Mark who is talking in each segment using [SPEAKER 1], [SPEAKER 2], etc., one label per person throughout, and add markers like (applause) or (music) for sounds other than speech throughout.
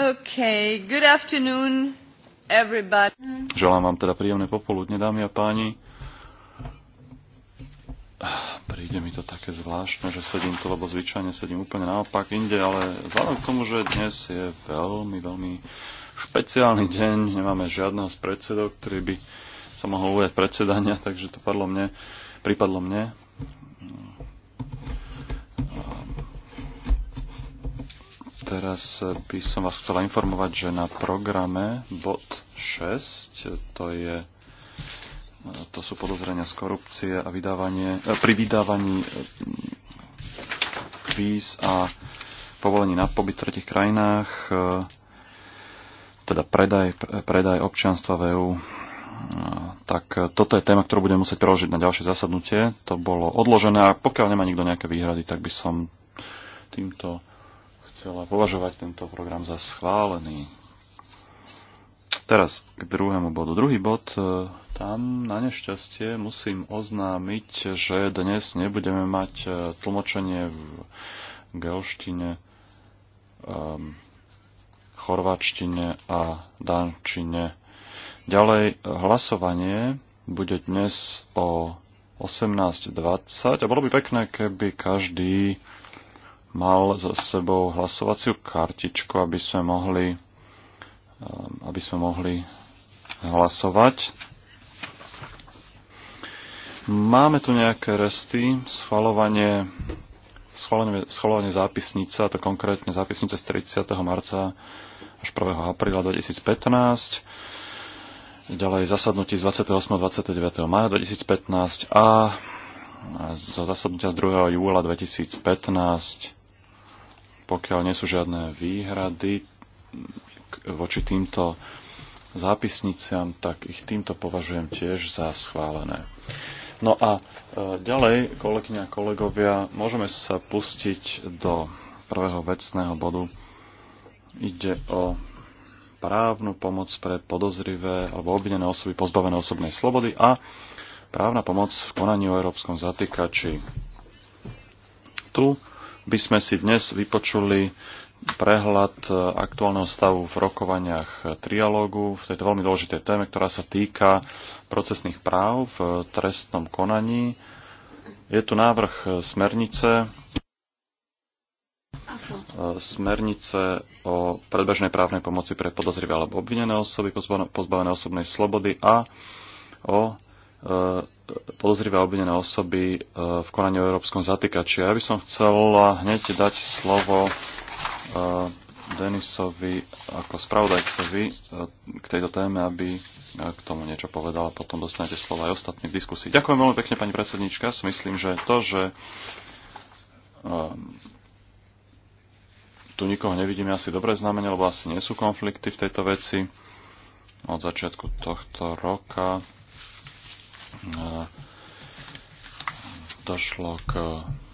[SPEAKER 1] Okay, good
[SPEAKER 2] afternoon, everybody. Želám
[SPEAKER 3] vám teda príjemné popoludne, dámy a páni. Príde mi to také zvláštne, že sedím tu, lebo zvyčajne sedím úplne naopak inde, ale vzhľadom k tomu, že dnes je veľmi, veľmi špeciálny deň, nemáme žiadneho z predsedov, ktorý by sa mohol ujať predsedania, takže to padlo mne, pripadlo mne. Teraz by som vás chcela informovať, že na programe bod 6, to, je, to sú podozrenia z korupcie a vydávanie, e, pri vydávaní e, víz a povolení na pobyt v tretich krajinách, e, teda predaj, predaj občianstva v EU. Tak toto je téma, ktorú budem musieť preložiť na ďalšie zasadnutie. To bolo odložené a pokiaľ nemá nikto nejaké výhrady, tak by som týmto chcela považovať tento program za schválený. Teraz k druhému bodu. Druhý bod, e, tam na nešťastie musím oznámiť, že dnes nebudeme mať e, tlmočenie v gelštine, um, chorvačtine a dančine. Ďalej hlasovanie bude dnes o 18.20 a bolo by pekné, keby každý mal za sebou hlasovaciu kartičku, aby sme mohli, um, aby sme mohli hlasovať. Máme tu nejaké resty, schvalovanie, schvalovanie, schvalovanie zápisnice, a to konkrétne zápisnice z 30. marca až 1. apríla 2015 ďalej zasadnutí z 28. a 29. maja 2015 a zo zasadnutia z 2. júla 2015 pokiaľ nie sú žiadne výhrady voči týmto zápisniciam, tak ich týmto považujem tiež za schválené. No a e, ďalej, kolegyne a kolegovia, môžeme sa pustiť do prvého vecného bodu. Ide o právnu pomoc pre podozrivé alebo obvinené osoby pozbavené osobnej slobody a právna pomoc v konaní o európskom zatýkači. Tu by sme si dnes vypočuli prehľad e, aktuálneho stavu v rokovaniach e, trialógu v tejto veľmi dôležitej téme, ktorá sa týka procesných práv v trestnom konaní. Je tu návrh e, smernice, smernice o predbežnej právnej pomoci pre podozrivé alebo obvinené osoby, pozbavené osobnej slobody a o podozrivé obvinené osoby e, v konaní o európskom zatýkači. Ja by som chcel hneď dať slovo e, Denisovi ako spravodajcovi e, k tejto téme, aby k tomu niečo povedal a potom dostanete slovo aj ostatní v diskusii. Ďakujem veľmi pekne, pani predsednička. Si myslím, že to, že tu nikoho nevidím, je asi dobré znamenie, lebo asi nie sú konflikty v tejto veci od začiatku tohto roka došlo k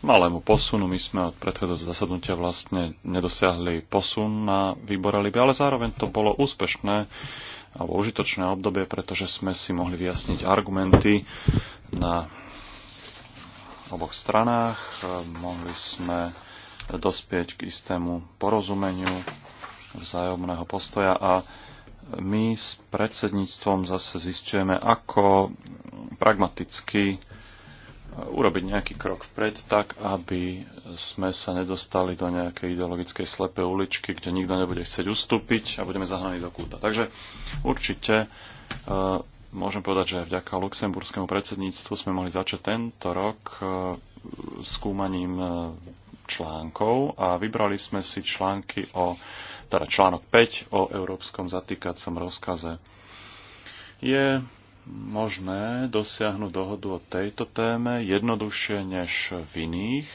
[SPEAKER 3] malému posunu. My sme od predchádzajúceho zasadnutia vlastne nedosiahli posun na výbore Liby, ale zároveň to bolo úspešné alebo užitočné obdobie, pretože sme si mohli vyjasniť argumenty na oboch stranách. Mohli sme dospieť k istému porozumeniu vzájomného postoja a my s predsedníctvom zase zistujeme, ako pragmaticky e, urobiť nejaký krok vpred, tak aby sme sa nedostali do nejakej ideologickej slepej uličky, kde nikto nebude chcieť ustúpiť a budeme zahnaní do kúta. Takže určite e, môžem povedať, že vďaka luxemburskému predsedníctvu sme mohli začať tento rok e, skúmaním článkov a vybrali sme si články o teda článok 5 o európskom zatýkacom rozkaze. Je možné dosiahnuť dohodu o tejto téme jednoduchšie než v iných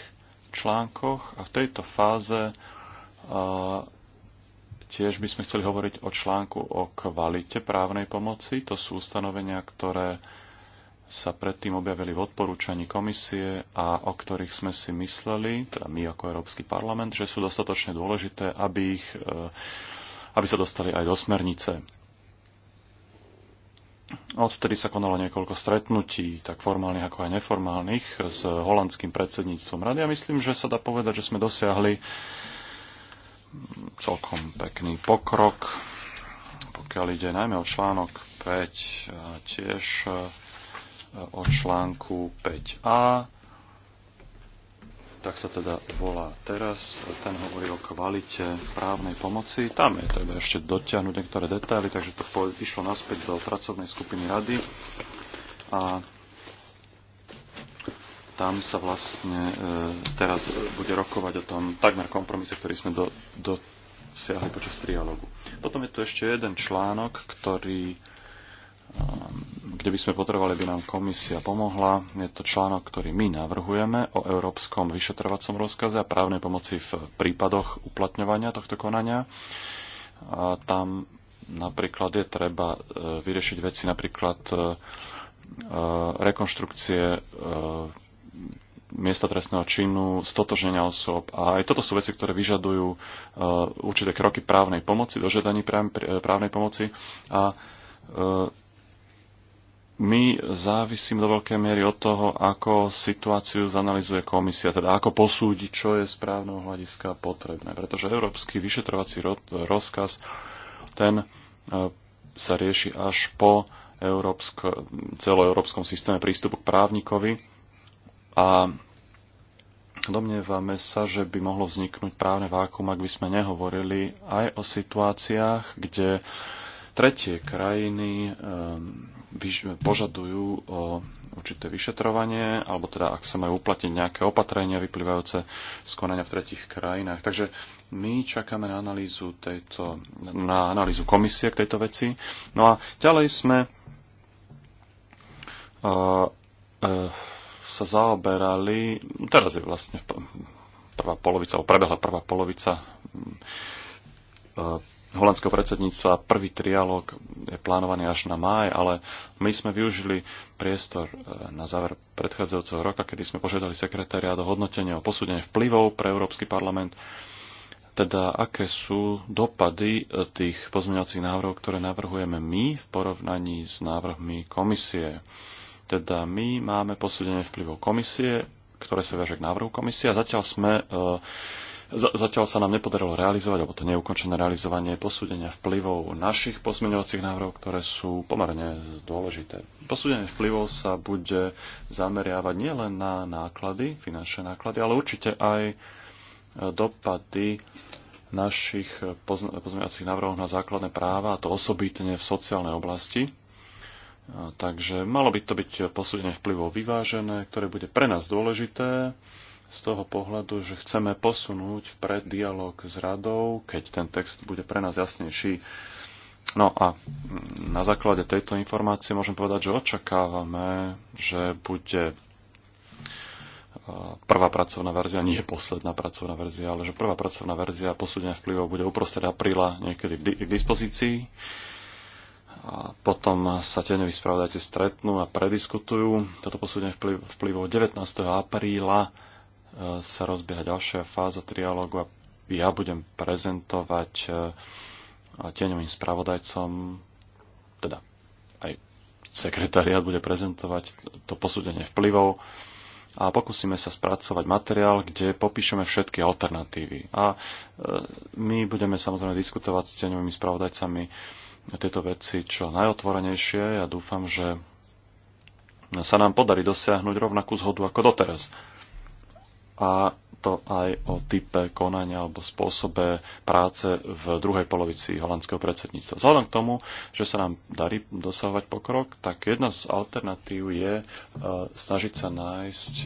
[SPEAKER 3] článkoch a v tejto fáze Tiež by sme chceli hovoriť o článku o kvalite právnej pomoci. To sú ustanovenia, ktoré sa predtým objavili v odporúčaní komisie a o ktorých sme si mysleli, teda my ako Európsky parlament, že sú dostatočne dôležité, aby, ich, e, aby sa dostali aj do smernice. Odvtedy sa konalo niekoľko stretnutí, tak formálnych ako aj neformálnych, s holandským predsedníctvom rady a myslím, že sa dá povedať, že sme dosiahli celkom pekný pokrok, pokiaľ ide najmä o článok 5 a tiež o článku 5a. Tak sa teda volá teraz. Ten hovorí o kvalite právnej pomoci. Tam je treba ešte dotiahnuť niektoré detaily, takže to išlo naspäť do pracovnej skupiny rady. A tam sa vlastne e, teraz bude rokovať o tom takmer kompromise, ktorý sme do, dosiahli počas trialógu. Potom je tu ešte jeden článok, ktorý Ehm, kde by sme potrebovali, aby nám komisia pomohla. Je to článok, ktorý my navrhujeme o európskom vyšetrovacom rozkaze a právnej pomoci v prípadoch uplatňovania tohto konania. A tam napríklad je treba e, vyriešiť veci napríklad e, e, rekonštrukcie miesta trestného činu, stotožnenia osôb. A aj toto sú veci, ktoré vyžadujú určité kroky právnej pomoci, dožiadaní právnej pomoci. A my závisíme do veľkej miery od toho, ako situáciu zanalizuje komisia, teda ako posúdi, čo je správneho hľadiska potrebné. Pretože európsky vyšetrovací rozkaz, ten e, sa rieši až po Európsko, celoeurópskom systéme prístupu k právnikovi a domnievame sa, že by mohlo vzniknúť právne vákum, ak by sme nehovorili aj o situáciách, kde tretie krajiny ehm, požadujú o určité vyšetrovanie, alebo teda ak sa majú uplatniť nejaké opatrenia vyplývajúce z konania v tretich krajinách. Takže my čakáme na analýzu, tejto, na analýzu komisie k tejto veci. No a ďalej sme uh, uh, sa zaoberali, teraz je vlastne prvá polovica, alebo prebehla prvá polovica uh, holandského predsedníctva. Prvý trialog je plánovaný až na máj, ale my sme využili priestor e, na záver predchádzajúceho roka, kedy sme požiadali sekretariát o hodnotenie o posúdenie vplyvov pre Európsky parlament, teda aké sú dopady e, tých pozmeňovacích návrhov, ktoré navrhujeme my v porovnaní s návrhmi komisie. Teda my máme posúdenie vplyvov komisie, ktoré sa viaže k návrhu komisie a zatiaľ sme e, Zatiaľ sa nám nepodarilo realizovať, alebo to neukončené realizovanie posúdenia vplyvov našich pozmeňovacích návrhov, ktoré sú pomerne dôležité. Posúdenie vplyvov sa bude zameriavať nielen na náklady, finančné náklady, ale určite aj dopady našich pozmeňovacích návrhov na základné práva, a to osobitne v sociálnej oblasti. Takže malo by to byť posúdenie vplyvov vyvážené, ktoré bude pre nás dôležité z toho pohľadu, že chceme posunúť vpred dialog s radou, keď ten text bude pre nás jasnejší. No a na základe tejto informácie môžem povedať, že očakávame, že bude e, prvá pracovná verzia, nie je posledná pracovná verzia, ale že prvá pracovná verzia posúdenia vplyvov bude uprostred apríla niekedy k dispozícii. A potom sa tieňoví spravodajci stretnú a prediskutujú toto posúdenie vplyvov 19. apríla sa rozbieha ďalšia fáza trialógu a ja budem prezentovať e, tieňovým spravodajcom, teda aj sekretariat bude prezentovať to posúdenie vplyvov a pokúsime sa spracovať materiál, kde popíšeme všetky alternatívy. A e, my budeme samozrejme diskutovať s tieňovými spravodajcami tieto veci čo najotvorenejšie. Ja dúfam, že sa nám podarí dosiahnuť rovnakú zhodu ako doteraz a to aj o type konania alebo spôsobe práce v druhej polovici holandského predsedníctva. Vzhľadom k tomu, že sa nám darí dosahovať pokrok, tak jedna z alternatív je e, snažiť sa nájsť e,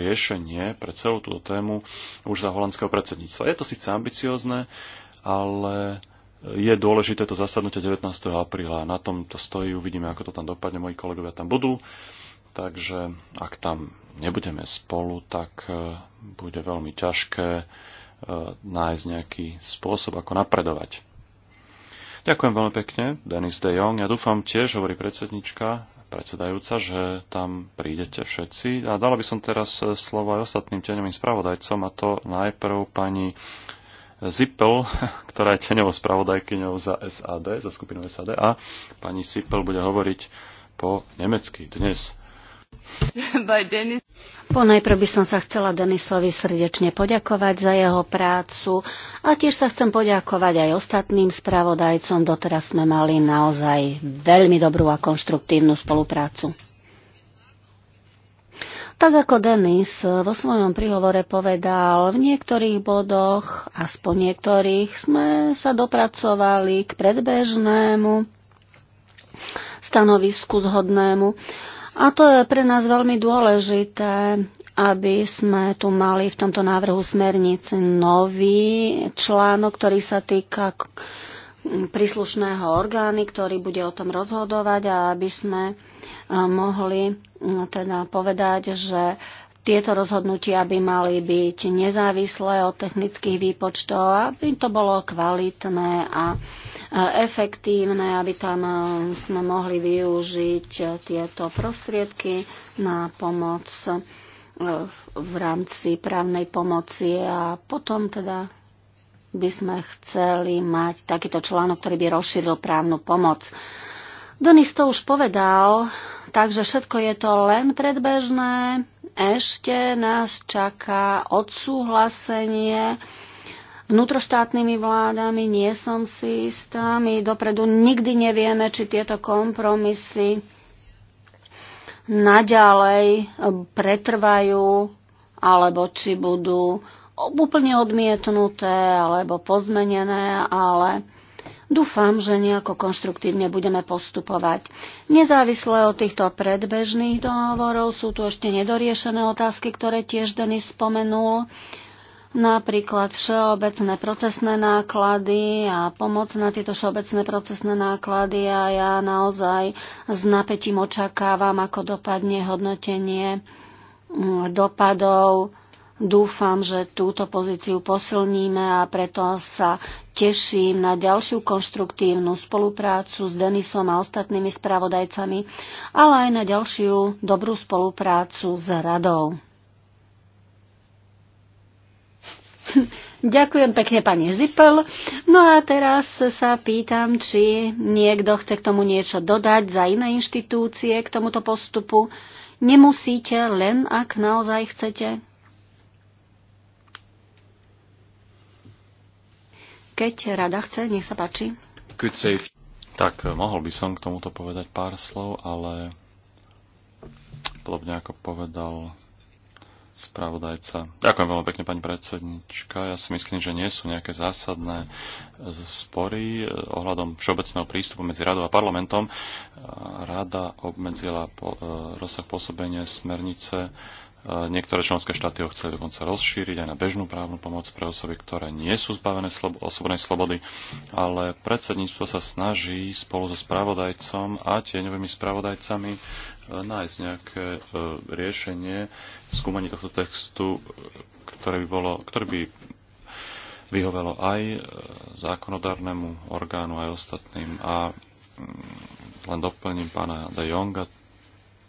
[SPEAKER 3] riešenie pre celú túto tému už za holandského predsedníctva. Je to síce ambiciozne, ale je dôležité to zasadnutie 19. apríla. Na tom to stojí, uvidíme, ako to tam dopadne. Moji kolegovia tam budú. E, Takže ak tam nebudeme spolu, tak e, bude veľmi ťažké e, nájsť nejaký spôsob, ako napredovať. Ďakujem veľmi pekne, Denis de Jong. Ja dúfam tiež, hovorí predsednička, predsedajúca, že tam prídete všetci. A dala by som teraz e, slovo aj ostatným teňovým spravodajcom, a to najprv pani Zippel, (laughs) ktorá je teňovou spravodajkyňou za SAD, za skupinu SAD, a pani Zippel bude hovoriť po nemecky dnes.
[SPEAKER 4] (laughs) Ponajprv by som sa chcela Denisovi srdečne poďakovať za jeho prácu a tiež sa chcem poďakovať aj ostatným spravodajcom. Doteraz sme mali naozaj veľmi dobrú a konštruktívnu spoluprácu. Tak ako Denis vo svojom príhovore povedal, v niektorých bodoch, aspoň niektorých, sme sa dopracovali k predbežnému stanovisku zhodnému. A to je pre nás veľmi dôležité, aby sme tu mali v tomto návrhu smernice nový článok, ktorý sa týka príslušného orgány, ktorý bude o tom rozhodovať a aby sme e, mohli teda povedať, že tieto rozhodnutia by mali byť nezávislé od technických výpočtov, aby to bolo kvalitné a efektívne, aby tam e, sme mohli využiť e, tieto prostriedky na pomoc e, v rámci právnej pomoci a potom teda by sme chceli mať takýto článok, ktorý by rozšíril právnu pomoc. Denis to už povedal, takže všetko je to len predbežné. Ešte nás čaká odsúhlasenie vnútroštátnymi vládami, nie som si istá. My dopredu nikdy nevieme, či tieto kompromisy naďalej e, pretrvajú, alebo či budú úplne odmietnuté, alebo pozmenené, ale Dúfam, že nejako konštruktívne budeme postupovať. Nezávisle od týchto predbežných dohovorov sú tu ešte nedoriešené otázky, ktoré tiež Denis spomenul napríklad všeobecné procesné náklady a pomoc na tieto všeobecné procesné náklady a ja naozaj s napätím očakávam, ako dopadne hodnotenie mm, dopadov. Dúfam, že túto pozíciu posilníme a preto sa teším na ďalšiu konštruktívnu spoluprácu s Denisom a ostatnými spravodajcami, ale aj na ďalšiu dobrú spoluprácu s radou. Ďakujem pekne pani Zipel. No a teraz sa pýtam, či niekto chce k tomu niečo dodať za iné inštitúcie k tomuto postupu. Nemusíte, len ak naozaj chcete. Keď rada chce, nech sa páči.
[SPEAKER 3] Tak, mohol by som k tomuto povedať pár slov, ale podobne ako povedal spravodajca. Ďakujem veľmi pekne, pani predsednička. Ja si myslím, že nie sú nejaké zásadné e, spory e, ohľadom všeobecného prístupu medzi radou a parlamentom. E, rada obmedzila po, rozsah pôsobenia smernice. Niektoré členské štáty ho chceli dokonca rozšíriť aj na bežnú právnu pomoc pre osoby, ktoré nie sú zbavené slob- osobnej slobody, ale predsedníctvo sa snaží spolu so spravodajcom a tieňovými spravodajcami nájsť nejaké e, riešenie v skúmaní tohto textu, ktoré by, bolo, ktoré by vyhovelo aj e, zákonodárnemu orgánu, aj ostatným. A mm, len doplním pána De Jonga,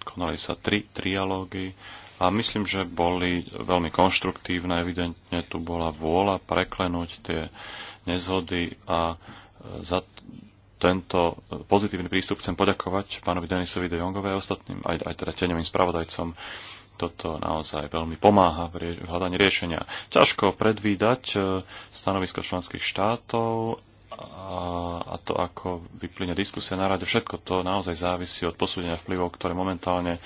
[SPEAKER 3] konali sa tri trialógy a myslím, že boli veľmi konštruktívne. Evidentne tu bola vôľa preklenúť tie nezhody a e, za tento e, pozitívny prístup chcem poďakovať pánovi Denisovi de Jongovi a ostatným, aj, aj teda teňovým spravodajcom. Toto naozaj veľmi pomáha v hľadaní riešenia. Ťažko predvídať e, stanovisko členských štátov a, a to, ako vyplyne diskusia na rade, všetko to naozaj závisí od posúdenia vplyvov, ktoré momentálne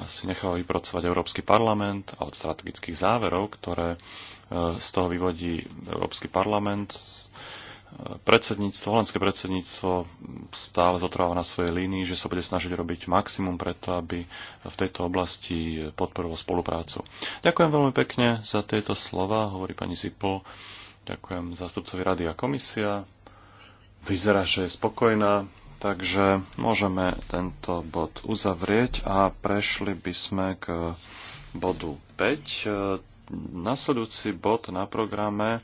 [SPEAKER 3] asi necháva vypracovať Európsky parlament a od strategických záverov, ktoré e, z toho vyvodí Európsky parlament predsedníctvo, holandské predsedníctvo stále zotrváva na svojej línii, že sa bude snažiť robiť maximum preto, aby v tejto oblasti podporoval spoluprácu. Ďakujem veľmi pekne za tieto slova, hovorí pani Zipol. Ďakujem zástupcovi rady a komisia. Vyzerá, že je spokojná, takže môžeme tento bod uzavrieť a prešli by sme k bodu 5. Nasledujúci bod na programe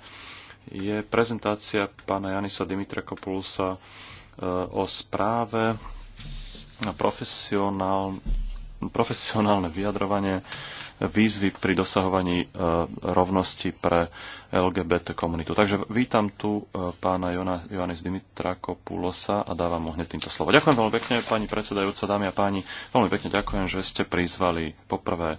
[SPEAKER 3] je prezentácia pána Janisa Dimitra Kopulusa e, o správe profesionál, profesionálne vyjadrovanie výzvy pri dosahovaní e, rovnosti pre LGBT komunitu. Takže vítam tu e, pána Jona, Joannis Dimitrakopulosa a dávam mu hneď týmto slovo. Ďakujem veľmi pekne, pani predsedajúca, dámy a páni. Veľmi pekne ďakujem, že ste prizvali poprvé e,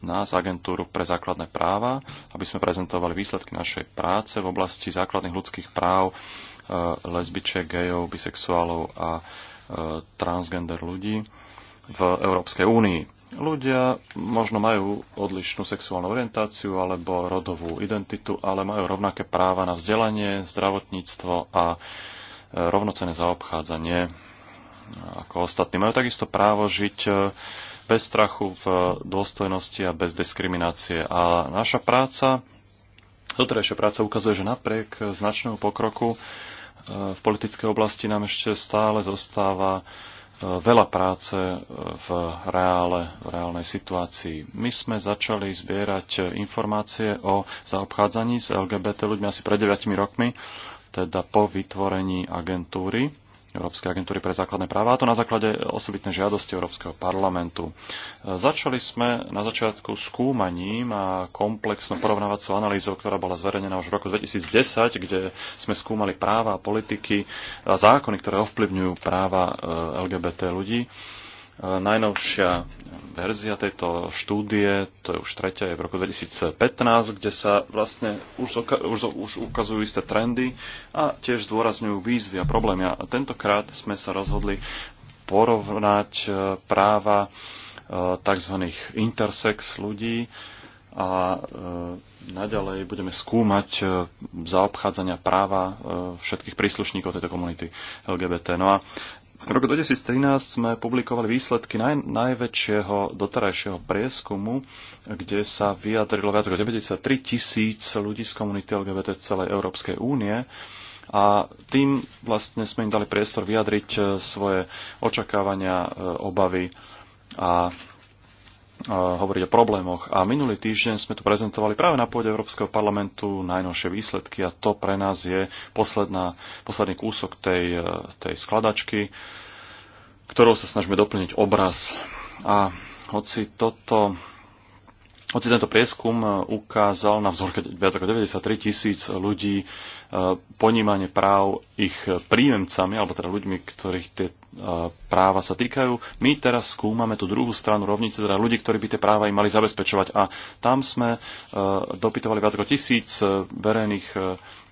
[SPEAKER 3] nás, agentúru pre základné práva, aby sme prezentovali výsledky našej práce v oblasti základných ľudských práv lesbičiek, gejov, bisexuálov a transgender ľudí v Európskej únii. Ľudia možno majú odlišnú sexuálnu orientáciu alebo rodovú identitu, ale majú rovnaké práva na vzdelanie, zdravotníctvo a e, rovnocené zaobchádzanie ako ostatní. Majú takisto právo žiť e, bez strachu, v dôstojnosti a bez diskriminácie. A naša práca, doterajšia práca ukazuje, že napriek značnému pokroku e, v politickej oblasti nám ešte stále zostáva E, veľa práce e, v reále, v reálnej situácii. My sme začali zbierať informácie o zaobchádzaní s LGBT ľuďmi asi pred 9 rokmi, teda po vytvorení agentúry Európskej agentúry pre základné práva, a to na základe osobitnej žiadosti Európskeho parlamentu. Začali sme na začiatku skúmaním a komplexnou porovnávacou analýzou, ktorá bola zverejnená už v roku 2010, kde sme skúmali práva a politiky a zákony, ktoré ovplyvňujú práva eh, LGBT ľudí. Eh, najnovšia verzia tejto štúdie, to je už tretia, je v roku 2015, kde sa vlastne už, už, už ukazujú isté trendy a tiež zdôrazňujú výzvy a problémy. A tentokrát sme sa rozhodli porovnať eh, práva eh, tzv. intersex ľudí a naďalej budeme skúmať zaobchádzania práva všetkých príslušníkov tejto komunity LGBT. No a v roku 2013 sme publikovali výsledky naj, najväčšieho doterajšieho prieskumu, kde sa vyjadrilo viac ako 93 tisíc ľudí z komunity LGBT celej Európskej únie a tým vlastne sme im dali priestor vyjadriť eh, svoje očakávania, eh, obavy a hovoriť o problémoch. A minulý týždeň sme tu prezentovali práve na pôde Európskeho parlamentu najnovšie výsledky a to pre nás je posledná, posledný kúsok tej, e, tej skladačky, ktorou sa snažíme doplniť obraz. A hoci toto hoci tento prieskum e, ukázal na vzorke viac ako 93 tisíc ľudí e, ponímanie práv ich príjemcami, alebo teda ľuďmi, ktorých tie e, práva sa týkajú, my teraz skúmame tú druhú stranu rovnice, teda ľudí, ktorí by tie práva im mali zabezpečovať. A tam sme dopytovali viac ako tisíc verejných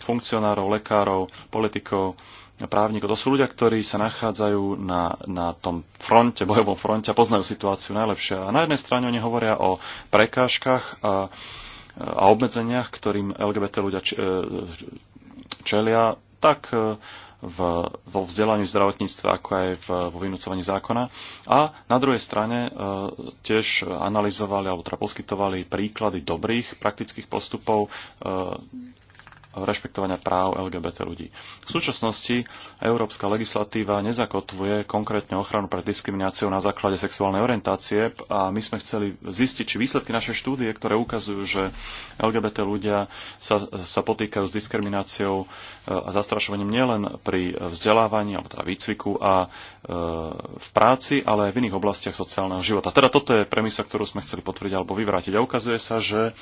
[SPEAKER 3] funkcionárov, lekárov, politikov, právnikov. To sú ľudia, ktorí sa nachádzajú na, na tom fronte, bojovom fronte a poznajú situáciu najlepšie. A na jednej strane oni hovoria o prekážkach a, a obmedzeniach, ktorým LGBT ľudia e, čelia, tak e, v, vo vzdelaní v zdravotníctve, ako aj v, vo vynúcovaní zákona. A na druhej strane e, tiež analyzovali alebo teda poskytovali príklady dobrých praktických postupov e, rešpektovania práv LGBT ľudí. V súčasnosti európska legislatíva nezakotvuje konkrétne ochranu pred diskrimináciou na základe sexuálnej orientácie a my sme chceli zistiť, či výsledky našej štúdie, ktoré ukazujú, že LGBT ľudia sa, sa potýkajú s diskrimináciou e, a zastrašovaním nielen pri vzdelávaní alebo teda výcviku a e, v práci, ale aj v iných oblastiach sociálneho života. Teda toto je premisa, ktorú sme chceli potvrdiť alebo vyvrátiť. A ukazuje sa, že e,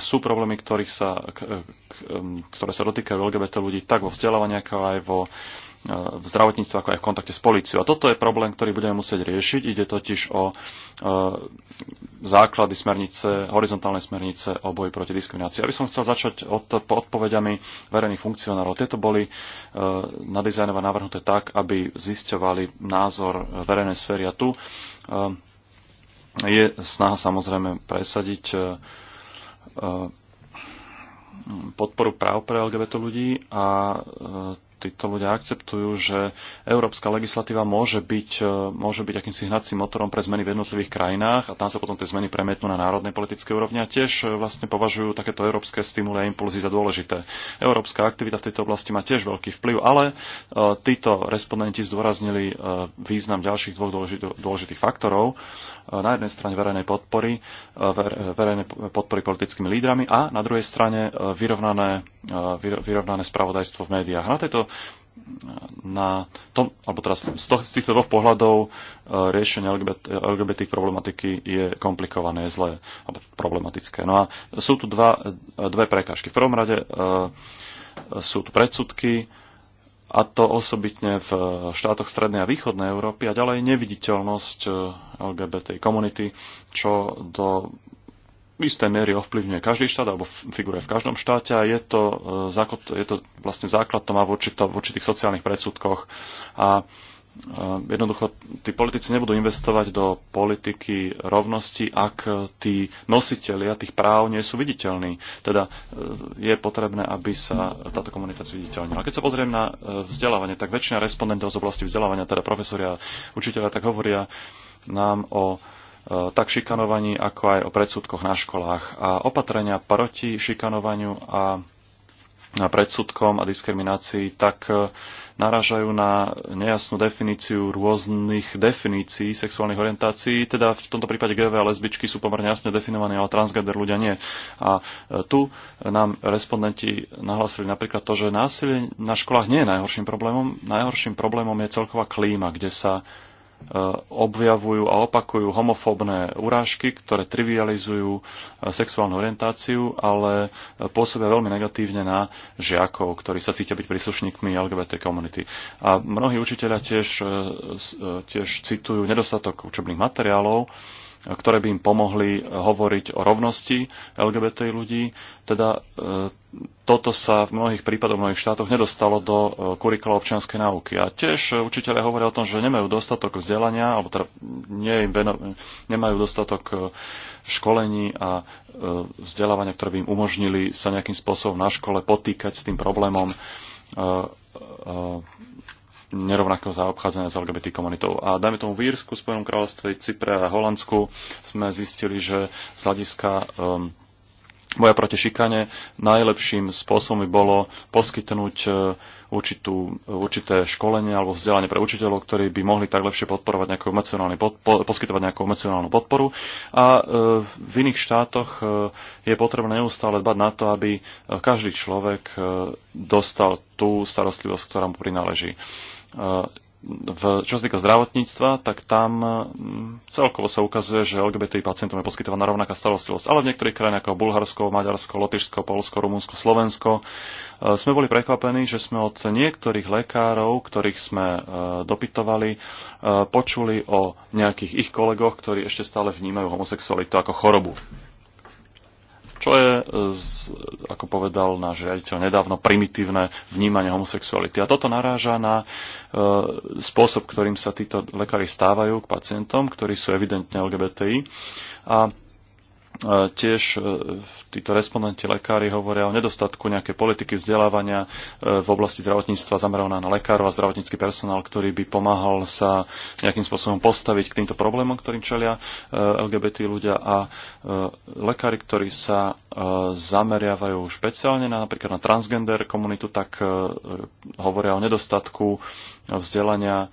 [SPEAKER 3] sú problémy, ktorých sa, k, k, ktoré sa dotýkajú LGBT ľudí tak vo vzdelávaní, ako aj vo e, v zdravotníctve, ako aj v kontakte s policiou. A toto je problém, ktorý budeme musieť riešiť. Ide totiž o e, základy smernice, horizontálne smernice o boji proti diskriminácii. Aby by som chcel začať od, po odpovediami verejných funkcionárov. Tieto boli e, nadizajnové navrhnuté tak, aby zisťovali názor verejnej sféry. A tu je snaha samozrejme presadiť podporu práv pre LGBT ľudí a e, títo ľudia akceptujú, že európska legislatíva môže byť, e, môže byť akýmsi hnacím motorom pre zmeny v jednotlivých krajinách a tam sa potom tie zmeny premietnú na národnej politické úrovni a tiež e, vlastne považujú takéto európske stimuly a impulzy za dôležité. Európska aktivita v tejto oblasti má tiež veľký vplyv, ale e, títo respondenti zdôraznili význam ďalších dvoch dôležitých faktorov na jednej strane verejnej podpory, verejnej podpory politickými lídrami a na druhej strane vyrovnané, vyrovnané spravodajstvo v médiách. Na tejto na tom, alebo teraz z, to, z týchto dvoch pohľadov e, riešenie LGBT, LGBT problematiky je komplikované, zlé, alebo problematické. No a sú tu dva, e, dve prekážky. V prvom rade e, sú tu predsudky, a to osobitne v e, štátoch Strednej a Východnej Európy a ďalej neviditeľnosť e, LGBT komunity, čo do istej miery ovplyvňuje každý štát alebo figuruje v každom štáte a je to, e, je to vlastne základ, to má v, určito, v určitých sociálnych predsudkoch a e, jednoducho tí politici nebudú investovať do politiky rovnosti, ak tí a tých práv nie sú viditeľní. Teda e, je potrebné, aby sa táto komunita zviditeľnila. Keď sa pozrieme na vzdelávanie, tak väčšina respondentov z oblasti vzdelávania, teda profesoria a učiteľia, tak hovoria nám o Eh, tak šikanovaní, ako aj o predsudkoch na školách. A opatrenia proti šikanovaniu a predsudkom a diskriminácii, tak eh, naražajú na nejasnú definíciu rôznych definícií sexuálnych orientácií. Teda v tomto prípade GV a lesbičky sú pomerne jasne definované, ale transgender ľudia nie. A eh, tu nám respondenti nahlasili napríklad to, že násilie na školách nie je najhorším problémom. Najhorším problémom je celková klíma, kde sa E, objavujú a opakujú homofóbne urážky, ktoré trivializujú e, sexuálnu orientáciu, ale e, pôsobia veľmi negatívne na žiakov, ktorí sa cítia byť príslušníkmi LGBT komunity. A mnohí učiteľia tiež, tiež citujú nedostatok učebných materiálov, ktoré by im pomohli eh, hovoriť o rovnosti LGBT ľudí. Teda eh, toto sa v mnohých prípadoch, v mnohých štátoch nedostalo do eh, kurikula občianskej náuky. A tiež učiteľe hovoria o tom, že nemajú dostatok vzdelania, alebo teda nie nemajú dostatok školení a vzdelávania, ktoré by im umožnili sa nejakým spôsobom na škole potýkať s tým problémom nerovnakého zaobchádzania s LGBT komunitou. A dajme tomu v Írsku, Spojenom kráľovstve, Cypre a Holandsku sme zistili, že z hľadiska um, boja proti šikane najlepším spôsobom by bolo poskytnúť uh, určitú, uh, určité školenie alebo vzdelanie pre učiteľov, ktorí by mohli tak lepšie podporovať nejakú podporu, poskytovať nejakú emocionálnu podporu. A e, v iných štátoch e, je potrebné neustále dbať na to, aby každý človek e, dostal tú starostlivosť, ktorá mu prináleží v, čo sa týka zdravotníctva, tak tam mm, celkovo sa ukazuje, že LGBTI pacientom je poskytovaná rovnaká starostlivosť. Ale v niektorých krajinách ako Bulharsko, Maďarsko, Lotyšsko, Polsko, Rumunsko, Slovensko e, sme boli prekvapení, že sme od niektorých lekárov, ktorých sme e, dopytovali, e, počuli o nejakých ich kolegoch, ktorí ešte stále vnímajú homosexualitu ako chorobu čo je, e, ako povedal náš riaditeľ nedávno, primitívne vnímanie homosexuality. A toto naráža na e, spôsob, ktorým sa títo lekári stávajú k pacientom, ktorí sú evidentne LGBTI. A Tiež e, títo respondenti lekári hovoria o nedostatku nejakej politiky vzdelávania e, v oblasti zdravotníctva zameraná na lekárov a zdravotnícky personál, ktorý by pomáhal sa nejakým spôsobom postaviť k týmto problémom, ktorým čelia e, LGBT ľudia a lekári, ktorí sa zameriavajú špeciálne na napríklad na transgender komunitu, tak hovoria o nedostatku vzdelania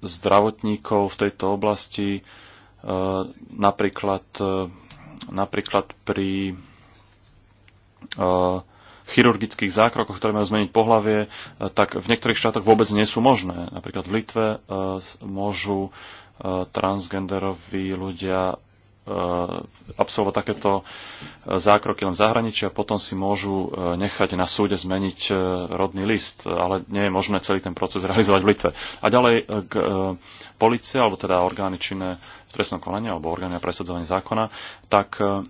[SPEAKER 3] zdravotníkov v tejto oblasti Eh, napríklad, eh, napríklad pri eh, chirurgických zákrokoch, ktoré majú zmeniť pohlavie, tak v niektorých štátoch vôbec nie sú možné. Napríklad v Litve môžu transgenderoví ľudia absolvovať takéto zákroky len v zahraničí a potom si môžu nechať na súde zmeniť rodný list, ale nie je možné celý ten proces realizovať v Litve. A ďalej k policie, alebo teda orgány činné trestného konania alebo orgány na presadzovanie zákona, tak e,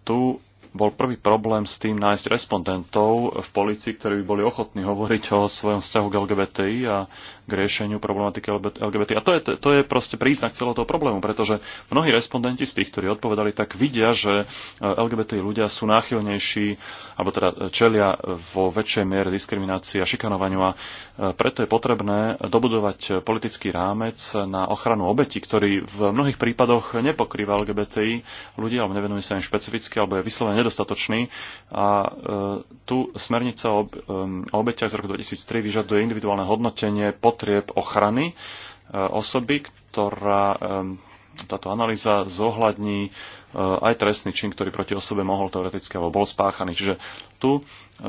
[SPEAKER 3] tu bol prvý problém s tým nájsť respondentov v policii, ktorí by boli ochotní hovoriť o svojom vzťahu k LGBTI a k riešeniu problematiky LGBTI. A to je, to je proste príznak celého toho problému, pretože mnohí respondenti z tých, ktorí odpovedali, tak vidia, že e, LGBTI ľudia sú náchylnejší, alebo teda e, čelia vo väčšej miere diskriminácii a šikanovaniu. A e, preto je potrebné dobudovať politický rámec na ochranu obetí, ktorý v mnohých prípadoch nepokrýva LGBTI ľudia, alebo nevenuje sa im špecificky, alebo je vyslovene nedostatočný a e, tu smernica e, o obeťach z roku 2003 vyžaduje individuálne hodnotenie potrieb ochrany e, osoby, ktorá táto analýza zohľadní aj trestný čin, ktorý proti osobe mohol teoreticky alebo bol spáchaný. Čiže tu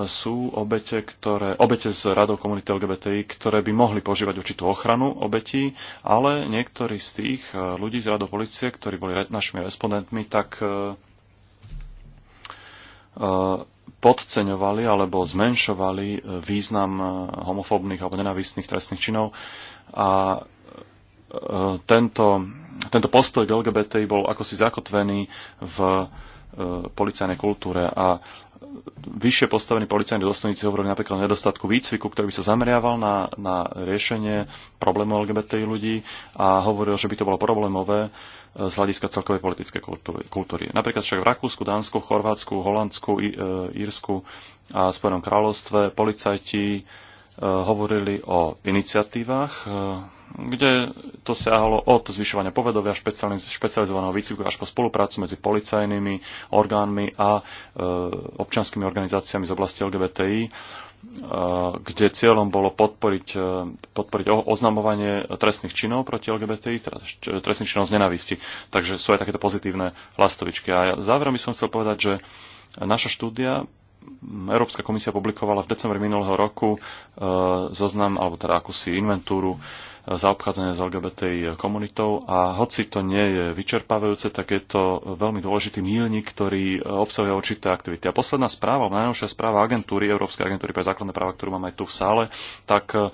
[SPEAKER 3] sú obete, ktoré, obete z radov komunity LGBTI, ktoré by mohli požívať určitú ochranu obetí, ale niektorí z tých ľudí z radov policie, ktorí boli našimi respondentmi, tak podceňovali alebo zmenšovali eh, význam eh, homofóbnych alebo nenávistných trestných činov a eh, tento, tento postoj k LGBTI bol akosi zakotvený v policajnej kultúre a vyššie postavení policajní dôstojníci hovorili napríklad o nedostatku výcviku, ktorý by sa zameriaval na, na riešenie problémov LGBTI ľudí a hovoril, že by to bolo problémové e, z hľadiska celkovej politickej kultúry. Napríklad však v Rakúsku, Dánsku, Chorvátsku, Holandsku, e, Írsku a Spojenom kráľovstve policajti Eh, hovorili o iniciatívach, eh, kde to siahalo od zvyšovania povedovia špecializovaného výcviku až po spoluprácu medzi policajnými orgánmi a eh, občanskými organizáciami z oblasti LGBTI, kde cieľom bolo podporiť, podporiť oznamovanie trestných činov proti LGBTI, teda trestných činov z nenavisti. Takže sú aj takéto pozitívne lastovičky. A ja záverom by som chcel povedať, že naša štúdia Európska komisia publikovala v decembri minulého roku e, zoznam, alebo teda akúsi inventúru zaobchádzania s LGBTI komunitou a hoci to nie je vyčerpávajúce, tak je to veľmi dôležitý mílnik, ktorý obsahuje určité aktivity. A posledná správa, najnovšia správa agentúry, Európskej agentúry pre základné práva, ktorú máme aj tu v sále, tak e,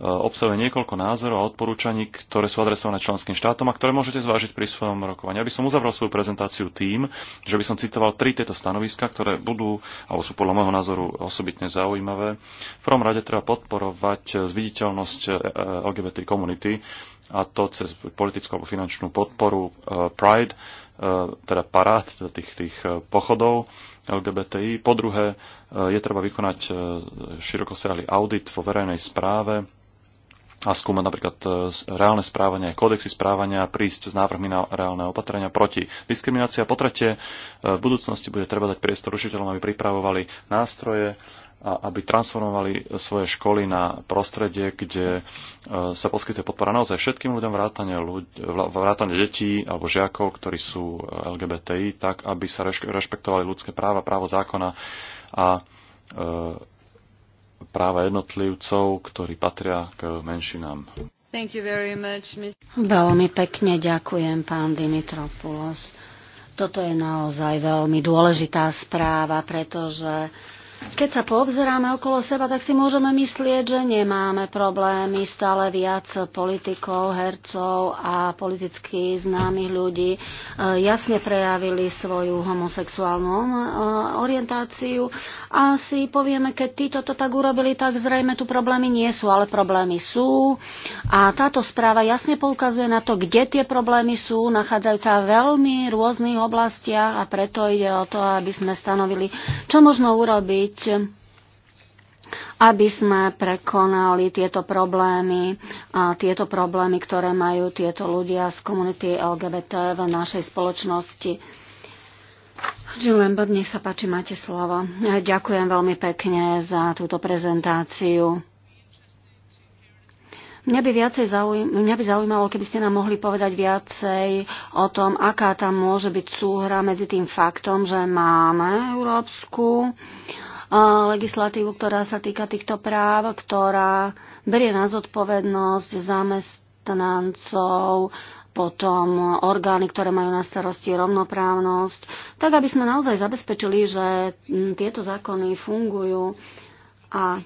[SPEAKER 3] obsahuje niekoľko názorov a odporúčaní, ktoré sú adresované členským štátom a ktoré môžete zvážiť pri svojom rokovaní. Aby som uzavrel svoju prezentáciu tým, že by som citoval tri tieto stanoviska, ktoré budú, alebo sú podľa môjho názoru osobitne zaujímavé. V prvom rade treba podporovať zviditeľnosť e, e, LGBT komunity komunity a to cez politickú alebo finančnú podporu e, Pride, e, teda parád teda tých, tých e, pochodov LGBTI. Po druhé, je treba vykonať širokosiahly audit vo verejnej správe a skúmať napríklad reálne správanie, kódexy správania, prísť s návrhmi na reálne opatrenia proti diskriminácii. A po tretie, v budúcnosti bude treba dať priestor učiteľom, aby pripravovali nástroje aby transformovali svoje školy na prostredie, kde e, sa poskytuje podpora naozaj všetkým ľuďom, vrátane, ľuď, vrátane detí alebo žiakov, ktorí sú e, LGBTI, tak aby sa rešpektovali ľudské práva, právo zákona a e, práva jednotlivcov, ktorí patria k menšinám.
[SPEAKER 4] Thank you very much, Ms. Veľmi pekne ďakujem, pán Dimitropulos. Toto je naozaj veľmi dôležitá správa, pretože keď sa povzeráme okolo seba, tak si môžeme myslieť, že nemáme problémy stále viac politikov, hercov a politicky známych ľudí. E, jasne prejavili svoju homosexuálnu e, orientáciu a si povieme, keď títo to tak urobili, tak zrejme tu problémy nie sú, ale problémy sú. A táto správa jasne poukazuje na to, kde tie problémy sú, nachádzajú sa v veľmi rôznych oblastiach a preto ide o to, aby sme stanovili, čo možno urobiť urobiť, aby sme prekonali tieto problémy a tieto problémy, ktoré majú tieto ľudia z komunity LGBT v našej spoločnosti. Jill Bod, nech sa páči, máte slovo. Ďakujem veľmi pekne za túto prezentáciu. Mňa by, viacej zaujím, mňa by zaujímalo, keby ste nám mohli povedať viacej o tom, aká tam môže byť súhra medzi tým faktom, že máme európsku uh, legislatívu, ktorá sa týka týchto práv, ktorá berie na zodpovednosť zamestnancov, potom orgány, ktoré majú na starosti rovnoprávnosť, tak aby sme naozaj zabezpečili, že mm, tieto zákony fungujú a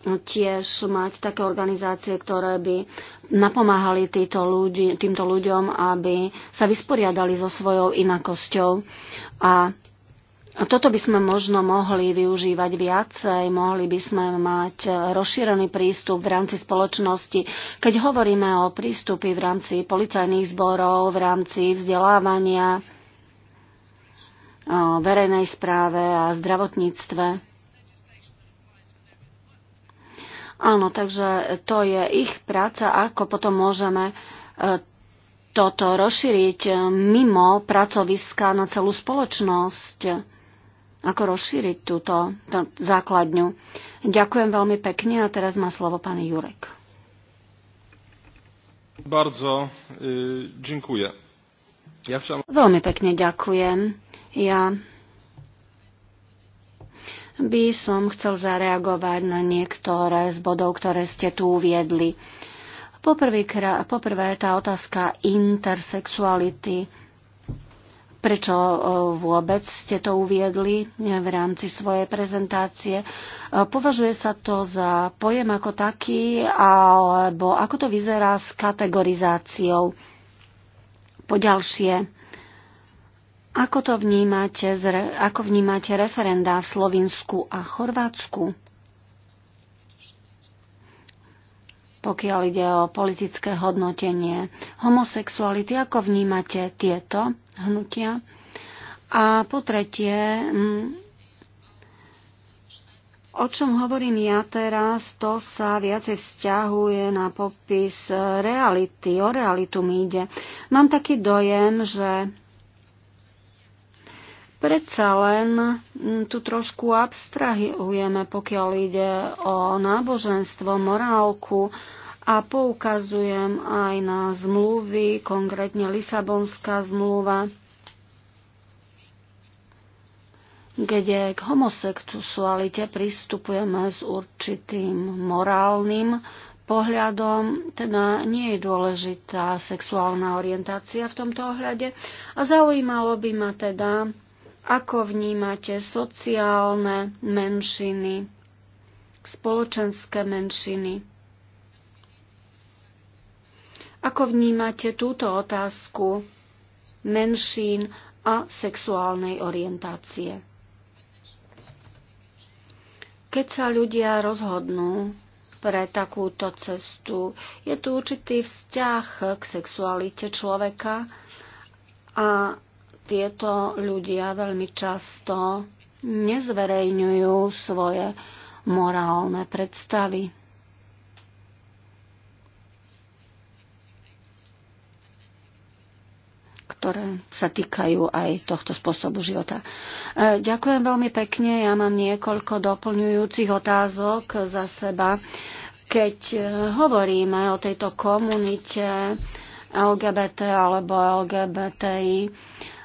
[SPEAKER 4] tiež mať také organizácie, ktoré by napomáhali týto ľudí, týmto ľuďom, aby sa vysporiadali so svojou inakosťou. A toto by sme možno mohli využívať viacej, mohli by sme mať e, rozšírený prístup v rámci spoločnosti. Keď hovoríme o prístupy v rámci policajných zborov, v rámci vzdelávania, verejnej správe a zdravotníctve. Áno, takže to je ich práca, ako potom môžeme e, toto rozšíriť mimo pracoviska na celú spoločnosť ako rozšíriť túto základňu. Ďakujem veľmi pekne a teraz má slovo pán Jurek.
[SPEAKER 3] Bardzo e,
[SPEAKER 2] Ja chciałem... Veľmi
[SPEAKER 4] pekne ďakujem. Ja by som chcel zareagovať na niektoré z bodov, ktoré ste tu uviedli. Poprvé tá otázka intersexuality prečo e, vôbec ste to uviedli e, v rámci svojej prezentácie. E, považuje sa to za pojem ako taký, alebo ako to vyzerá s kategorizáciou? Poďalšie, ako to vnímate, ako vnímate referendá v Slovinsku a Chorvátsku? pokiaľ ide o politické hodnotenie homosexuality. Ako vnímate tieto hnutia. A po tretie, mm, O čom hovorím ja teraz, to sa viacej vzťahuje na popis reality. O realitu mi ide. Mám taký dojem, že predsa len mm, tu trošku abstrahujeme, pokiaľ ide o náboženstvo, morálku, a poukazujem aj na zmluvy, konkrétne Lisabonská zmluva, kde k homosexualite pristupujeme s určitým morálnym pohľadom, teda nie je dôležitá sexuálna orientácia v tomto ohľade. A zaujímalo by ma teda, ako vnímate sociálne menšiny, spoločenské menšiny. Ako vnímate túto otázku menšín a sexuálnej orientácie? Keď sa ľudia rozhodnú pre takúto cestu, je tu určitý vzťah k sexualite človeka a tieto ľudia veľmi často nezverejňujú svoje morálne predstavy. ktoré sa týkajú aj tohto spôsobu života. E, ďakujem veľmi pekne. Ja mám niekoľko doplňujúcich otázok za seba. Keď e, hovoríme o tejto komunite, LGBT alebo LGBTI.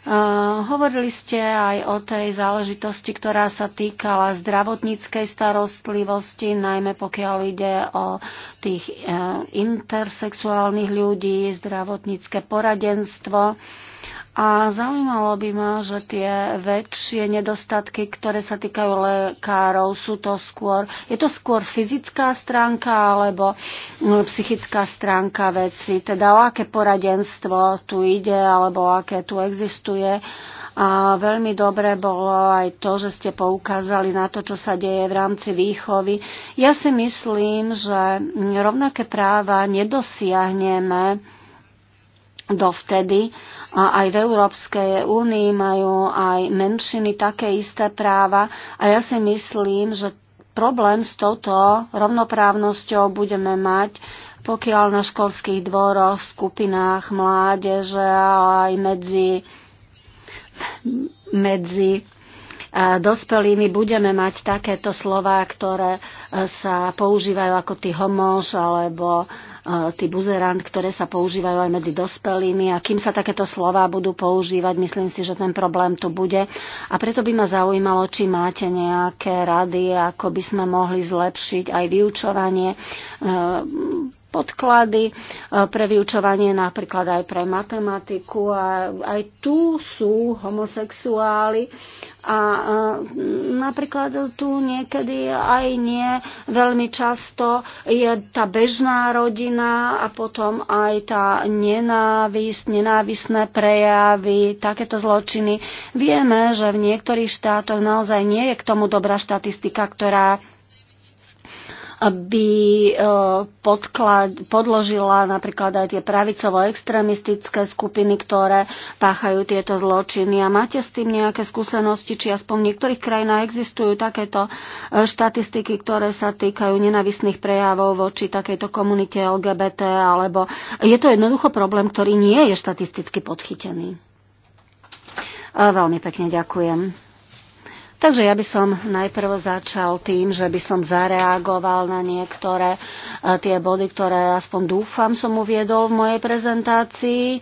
[SPEAKER 4] Uh, hovorili ste aj o tej záležitosti, ktorá sa týkala zdravotníckej starostlivosti, najmä pokiaľ ide o tých uh, intersexuálnych ľudí, zdravotnícke poradenstvo. Uh, a zaujímalo by ma, že tie väčšie nedostatky, ktoré sa týkajú lekárov, sú to skôr, je to skôr fyzická stránka alebo mm, psychická stránka veci, teda o aké poradenstvo tu ide alebo aké tu existuje. A veľmi dobre bolo aj to, že ste poukázali na to, čo sa deje v rámci výchovy. Ja si myslím, že rovnaké práva nedosiahneme dovtedy. A aj v Európskej únii majú aj menšiny také isté práva a ja si myslím, že problém s touto rovnoprávnosťou budeme mať, pokiaľ na školských dvoroch, skupinách mládeže a aj medzi, medzi e, dospelými budeme mať takéto slova, ktoré e, sa používajú ako ty homož alebo E, tí buzerant, ktoré sa používajú aj medzi dospelými a kým sa takéto slova budú používať, myslím si, že ten problém tu bude. A preto by ma zaujímalo, či máte nejaké rady, ako by sme mohli zlepšiť aj vyučovanie e, podklady e, pre vyučovanie napríklad aj pre matematiku a aj tu sú homosexuáli a e, napríklad tu niekedy aj nie veľmi často je tá bežná rodina a potom aj tá nenávisť, nenávisné prejavy, takéto zločiny. Vieme, že v niektorých štátoch naozaj nie je k tomu dobrá štatistika, ktorá by e, podklad, podložila napríklad aj tie pravicovo-extremistické skupiny, ktoré páchajú tieto zločiny. A máte s tým nejaké skúsenosti, či aspoň v niektorých krajinách existujú takéto e, štatistiky, ktoré sa týkajú nenavisných prejavov voči takejto komunite LGBT, alebo je to jednoducho problém, ktorý nie je štatisticky podchytený. E, veľmi pekne ďakujem. Takže ja by som najprv začal tým, že by som zareagoval na niektoré e, tie body, ktoré aspoň dúfam som uviedol v mojej prezentácii.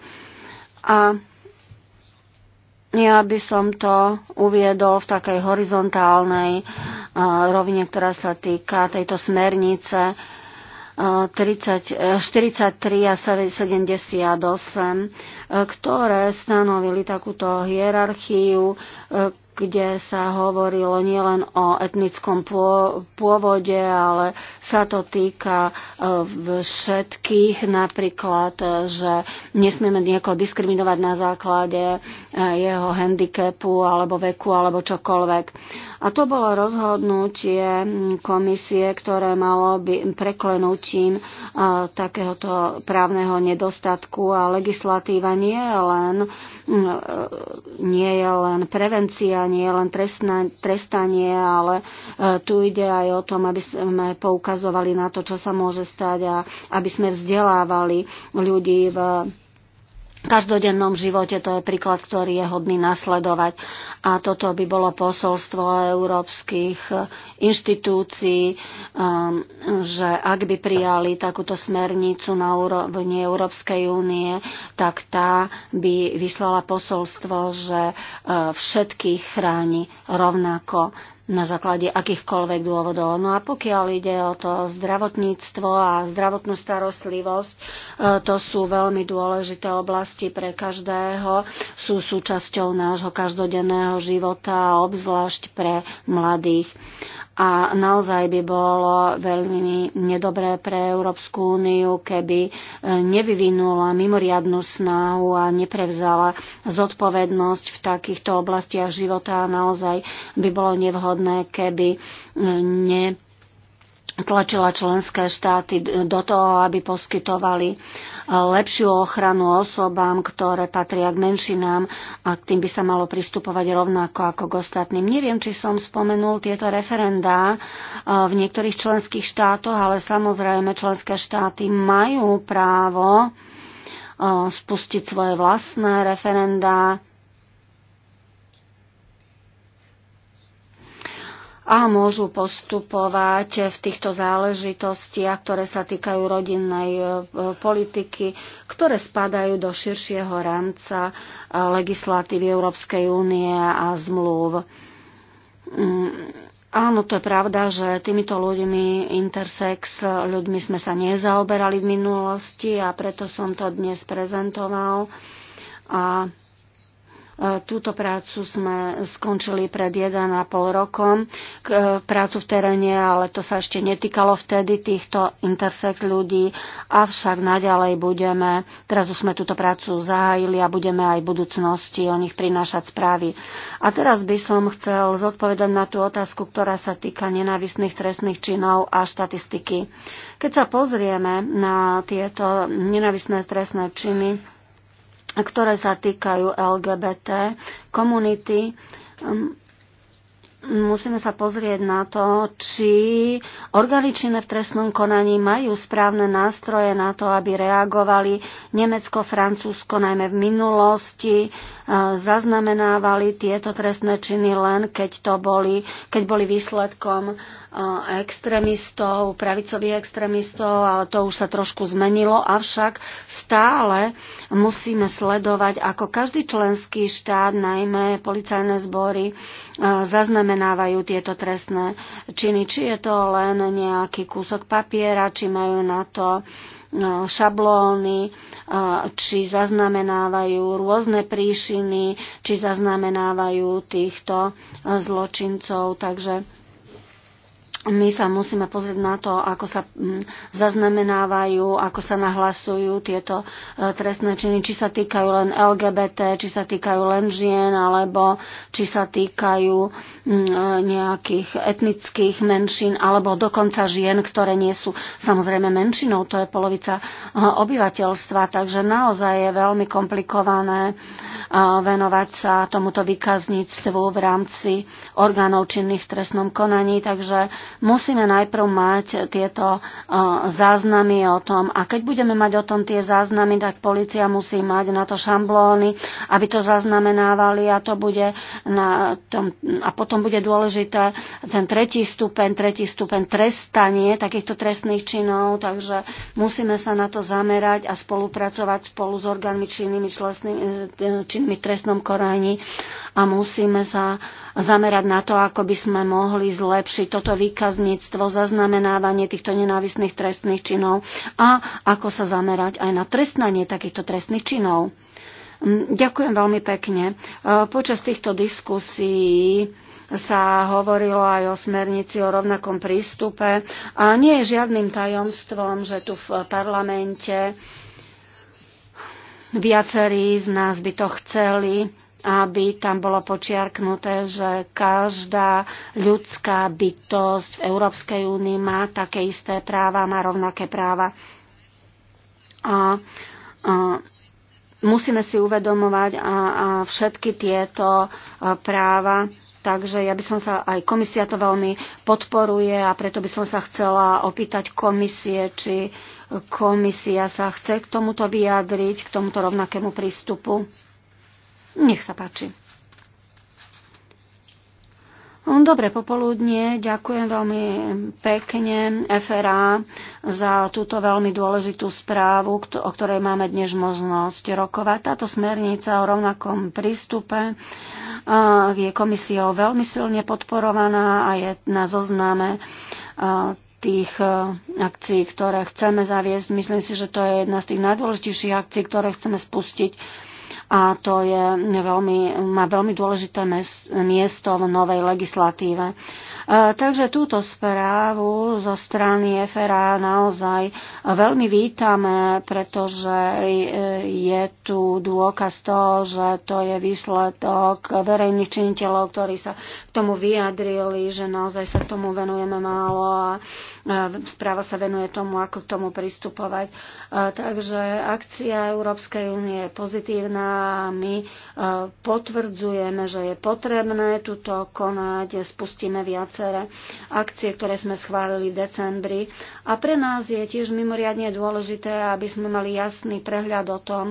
[SPEAKER 4] A ja by som to uviedol v takej horizontálnej e, rovine, ktorá sa týka tejto smernice 30, e, 43 a 78, ktoré stanovili takúto hierarchiu, kde sa hovorilo nielen o etnickom pôvode, ale sa to týka e, všetkých, napríklad, e, že nesmieme niekoho diskriminovať na základe e, jeho handicapu alebo veku alebo čokoľvek. A to bolo rozhodnutie komisie, ktoré malo by preklenutím takéhoto právneho nedostatku a legislatíva nie je len, nie je len prevencia nie len trestná, trestanie, ale e, tu ide aj o tom, aby sme poukazovali na to, čo sa môže stať a aby sme vzdelávali ľudí v každodennom živote. To je príklad, ktorý je hodný nasledovať. A toto by bolo posolstvo európskych eh, inštitúcií, ehm, že ak by prijali takúto smernicu na úrovni Európskej únie, tak tá by vyslala posolstvo, že eh, všetkých chráni rovnako na základe akýchkoľvek dôvodov. No a pokiaľ ide o to zdravotníctvo a zdravotnú starostlivosť, e, to sú veľmi dôležité oblasti pre každého, sú súčasťou nášho každodenného života, obzvlášť pre mladých a naozaj by bolo veľmi nedobré pre Európsku úniu, keby e, nevyvinula mimoriadnú snahu a neprevzala zodpovednosť v takýchto oblastiach života a naozaj by bolo nevhodné, keby e, ne tlačila členské štáty do toho, aby poskytovali e, lepšiu ochranu osobám, ktoré patria k menšinám a k tým by sa malo pristupovať rovnako ako k ostatným. Neviem, či som spomenul tieto referendá e, v niektorých členských štátoch, ale samozrejme členské štáty majú právo e, spustiť svoje vlastné referendá a môžu postupovať v týchto záležitostiach, ktoré sa týkajú rodinnej e, politiky, ktoré spadajú do širšieho rámca e, legislatívy Európskej únie a zmluv. Mm, áno, to je pravda, že týmito ľuďmi, intersex ľuďmi sme sa nezaoberali v minulosti a preto som to dnes prezentoval. A Túto prácu sme skončili pred 1,5 rokom, e, prácu v teréne, ale to sa ešte netýkalo vtedy týchto intersex ľudí, avšak naďalej budeme, teraz už sme túto prácu zahájili a budeme aj v budúcnosti o nich prinášať správy. A teraz by som chcel zodpovedať na tú otázku, ktorá sa týka nenávisných trestných činov a štatistiky. Keď sa pozrieme na tieto nenávisné trestné činy, ktoré sa týkajú LGBT komunity. Um, musíme sa pozrieť na to, či orgány činné v trestnom konaní majú správne nástroje na to, aby reagovali. Nemecko, Francúzsko najmä v minulosti uh, zaznamenávali tieto trestné činy len, keď, to boli, keď boli výsledkom uh, extrémistov, pravicových extrémistov, ale to už sa trošku zmenilo. Avšak stále musíme sledovať, ako každý členský štát, najmä policajné zbory, e, zaznamenávajú tieto trestné činy. Či je to len nejaký kúsok papiera, či majú na to e, šablóny, e, či zaznamenávajú rôzne príšiny, či zaznamenávajú týchto zločincov. Takže my sa musíme pozrieť na to, ako sa mm, zaznamenávajú, ako sa nahlasujú tieto e, trestné činy, či sa týkajú len LGBT, či sa týkajú len žien, alebo či sa týkajú mm, e, nejakých etnických menšín, alebo dokonca žien, ktoré nie sú samozrejme menšinou, to je polovica e, obyvateľstva, takže naozaj je veľmi komplikované venovať sa tomuto výkazníctvu v rámci orgánov činných v trestnom konaní, takže musíme najprv mať tieto e, záznamy o tom a keď budeme mať o tom tie záznamy, tak policia musí mať na to šamblóny, aby to zaznamenávali a to bude na tom, a potom bude dôležité ten tretí stupeň, tretí stupeň trestanie takýchto trestných činov, takže musíme sa na to zamerať a spolupracovať spolu s orgánmi činnými, e, e, činnými trestnom koraní a musíme sa zamerať na to, ako by sme mohli zlepšiť toto výkaz zákazníctvo, zaznamenávanie týchto nenávisných trestných činov a ako sa zamerať aj na trestnanie takýchto trestných činov. Mm, ďakujem veľmi pekne. E, počas týchto diskusí sa hovorilo aj o smernici o rovnakom prístupe a nie je žiadnym tajomstvom, že tu v parlamente viacerí z nás by to chceli aby tam bolo počiarknuté, že každá ľudská bytosť v Európskej únii má také isté práva, má rovnaké práva. A, a musíme si uvedomovať a, a všetky tieto práva. Takže ja by som sa, aj komisia to veľmi podporuje a preto by som sa chcela opýtať komisie, či komisia sa chce k tomuto vyjadriť, k tomuto rovnakému prístupu. Nech sa páči. Hm, dobre popoludnie, ďakujem veľmi pekne FRA za túto veľmi dôležitú správu, o ktorej máme dnes možnosť rokovať. Táto smernica o rovnakom prístupe je komisiou veľmi silne podporovaná a je na zozname tých akcií, ktoré chceme zaviesť. Myslím si, že to je jedna z tých najdôležitejších akcií, ktoré chceme spustiť a to je veľmi, má veľmi dôležité miesto v novej legislatíve. E, takže túto správu zo strany FRA naozaj veľmi vítame, pretože je tu dôkaz toho, že to je výsledok verejných činiteľov, ktorí sa k tomu vyjadrili, že naozaj sa tomu venujeme málo a e, správa sa venuje tomu, ako k tomu pristupovať. E, takže akcia Európskej únie je pozitívna a my potvrdzujeme, že je potrebné tuto konať, spustíme viac viaceré akcie, ktoré sme schválili v decembri. A pre nás je tiež mimoriadne dôležité, aby sme mali jasný prehľad o tom,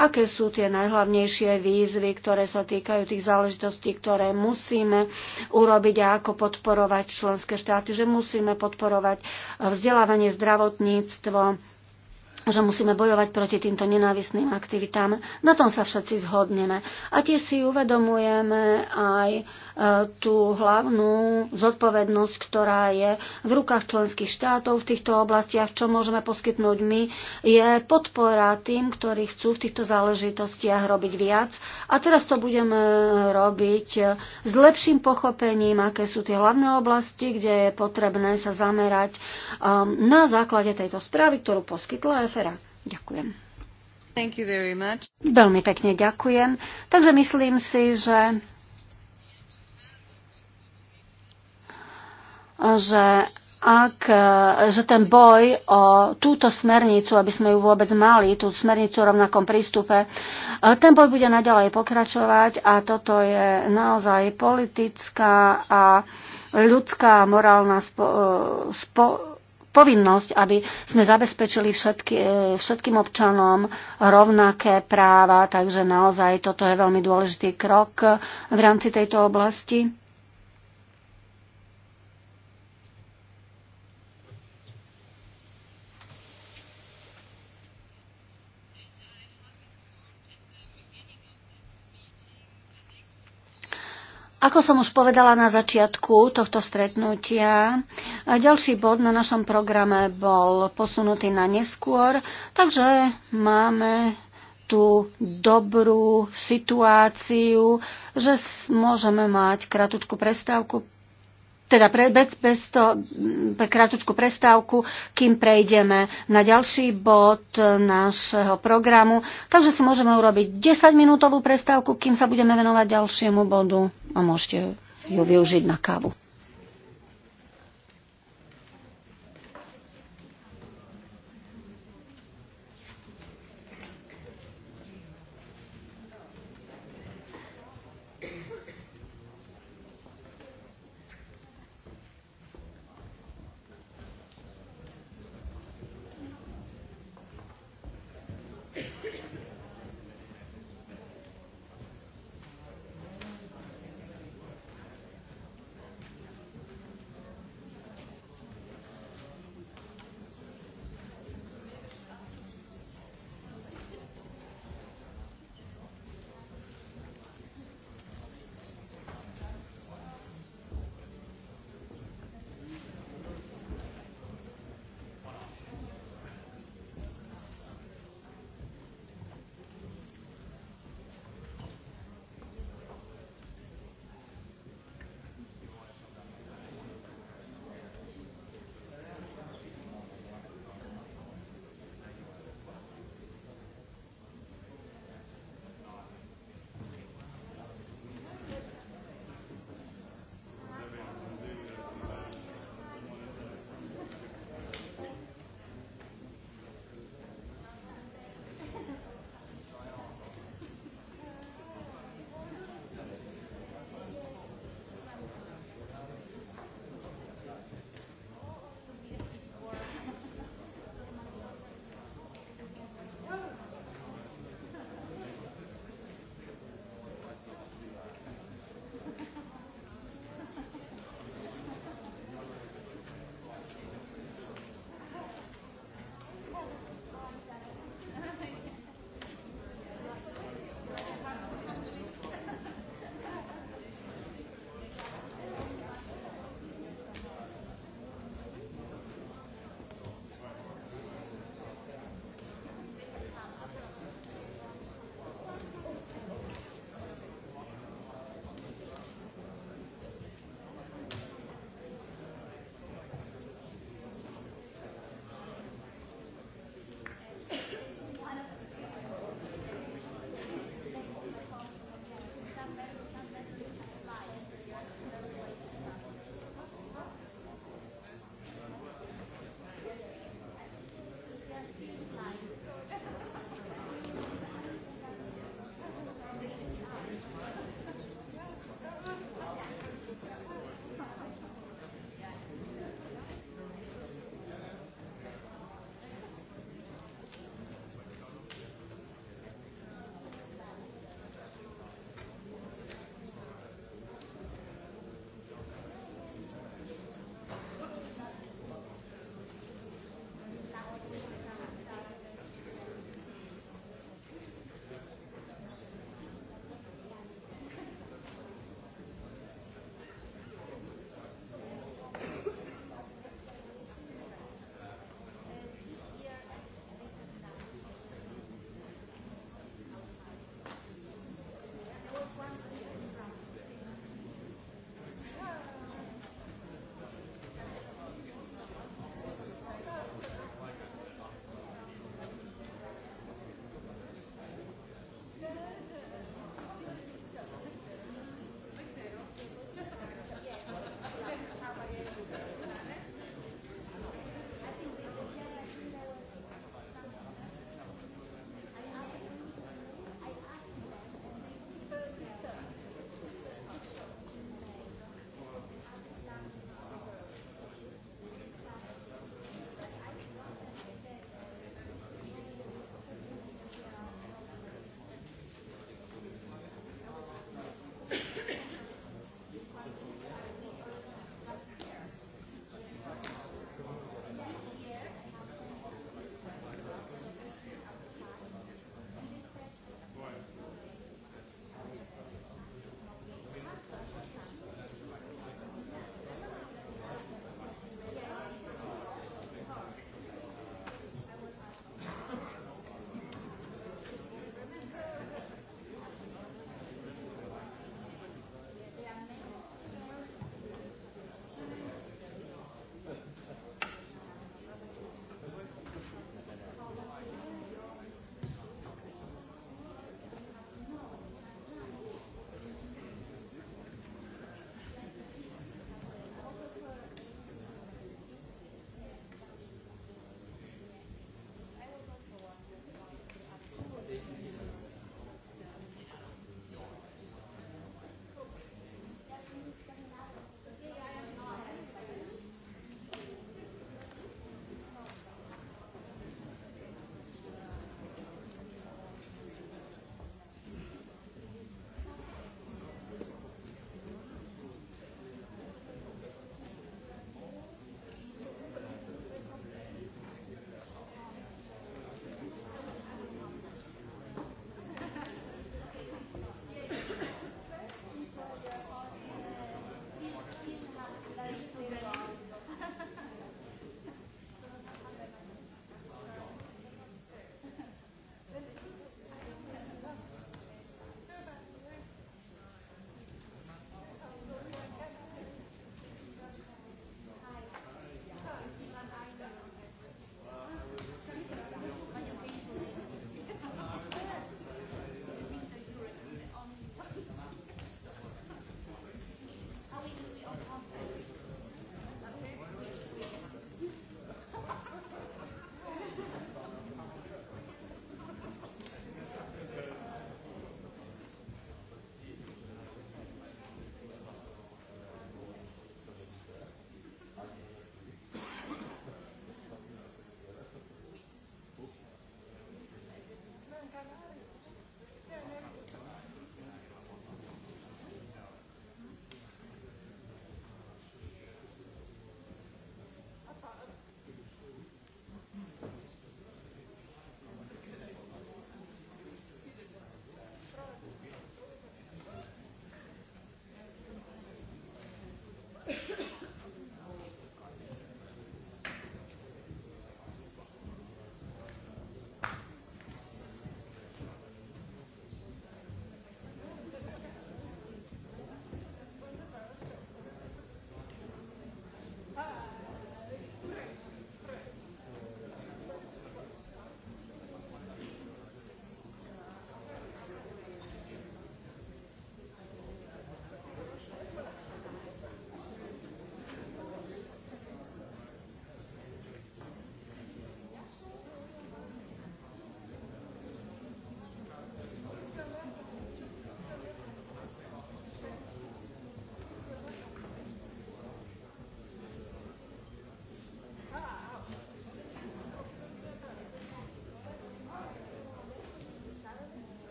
[SPEAKER 4] aké sú tie najhlavnejšie výzvy, ktoré sa týkajú tých záležitostí, ktoré musíme urobiť a ako podporovať členské štáty, že musíme podporovať vzdelávanie, zdravotníctvo, že musíme bojovať proti týmto nenávisným aktivitám. Na tom sa všetci zhodneme. A tiež si uvedomujeme aj e, tú hlavnú zodpovednosť, ktorá je v rukách členských štátov v týchto oblastiach. Čo môžeme poskytnúť my, je podpora tým, ktorí chcú v týchto záležitostiach robiť viac. A teraz to budeme robiť e, s lepším pochopením, aké sú tie hlavné oblasti, kde je potrebné sa zamerať e, na základe tejto správy, ktorú poskytla Fera. Ďakujem. Thank you very much. Veľmi pekne ďakujem. Takže myslím si, že že ak, že ten boj o túto smernicu, aby sme ju vôbec mali, tú smernicu o rovnakom prístupe, ten boj bude naďalej pokračovať a toto je naozaj politická a ľudská morálna spo, spo, povinnosť, aby sme zabezpečili všetky, e, všetkým občanom rovnaké práva, takže naozaj toto je veľmi dôležitý krok v rámci tejto oblasti. Ako som už povedala na začiatku tohto stretnutia, ďalší bod na našom programe bol posunutý na neskôr, takže máme tú dobrú situáciu, že môžeme mať kratučku prestávku teda pre, bez, bez to, mm, pre krátku prestávku, kým prejdeme na ďalší bod nášho programu. Takže si môžeme urobiť 10-minútovú prestávku, kým sa budeme venovať ďalšiemu bodu a môžete ju využiť na kávu.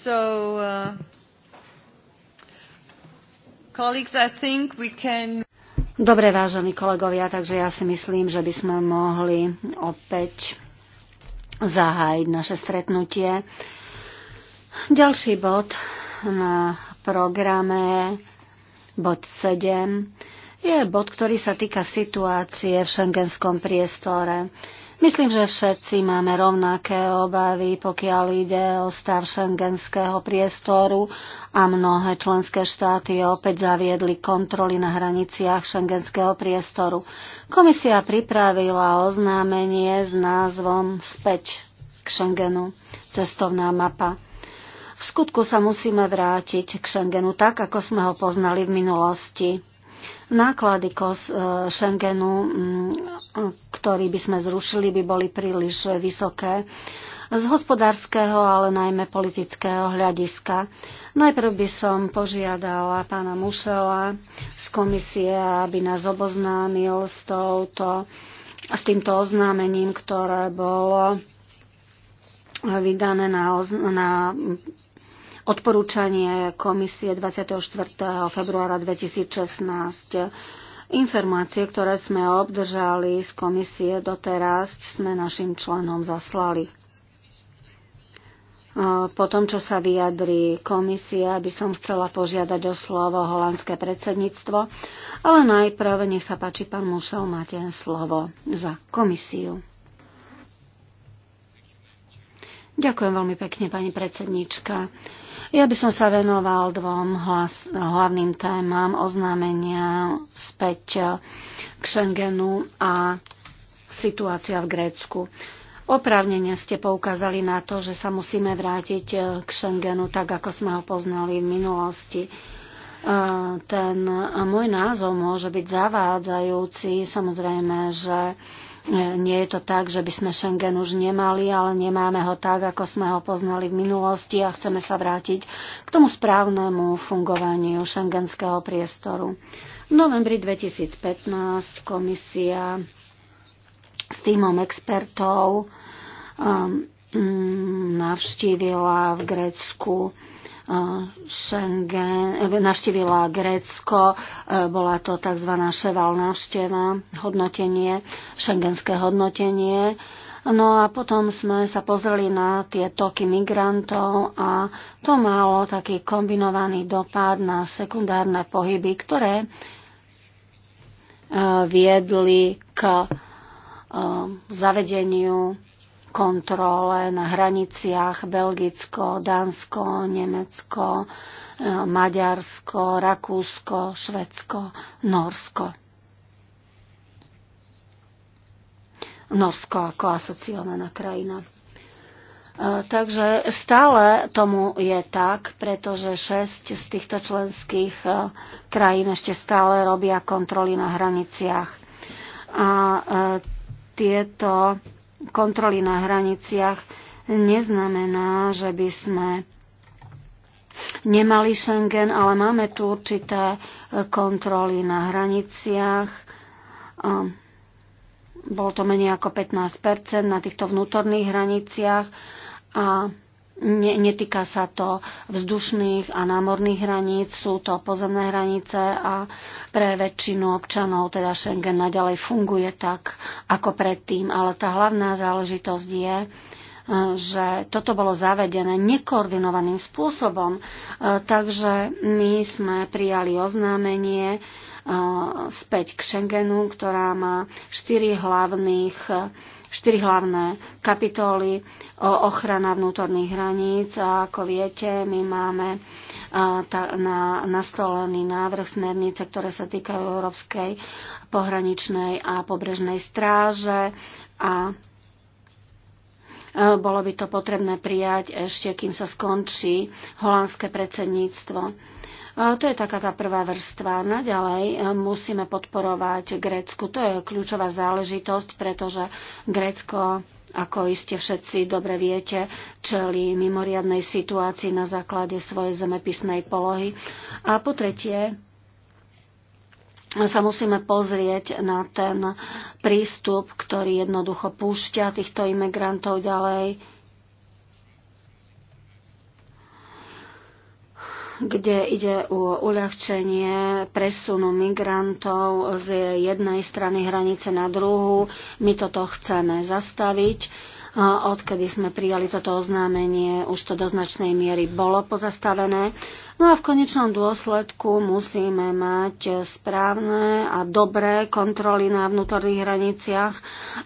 [SPEAKER 1] So, uh, colleagues, I think we can...
[SPEAKER 4] Dobre, vážení kolegovia, takže ja si myslím, že by sme mohli opäť zahájiť naše stretnutie. Ďalší bod na programe, bod 7, je bod, ktorý sa týka situácie v šengenskom priestore. Myslím, že všetci máme rovnaké obavy, pokiaľ ide o stav šengenského priestoru a mnohé členské štáty opäť zaviedli kontroly na hraniciach šengenského priestoru. Komisia pripravila oznámenie s názvom Späť k Schengenu cestovná mapa. V skutku sa musíme vrátiť k Schengenu tak, ako sme ho poznali v minulosti. Náklady kos e, Schengenu, mm, ktorý by sme zrušili, by boli príliš vysoké z hospodárskeho, ale najmä politického hľadiska. Najprv by som požiadala pána Mušela z komisie, aby nás oboznámil s, touto, s týmto oznámením, ktoré bolo vydané na, na odporúčanie komisie 24. februára 2016 Informácie, ktoré sme obdržali z komisie doteraz, sme našim členom zaslali. Po tom, čo sa vyjadrí komisia, by som chcela požiadať o slovo holandské predsedníctvo, ale najprv nech sa páči, pán Mušel, máte slovo za komisiu. Ďakujem veľmi pekne, pani predsedníčka. Ja by som sa venoval dvom hlas, hlavným témam oznámenia späť eh, k Schengenu a situácia v Grécku. Opravnenie ste poukázali na to, že sa musíme vrátiť eh, k Schengenu tak, ako sme ho poznali v minulosti eh, ten môj názov môže byť zavádzajúci. Samozrejme, že E, nie je to tak, že by sme Schengen už nemali, ale nemáme ho tak, ako sme ho poznali v minulosti a chceme sa vrátiť k tomu správnemu fungovaniu šengenského priestoru. V novembri 2015 komisia s týmom expertov um, um, navštívila v Grécku Schengen, eh, navštívila Grécko, eh, bola to tzv. ševal návšteva, hodnotenie, šengenské hodnotenie. No a potom sme sa pozreli na tie toky migrantov a to malo taký kombinovaný dopad na sekundárne pohyby, ktoré eh, viedli k zavedeniu kontrole na hraniciach Belgicko, Dánsko, Nemecko, e, Maďarsko, Rakúsko, Švedsko, Norsko. Norsko ako asociovaná krajina. E, takže stále tomu je tak, pretože šesť z týchto členských e, krajín ešte stále robia kontroly na hraniciach. A tieto kontroly na hraniciach neznamená, že by sme nemali Schengen, ale máme tu určité e, kontroly na hraniciach. Bolo to menej ako 15 na týchto vnútorných hraniciach a Ne, netýka sa to vzdušných a námorných hraníc, sú to pozemné hranice a pre väčšinu občanov teda Schengen naďalej funguje tak ako predtým. Ale tá hlavná záležitosť je, e, že toto bolo zavedené nekoordinovaným spôsobom. E, takže my sme prijali oznámenie e, späť k Schengenu, ktorá má štyri hlavných štyri hlavné kapitoly o e, ochrana vnútorných hraníc a ako viete, my máme e, na, nastolený návrh smernice, ktoré sa týkajú Európskej pohraničnej a pobrežnej stráže a e, bolo by to potrebné prijať ešte, kým sa skončí holandské predsedníctvo. To je taká tá prvá vrstva. Naďalej e, musíme podporovať Grécku. To je kľúčová záležitosť, pretože Grécko ako iste všetci dobre viete, čeli mimoriadnej situácii na základe svojej zemepisnej polohy. A po tretie, sa musíme pozrieť na ten prístup, ktorý jednoducho púšťa týchto imigrantov ďalej kde ide o uľahčenie presunu migrantov z jednej strany hranice na druhú. My toto chceme zastaviť. Odkedy sme prijali toto oznámenie, už to do značnej miery bolo pozastavené No a v konečnom dôsledku musíme mať správne a dobré kontroly na vnútorných hraniciach,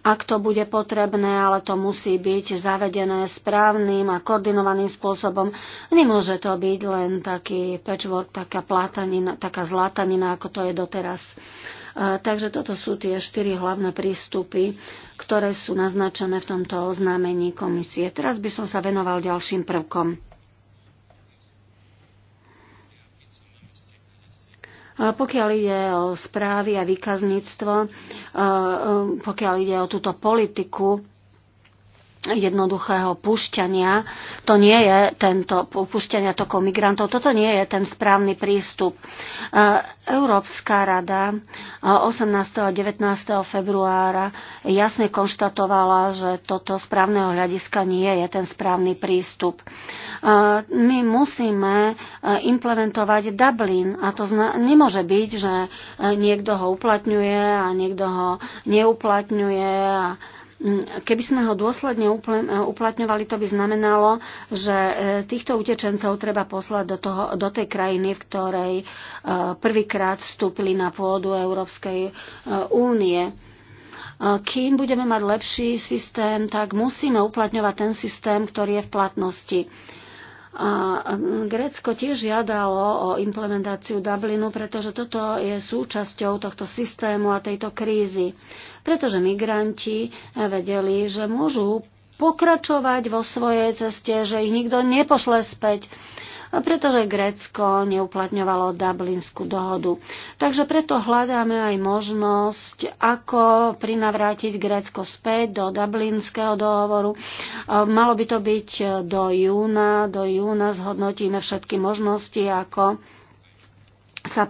[SPEAKER 4] ak to bude potrebné, ale to musí byť zavedené správnym a koordinovaným spôsobom. Nemôže to byť len taký patchwork, taká, plátanina, taká zlatanina, ako to je doteraz. E, takže toto sú tie štyri hlavné prístupy, ktoré sú naznačené v tomto oznámení komisie. Teraz by som sa venoval ďalším prvkom. Pokiaľ ide o správy a výkazníctvo, pokiaľ ide o túto politiku, jednoduchého púšťania. To nie je tento púšťania tokov migrantov. Toto nie je ten správny prístup. E, Európska rada 18. E, a 19. februára jasne konštatovala, že toto správneho hľadiska nie je ten správny prístup. E, my musíme implementovať Dublin a to nemôže byť, že niekto ho uplatňuje a niekto ho neuplatňuje a Mm, keby sme ho dôsledne e, uplatňovali, to by znamenalo, že e, týchto utečencov treba poslať do, toho, do tej krajiny, v ktorej e, prvýkrát vstúpili na pôdu Európskej únie kým budeme mať lepší systém, tak musíme uplatňovať ten systém, ktorý je v platnosti. A Grécko tiež žiadalo o implementáciu Dublinu, pretože toto je súčasťou tohto systému a tejto krízy. Pretože migranti vedeli, že môžu pokračovať vo svojej ceste, že ich nikto nepošle späť pretože Grécko neuplatňovalo Dublinskú dohodu. Takže preto hľadáme aj možnosť, ako prinavrátiť Grécko späť do Dublinského dohovoru. Malo by to byť do júna. Do júna zhodnotíme všetky možnosti, ako sa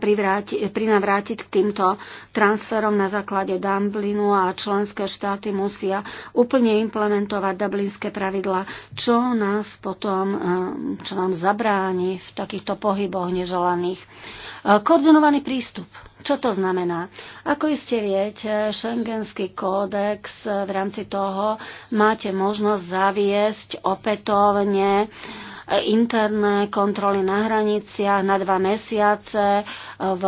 [SPEAKER 4] prinavrátiť k týmto transferom na základe Dublinu a členské štáty musia úplne implementovať dublinské pravidla, čo nás potom, eh, čo nám zabráni v takýchto pohyboch neželaných. Eh, koordinovaný prístup. Čo to znamená? Ako iste viete, šengenský kódex eh, v rámci toho máte možnosť zaviesť opätovne interné kontroly na hraniciach na dva mesiace e, v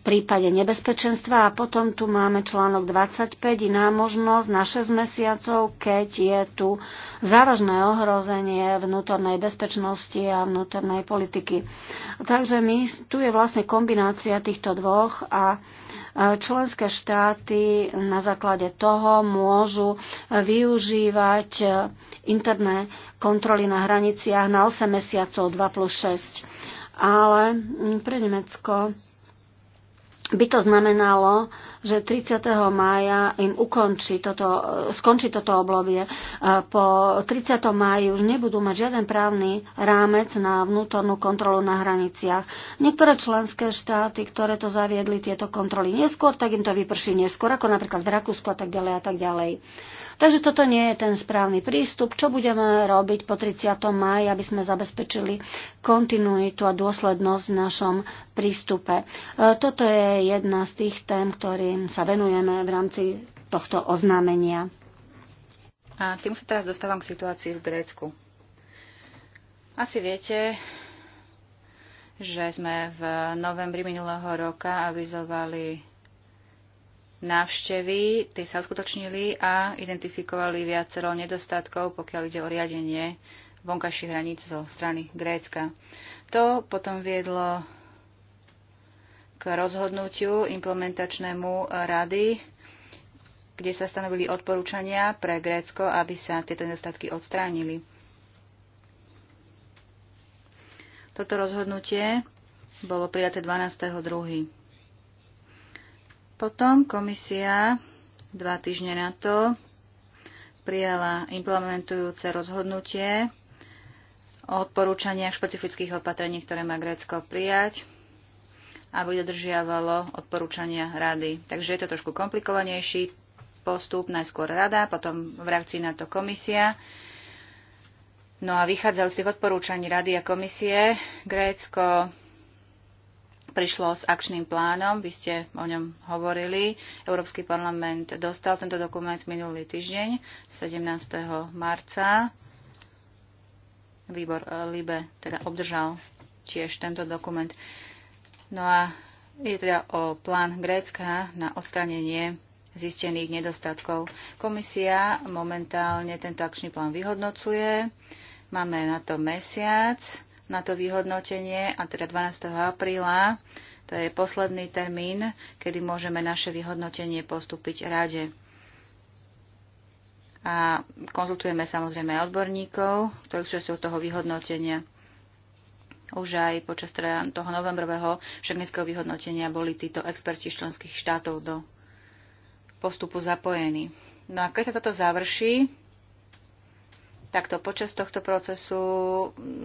[SPEAKER 4] prípade nebezpečenstva a potom tu máme článok 25, iná možnosť na 6 mesiacov, keď je tu závažné ohrozenie vnútornej bezpečnosti a vnútornej politiky. Takže my, tu je vlastne kombinácia týchto dvoch a Členské štáty na základe toho môžu využívať e, interné kontroly na hraniciach na 8 mesiacov 2 plus 6. Ale pre Nemecko by to znamenalo, že 30. mája im ukončí toto, skončí toto obdobie. Po 30. máji už nebudú mať žiaden právny rámec na vnútornú kontrolu na hraniciach. Niektoré členské štáty, ktoré to zaviedli, tieto kontroly neskôr, tak im to vyprší neskôr, ako napríklad v Rakúsku a tak ďalej a tak ďalej. Takže toto nie je ten správny prístup. Čo budeme robiť po 30. maj, aby sme zabezpečili kontinuitu a dôslednosť v našom prístupe? E, toto je jedna z tých tém, ktorým sa venujeme v rámci tohto oznámenia.
[SPEAKER 1] A tým sa teraz dostávam k situácii v Grécku. Asi viete, že sme v novembri minulého roka avizovali návštevy, tie sa uskutočnili a identifikovali viacero nedostatkov, pokiaľ ide o riadenie vonkajších hraníc zo strany Grécka. To potom viedlo k rozhodnutiu implementačnému rady, kde sa stanovili odporúčania pre Grécko, aby sa tieto nedostatky odstránili. Toto rozhodnutie bolo prijaté 12.2. Potom komisia dva týždne na to prijala implementujúce rozhodnutie o odporúčaniach špecifických opatrení, ktoré má Grécko prijať aby dodržiavalo odporúčania rady. Takže je to trošku komplikovanejší postup, najskôr rada, potom v reakcii na to komisia. No a vychádzajú z tých odporúčaní rady a komisie Grécko prišlo s akčným plánom, vy ste o ňom hovorili. Európsky parlament dostal tento dokument minulý týždeň, 17. marca. Výbor eh, LIBE teda obdržal tiež tento dokument. No a je teda o plán Grécka na odstranenie zistených nedostatkov. Komisia momentálne tento akčný plán vyhodnocuje. Máme na to mesiac na to vyhodnotenie a teda 12. apríla, to je posledný termín, kedy môžeme naše vyhodnotenie postúpiť rade. A konzultujeme samozrejme aj odborníkov, ktorí sú časťou toho vyhodnotenia. Už aj počas teda toho novembrového všetkého vyhodnotenia boli títo experti členských štátov do postupu zapojení. No a keď sa toto završí, takto počas tohto procesu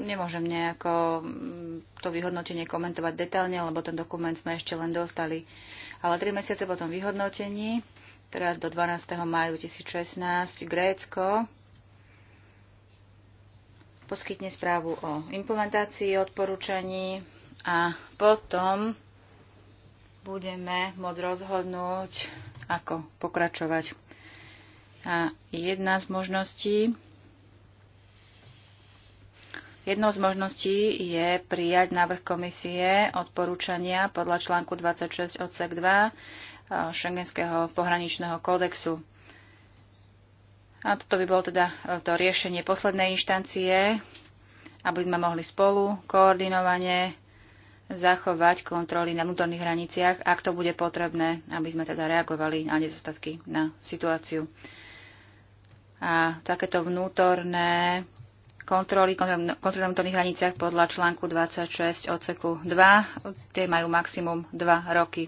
[SPEAKER 1] nemôžem nejako mm, to vyhodnotenie komentovať detálne, lebo ten dokument sme ešte len dostali. Ale tri mesiace po tom vyhodnotení, teraz do 12. maja 2016, Grécko poskytne správu o implementácii odporúčaní a potom budeme môcť rozhodnúť, ako pokračovať. A jedna z možností Jednou z možností je prijať návrh komisie odporúčania podľa článku 26 odsek 2 eh, Schengenského pohraničného kódexu. A toto by bolo teda eh, to riešenie poslednej inštancie, aby sme mohli spolu koordinovane zachovať kontroly na vnútorných hraniciach, ak to bude potrebné, aby sme teda reagovali na nedostatky, na situáciu. A takéto vnútorné kontroly, kontroly na vnútorných hraniciach podľa článku 26 odseku 2. Tie majú maximum 2 roky.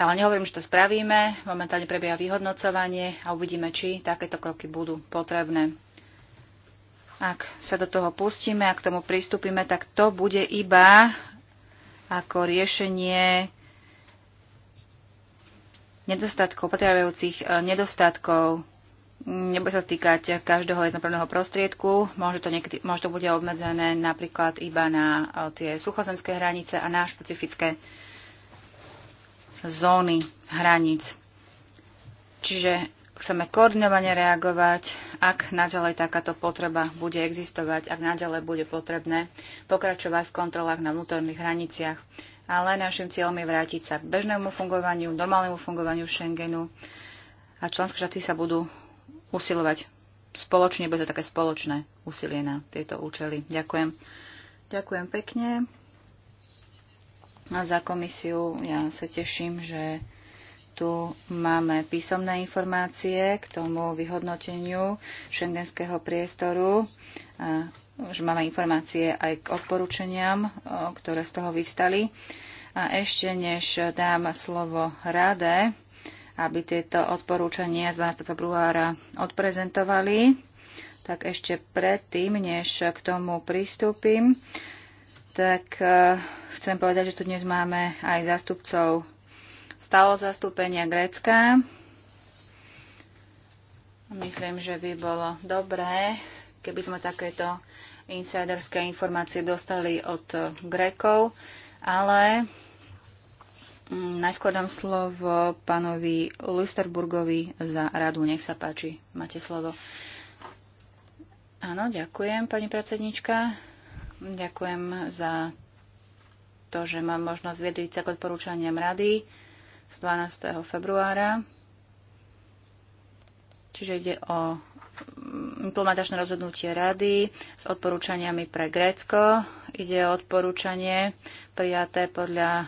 [SPEAKER 1] Ale nehovorím, že to spravíme. Momentálne prebieha vyhodnocovanie a uvidíme, či takéto kroky budú potrebné. Ak sa do toho pustíme a k tomu pristúpime, tak to bude iba ako riešenie nedostatkov, potrebujúcich eh, nedostatkov nebude sa týkať každého jednoprávneho prostriedku. Možno to, niekdy, možno to bude obmedzené napríklad iba na eh, tie suchozemské hranice a na špecifické zóny hraníc. Čiže chceme koordinovane reagovať, ak naďalej takáto potreba bude existovať, ak naďalej bude potrebné pokračovať v kontrolách na vnútorných hraniciach. Ale našim cieľom je vrátiť sa k bežnému fungovaniu, normálnemu fungovaniu Schengenu a členské štáty sa budú usilovať spoločne, bude to také spoločné úsilie na tieto účely. Ďakujem. Ďakujem pekne. A za komisiu ja sa teším, že tu máme písomné informácie k tomu vyhodnoteniu šengenského priestoru. A už máme informácie aj k odporúčaniam, ktoré z toho vyvstali. A ešte než dám slovo rade, aby tieto odporúčania z 12. februára odprezentovali. Tak ešte predtým, než k tomu pristúpim, tak e, chcem povedať, že tu dnes máme aj zástupcov stálo zastúpenia Grécka. Myslím, že by bolo dobré, keby sme takéto insiderské informácie dostali od Grékov, ale Mm, najskôr dám slovo pánovi Listerburgovi za radu. Nech sa páči, máte slovo. Áno, ďakujem, pani predsednička. Ďakujem za to, že mám možnosť viedriť sa k odporúčaniam rady z 12. februára. Čiže ide o implementačné rozhodnutie rady s odporúčaniami pre Grécko. Ide o odporúčanie prijaté podľa e,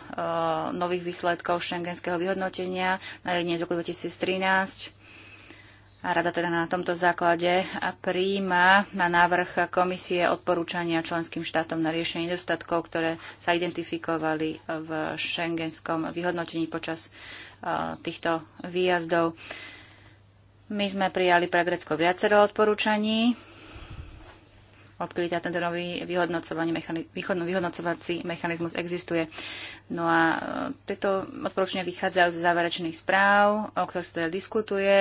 [SPEAKER 1] nových výsledkov šengenského vyhodnotenia na z roku 2013. A rada teda na tomto základe a príjma na návrh komisie odporúčania členským štátom na riešenie nedostatkov, ktoré sa identifikovali v šengenskom vyhodnotení počas e, týchto výjazdov. Uh, my sme prijali pre Grecko viacero odporúčaní. Odkedy tá tento nový mechani- vyhodnocovací mechanizmus existuje. No a e, tieto odporúčania vychádzajú z záverečných správ, o ktorých sa teda diskutuje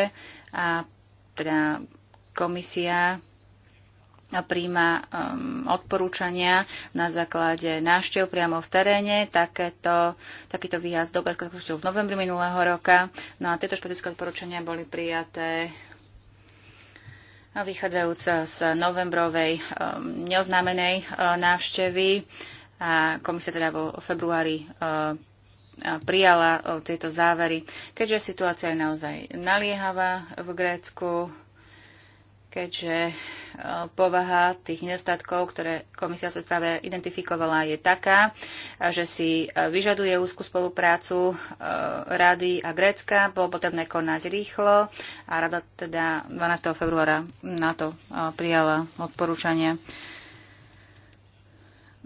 [SPEAKER 1] a teda komisia príjma um, odporúčania na základe návštev priamo v teréne. Takéto, takýto výjazd do Bedkošťov v novembri minulého roka. No a tieto špecifické odporúčania boli prijaté vychádzajúce z novembrovej um, neoznámenej uh, návštevy a komisia teda vo februári uh, prijala uh, tieto závery. Keďže situácia je naozaj naliehavá v Grécku, keďže e, povaha tých nedostatkov, ktoré komisia sa práve identifikovala, je taká, že si e, vyžaduje úzku spoluprácu e, Rady a Grécka. Bolo potrebné konať rýchlo a Rada teda 12. februára na to prijala odporúčanie.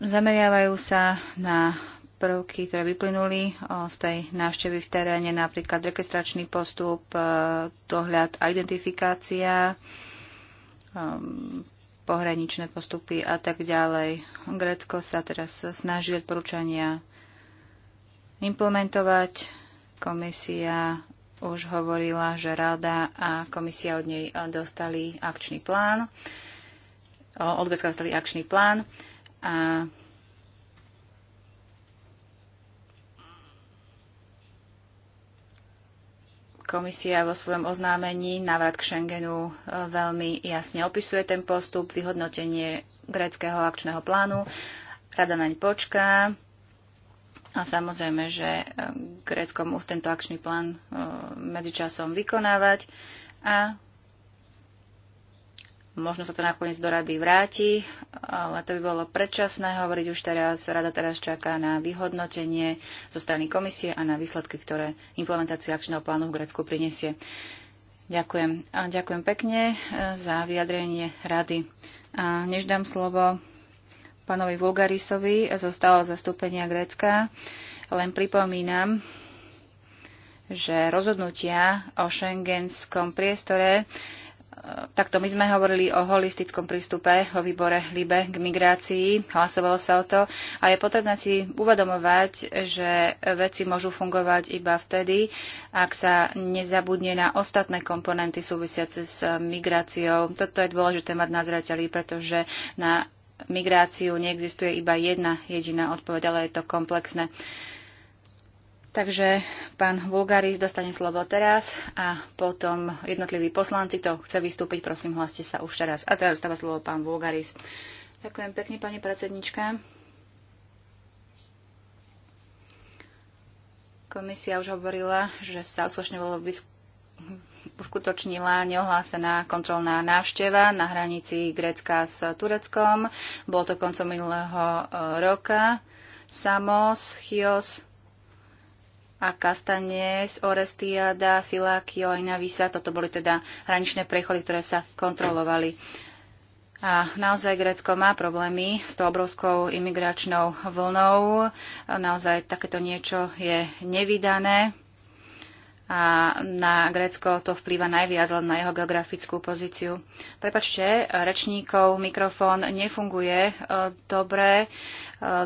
[SPEAKER 1] Zameriavajú sa na prvky, ktoré vyplynuli z tej návštevy v teréne, napríklad registračný postup, dohľad a identifikácia, Ehm, pohraničné postupy a tak ďalej. Grécko sa teraz snaží odporúčania implementovať. Komisia už hovorila, že rada a komisia od nej dostali akčný plán. Od Grécka dostali akčný plán a Komisia vo svojom oznámení návrat k Schengenu e, veľmi jasne opisuje ten postup, vyhodnotenie gréckého akčného plánu. Rada naň počká a samozrejme, že e, Grécko musí tento akčný plán e, medzičasom vykonávať a Možno sa to nakoniec do rady vráti, ale to by bolo predčasné hovoriť už teraz. Rada teraz čaká na vyhodnotenie zo strany komisie a na výsledky, ktoré implementácia akčného plánu v Grécku prinesie. Ďakujem. A ďakujem pekne e, za vyjadrenie rady. A než dám slovo pánovi Vulgarisovi zo stáleho zastúpenia Grécka, len pripomínam, že rozhodnutia o šengenskom priestore takto my sme hovorili o holistickom prístupe, o výbore LIBE k migrácii, hlasovalo sa o to a je potrebné si uvedomovať, že veci môžu fungovať iba vtedy, ak sa nezabudne na ostatné komponenty súvisiace s migráciou. Toto je dôležité mať na zreteli, pretože na migráciu neexistuje iba jedna jediná odpoveď, ale je to komplexné. Uh, Takže pán Vulgaris dostane slovo teraz a potom jednotliví poslanci, kto chce vystúpiť, prosím, hlaste sa už teraz. A teraz dostáva slovo pán Vulgaris. Ďakujem pekne, pani predsednička. Komisia už hovorila, že sa uslušňovalo uskutočnila neohlásená kontrolná návšteva na hranici Grécka s Tureckom. Bolo to koncom minulého e, roka. Samos, Chios, a Castanes, Orestiada, Filakio Inavisa. Toto boli teda hraničné prechody, ktoré sa kontrolovali. A naozaj Grécko má problémy s tou obrovskou imigračnou vlnou. Naozaj takéto niečo je nevydané a na Grécko to vplýva najviac len na jeho geografickú pozíciu. Prepačte, rečníkov mikrofón nefunguje e, dobre, e,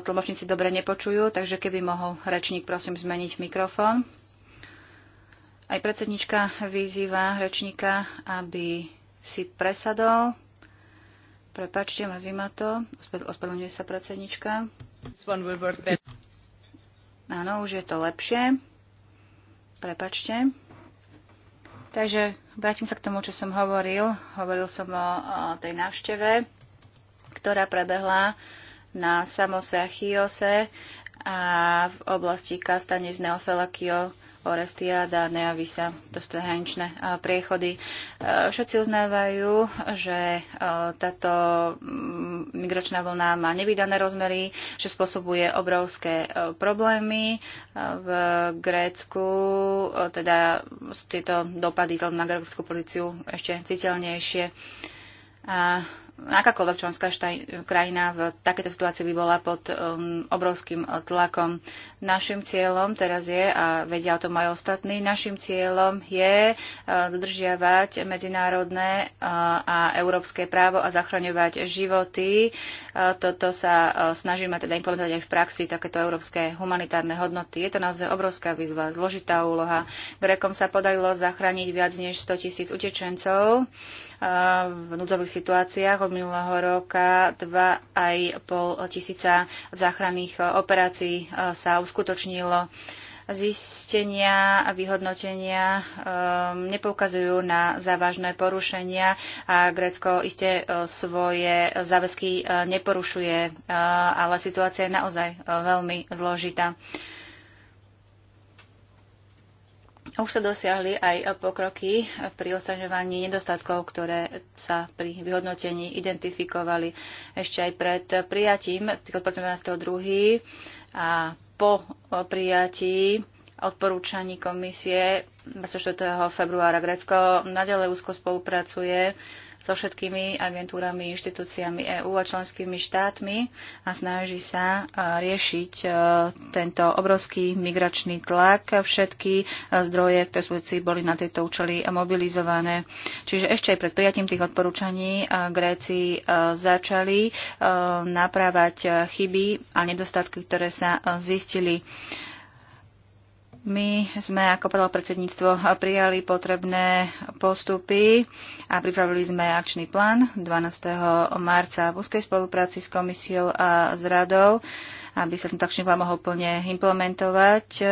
[SPEAKER 1] tlmočníci dobre nepočujú, takže keby mohol rečník prosím zmeniť mikrofón. Aj predsednička vyzýva rečníka, aby si presadol. Prepačte, mrzí ma to. Ospravedlňuje sa predsednička. Áno, už je to lepšie. Prepačte. Takže vrátim sa k tomu, čo som hovoril. Hovoril som o, o tej návšteve, ktorá prebehla na Samose a Chiose a v oblasti z Neofelakio, Orestiada, Neavisa, to sú hraničné priechody. E, všetci uznávajú, že e, táto mm, migračná vlna má nevydané rozmery, že spôsobuje obrovské e, problémy v Grécku, teda sú tieto dopady na grécku pozíciu ešte citeľnejšie. A akákoľvek členská štaj, krajina v takejto situácii by bola pod um, obrovským tlakom. Našim cieľom teraz je, a vedia o tom aj ostatní, našim cieľom je uh, dodržiavať medzinárodné uh, a európske právo a zachraňovať životy. Uh, toto sa uh, snažíme teda implementovať aj v praxi, takéto európske humanitárne hodnoty. Je to naozaj obrovská výzva, zložitá úloha. Grekom sa podarilo zachrániť viac než 100 tisíc utečencov. Uh, v núdzových situáciách od minulého roka 2,5 tisíca záchranných e, operácií e, sa uskutočnilo zistenia a vyhodnotenia um, nepoukazujú na závažné porušenia a Grécko iste svoje záväzky neporušuje, ale situácia je naozaj veľmi zložitá. Už sa dosiahli aj pokroky pri odstraňovaní nedostatkov, ktoré sa pri vyhodnotení identifikovali ešte aj pred prijatím tých 18.2. a po prijatí odporúčaní komisie 24. februára Grécko nadalej úzko spolupracuje so všetkými agentúrami, inštitúciami EÚ a členskými štátmi a snaží sa e, riešiť e, tento obrovský migračný tlak. Všetky e, zdroje, ktoré sú boli na tieto účely mobilizované. Čiže ešte aj pred prijatím tých odporúčaní Gréci začali naprávať chyby a nedostatky, ktoré sa zistili. My sme, ako povedal predsedníctvo, prijali potrebné postupy a pripravili sme akčný plán 12. marca v úzkej spolupráci s komisiou a s radou aby sa ten akčný plán mohol plne implementovať.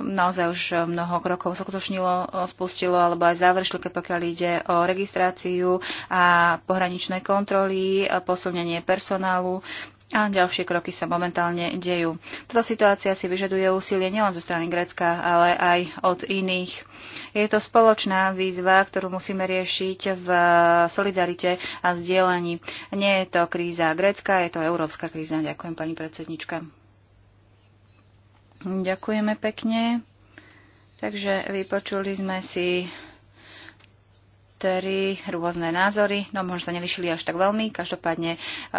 [SPEAKER 1] Naozaj už mnoho krokov sa skutočnilo, spustilo alebo aj završilo, keď pokiaľ ide o registráciu a pohraničné kontroly, posilnenie personálu, a ďalšie kroky sa momentálne dejú. Táto situácia si vyžaduje úsilie nielen zo strany Grécka, ale aj od iných. Je to spoločná výzva, ktorú musíme riešiť v solidarite a zdieľaní. Nie je to kríza Grécka, je to európska kríza. Ďakujem, pani predsednička. Ďakujeme pekne. Takže vypočuli sme si tri rôzne názory, no možno sa nelišili až tak veľmi, každopádne e,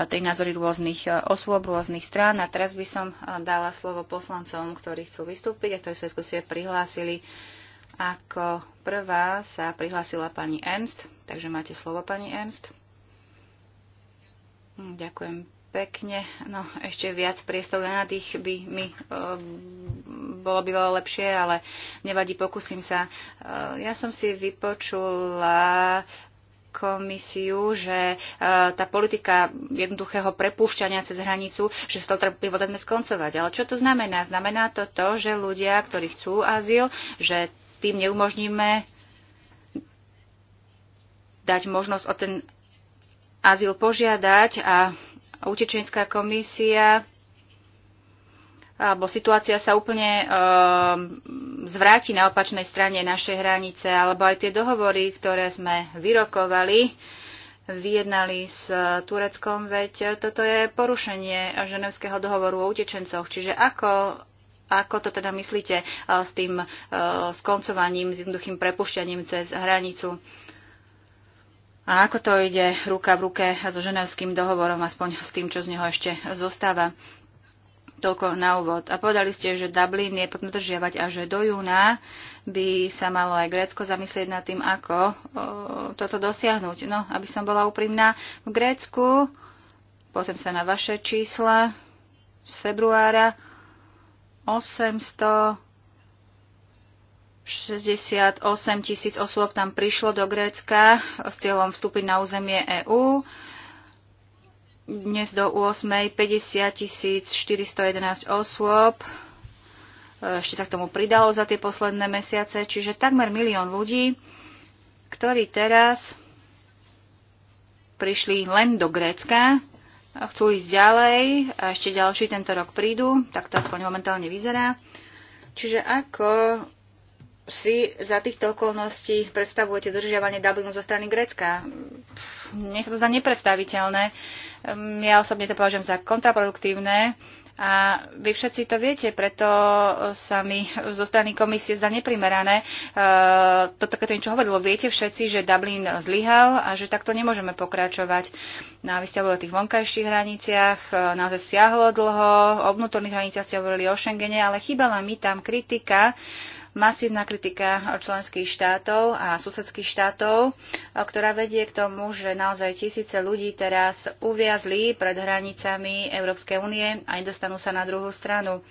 [SPEAKER 1] tri názory rôznych e, osôb, rôznych strán. A teraz by som e, dala slovo poslancom, ktorí chcú vystúpiť a ktorí sa skúsie prihlásili. Ako prvá sa prihlásila pani Ernst, takže máte slovo pani Ernst. Hm, ďakujem pekne. No, ešte viac priestor na tých by mi e, bolo bývalo lepšie, ale nevadí, pokúsim sa. E, ja som si vypočula komisiu, že e, tá politika jednoduchého prepúšťania cez hranicu, že sa to treba potrebné skoncovať. Ale čo to znamená? Znamená to to, že ľudia, ktorí chcú azyl, že tým neumožníme dať možnosť o ten azyl požiadať a utečenská komisia alebo situácia sa úplne e, zvráti na opačnej strane našej hranice, alebo aj tie dohovory, ktoré sme vyrokovali, vyjednali s Tureckom, veď toto je porušenie Ženevského dohovoru o utečencoch. Čiže ako, ako to teda myslíte eh, s tým e, skoncovaním, s jednoduchým prepušťaním cez hranicu? E, a ako to ide ruka v ruke so ženevským dohovorom, aspoň s tým, čo z neho ešte zostáva? Toľko na úvod. A povedali ste, že Dublin je potrebné a že do júna by sa malo aj Grécko zamyslieť nad tým, ako o, toto dosiahnuť. No, aby som bola úprimná, v Grécku, pozriem sa na vaše čísla z februára, 800 68 tisíc osôb tam prišlo do Grécka s cieľom vstúpiť na územie EÚ. Dnes do 8. 50 411 osôb. E, ešte sa k tomu pridalo za tie posledné mesiace, čiže takmer milión ľudí, ktorí teraz prišli len do Grécka, chcú ísť ďalej a ešte ďalší tento rok prídu, tak to aspoň momentálne vyzerá. Čiže ako si za týchto okolností predstavujete dodržiavanie Dublinu zo strany Grécka? Mne sa to zdá nepredstaviteľné. Ja osobne to považujem za kontraproduktívne. A vy všetci to viete, preto sa mi zo strany komisie zdá neprimerané. E, to takéto niečo hovorilo. Viete všetci, že Dublin zlyhal a že takto nemôžeme pokračovať. No, vy ste hovorili o tých vonkajších hraniciach, e, naozaj siahlo dlho, o vnútorných hraniciach ste hovorili o Schengene, ale chýbala mi tam kritika masívna kritika členských štátov a susedských štátov, ktorá vedie k tomu, že naozaj tisíce ľudí teraz uviazli pred hranicami Európskej únie a nedostanú sa na druhú stranu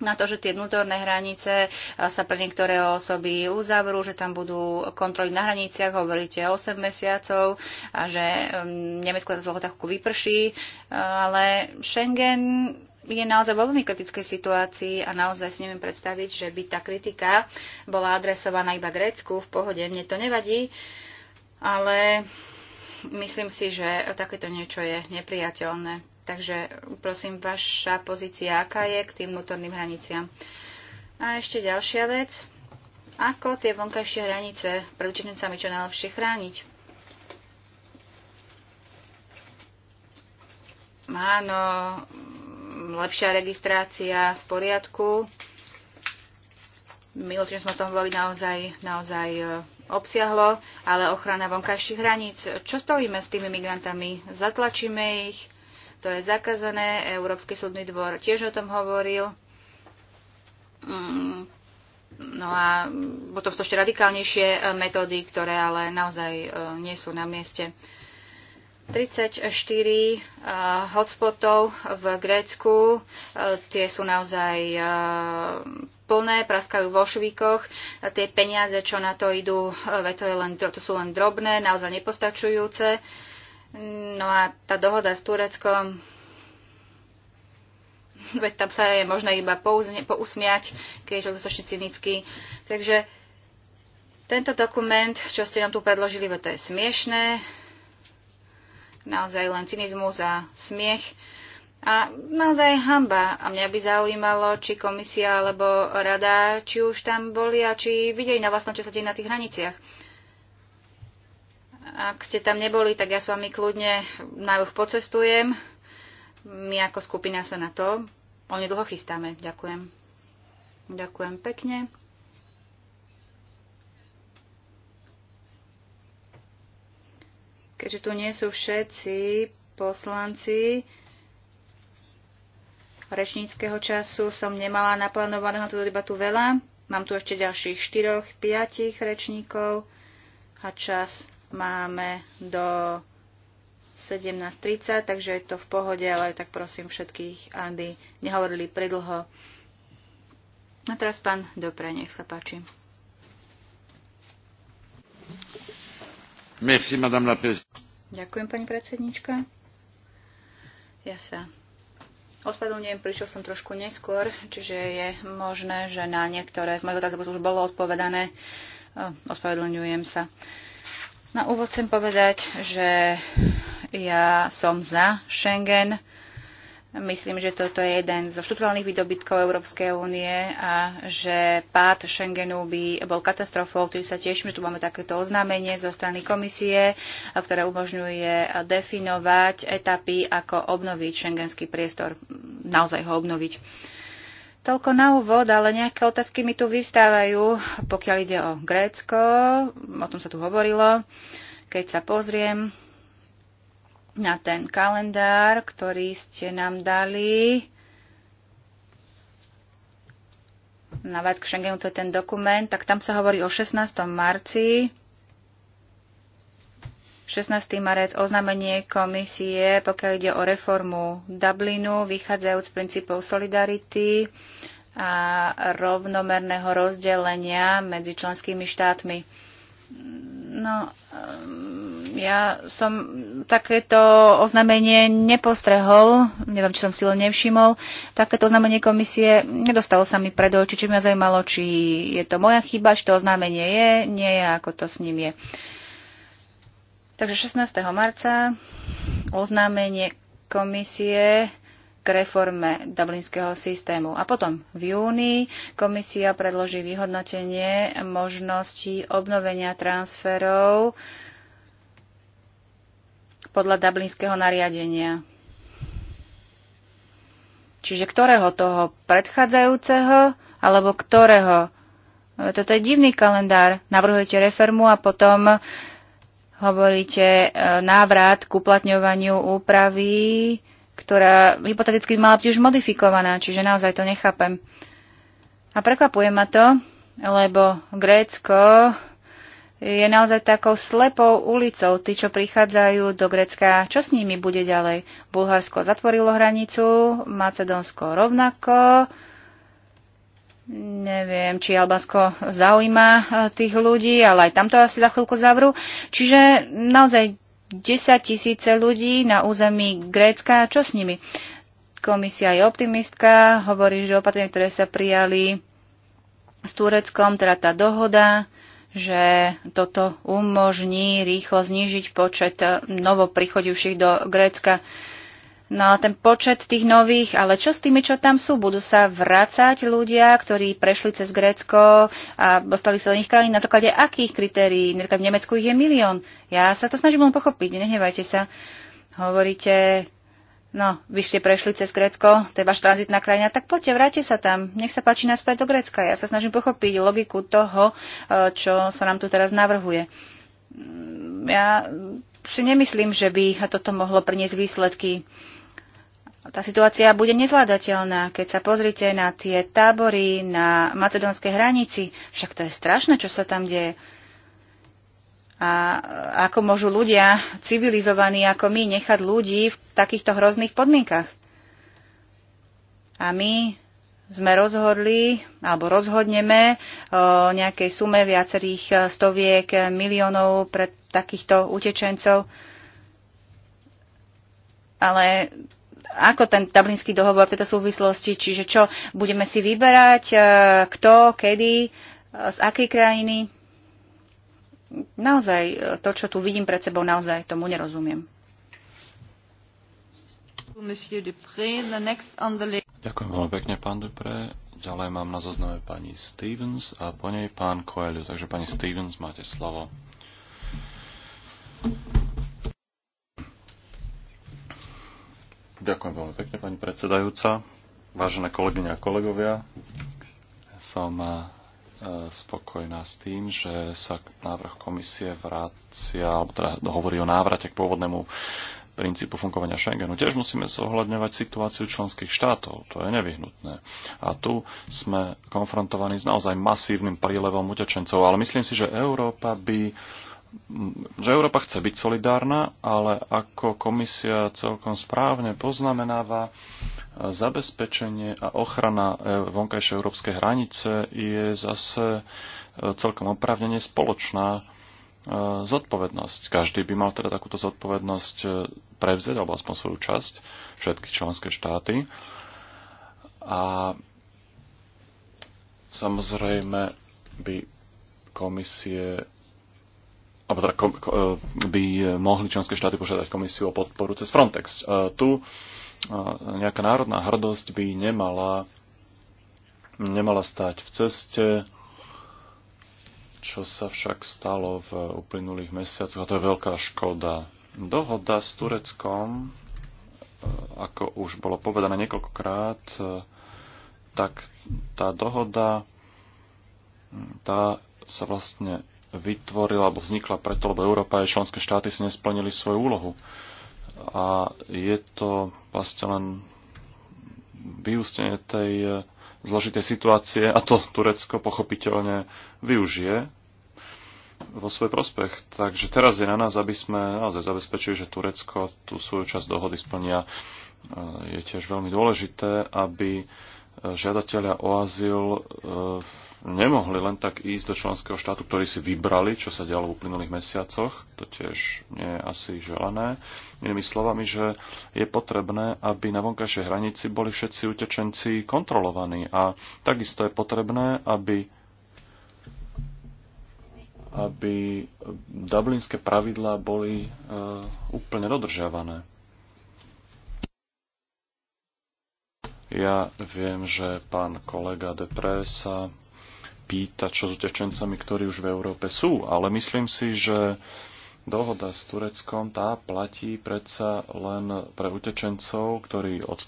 [SPEAKER 1] na to, že tie vnútorné hranice sa pre niektoré osoby uzavrú, že tam budú kontroly na hraniciach, hovoríte 8 mesiacov a že um, Nemecko to toho takú vyprší, uh, ale Schengen je naozaj vo veľmi kritickej situácii a naozaj si neviem predstaviť, že by tá kritika bola adresovaná iba Grécku. V pohode, mne to nevadí, ale myslím si, že takéto niečo je nepriateľné. Takže prosím, vaša pozícia aká je k tým vnútorným hraniciam? A ešte ďalšia vec. Ako tie vonkajšie hranice pred učenicami čo najlepšie chrániť? Áno, lepšia registrácia v poriadku. Miločne sme o tom boli naozaj, naozaj e, obsiahlo, ale ochrana vonkajších hraníc. Čo spravíme s tými migrantami? Zatlačíme ich? To je zakazané, Európsky súdny dvor tiež o tom hovoril. Mm, no a potom sú ešte radikálnejšie e, metódy, ktoré ale naozaj e, nie sú na mieste. 34 eh, hotspotov v Grécku, eh, tie sú naozaj eh, plné, praskajú vo švíkoch. Tie peniaze, čo na to idú, to, je len, to sú len drobné, naozaj nepostačujúce. No a tá dohoda s Tureckom, veď tam sa je možné iba pouzne, pousmiať, keď je dostatočne cynický. Takže tento dokument, čo ste nám tu predložili, to je smiešné naozaj len cynizmus a smiech. A naozaj hamba. A mňa by zaujímalo, či komisia alebo rada, či už tam boli a či videli na vlastnom, čo sa deje na tých hraniciach. Ak ste tam neboli, tak ja s vami kľudne na juh pocestujem. My ako skupina sa na to onedlho chystáme. Ďakujem. Ďakujem pekne. Keďže tu nie sú všetci poslanci, rečníckého času som nemala naplánovaného túto debatu veľa. Mám tu ešte ďalších 4, 5 rečníkov a čas máme do 17.30, takže je to v pohode, ale tak prosím všetkých, aby nehovorili predlho. A teraz pán Dopre, nech sa páči.
[SPEAKER 3] Merci, madame la
[SPEAKER 1] Ďakujem, pani predsednička. Ja sa Ospravedlňujem, prišiel som trošku neskôr, čiže je možné, že na niektoré z mojich otázok už bolo odpovedané. Ospravedlňujem sa. Na úvod chcem povedať, že ja som za Schengen Myslím, že toto je jeden zo štruktúrálnych výdobytkov Európskej únie a že pád Schengenu by bol katastrofou, ktorý sa teším, že tu máme takéto oznámenie zo strany komisie, ktoré umožňuje definovať etapy, ako obnoviť šengenský priestor, naozaj ho obnoviť. Toľko na úvod, ale nejaké otázky mi tu vyvstávajú, pokiaľ ide o Grécko, o tom sa tu hovorilo. Keď sa pozriem, na ten kalendár, ktorý ste nám dali. Na k Schengenu to je ten dokument, tak tam sa hovorí o 16. marci. 16. marec oznámenie komisie, pokiaľ ide o reformu Dublinu, vychádzajúc z princípov solidarity a rovnomerného rozdelenia medzi členskými štátmi. No, um, ja som takéto oznámenie nepostrehol, neviem, či som si len nevšimol. Takéto oznámenie komisie nedostalo sa mi pred oči, či ma zaujímalo, či je to moja chyba, či to oznámenie je, nie je, ako to s ním je. Takže 16. marca oznámenie komisie k reforme dublinského systému. A potom v júni komisia predloží vyhodnotenie možností obnovenia transferov podľa Dublinského nariadenia. Čiže ktorého toho predchádzajúceho, alebo ktorého? E, toto je divný kalendár. Navrhujete reformu a potom hovoríte e, návrat k uplatňovaniu úpravy, ktorá hypoteticky mala byť už modifikovaná, čiže naozaj to nechápem. A prekvapuje ma to, lebo Grécko je naozaj takou slepou ulicou. Tí, čo prichádzajú do Grecka, čo s nimi bude ďalej? Bulharsko zatvorilo hranicu, Macedónsko rovnako. Neviem, či Albánsko zaujíma eh, tých ľudí, ale aj tamto asi za chvíľku zavrú. Čiže naozaj 10 tisíce ľudí na území Grécka, čo s nimi? Komisia je optimistka, hovorí, že opatrenia, ktoré sa prijali s Tureckom, teda tá dohoda, že toto umožní rýchlo znížiť počet eh, novoprichodivších do Grécka. No a ten počet tých nových, ale čo s tými, čo tam sú? Budú sa vrácať ľudia, ktorí prešli cez Grécko a dostali sa do iných krajín? Na základe akých kritérií? Napríklad no v Nemecku ich je milión. Ja sa to snažím len pochopiť, nehnevajte sa. Hovoríte, No, vy ste prešli cez Grécko, to je váš tranzitná krajina, tak poďte, vráte sa tam, nech sa páči naspäť do Grécka. Ja sa snažím pochopiť logiku toho, e, čo sa nám tu teraz navrhuje. Mm, ja si nemyslím, že by toto mohlo priniesť výsledky. Tá situácia bude nezvládateľná, keď sa pozrite na tie tábory na macedónskej hranici. Však to je strašné, čo sa tam deje. A ako môžu ľudia civilizovaní ako my nechať ľudí v takýchto hrozných podmienkach? A my sme rozhodli, alebo rozhodneme o nejakej sume viacerých e, stoviek e, miliónov pre takýchto utečencov. Ale ako ten tablinský dohovor v tejto súvislosti, čiže čo budeme si vyberať, e, kto, kedy, z akej krajiny. Naozaj, e, to, čo tu vidím pred sebou, naozaj tomu nerozumiem.
[SPEAKER 3] Ďakujem veľmi pekne, pán Dupré. Ďalej mám na zozname pani Stevens a po nej pán Coelho. Takže pani Stevens, máte slovo. Ďakujem veľmi pekne, pani predsedajúca. Vážené kolegyne a kolegovia, som e, spokojná s tým, že sa návrh komisie vracia, alebo teda hovorí o návrate k pôvodnému princípu fungovania Schengenu. Tiež musíme zohľadňovať situáciu členských štátov. To je nevyhnutné. A tu sme konfrontovaní s naozaj masívnym prílevom utečencov. Ale myslím si, že Európa by že Európa chce byť solidárna, ale ako komisia celkom správne poznamenáva, zabezpečenie a ochrana e, vonkajšej európskej hranice je zase e, celkom oprávnene spoločná e, zodpovednosť. Každý by mal teda takúto zodpovednosť prevzať, alebo aspoň svoju časť, všetky členské štáty. A samozrejme by komisie alebo teda, by mohli členské štáty požiadať komisiu o podporu cez Frontex. Tu nejaká národná hrdosť by nemala, nemala stať v ceste, čo sa však stalo v uplynulých mesiacoch, a to je veľká škoda. Dohoda s Tureckom, eh, ako už bolo povedané niekoľkokrát, eh, tak tá dohoda hm, tá sa vlastne vytvorila alebo vznikla preto, lebo Európa a členské štáty si nesplnili svoju úlohu a je to vlastne len vyústenie tej e, zložitej situácie a to Turecko pochopiteľne využije vo svoj prospech. Takže teraz je na nás, aby sme naozaj zabezpečili, že Turecko tú svoju časť dohody splnia. E, je tiež veľmi dôležité, aby e, žiadatelia o azyl nemohli len tak ísť do členského štátu, ktorý si vybrali, čo sa dialo v uplynulých mesiacoch. To tiež nie je asi želané. Inými slovami, že je potrebné, aby na vonkajšej hranici boli všetci utečenci kontrolovaní. A takisto je potrebné, aby aby dublinské pravidlá boli e, úplne dodržiavané. Ja viem, že pán kolega Depré sa pýtať, čo s utečencami, ktorí už v Európe sú. Ale myslím si, že dohoda s Tureckom tá platí predsa len pre utečencov, ktorí od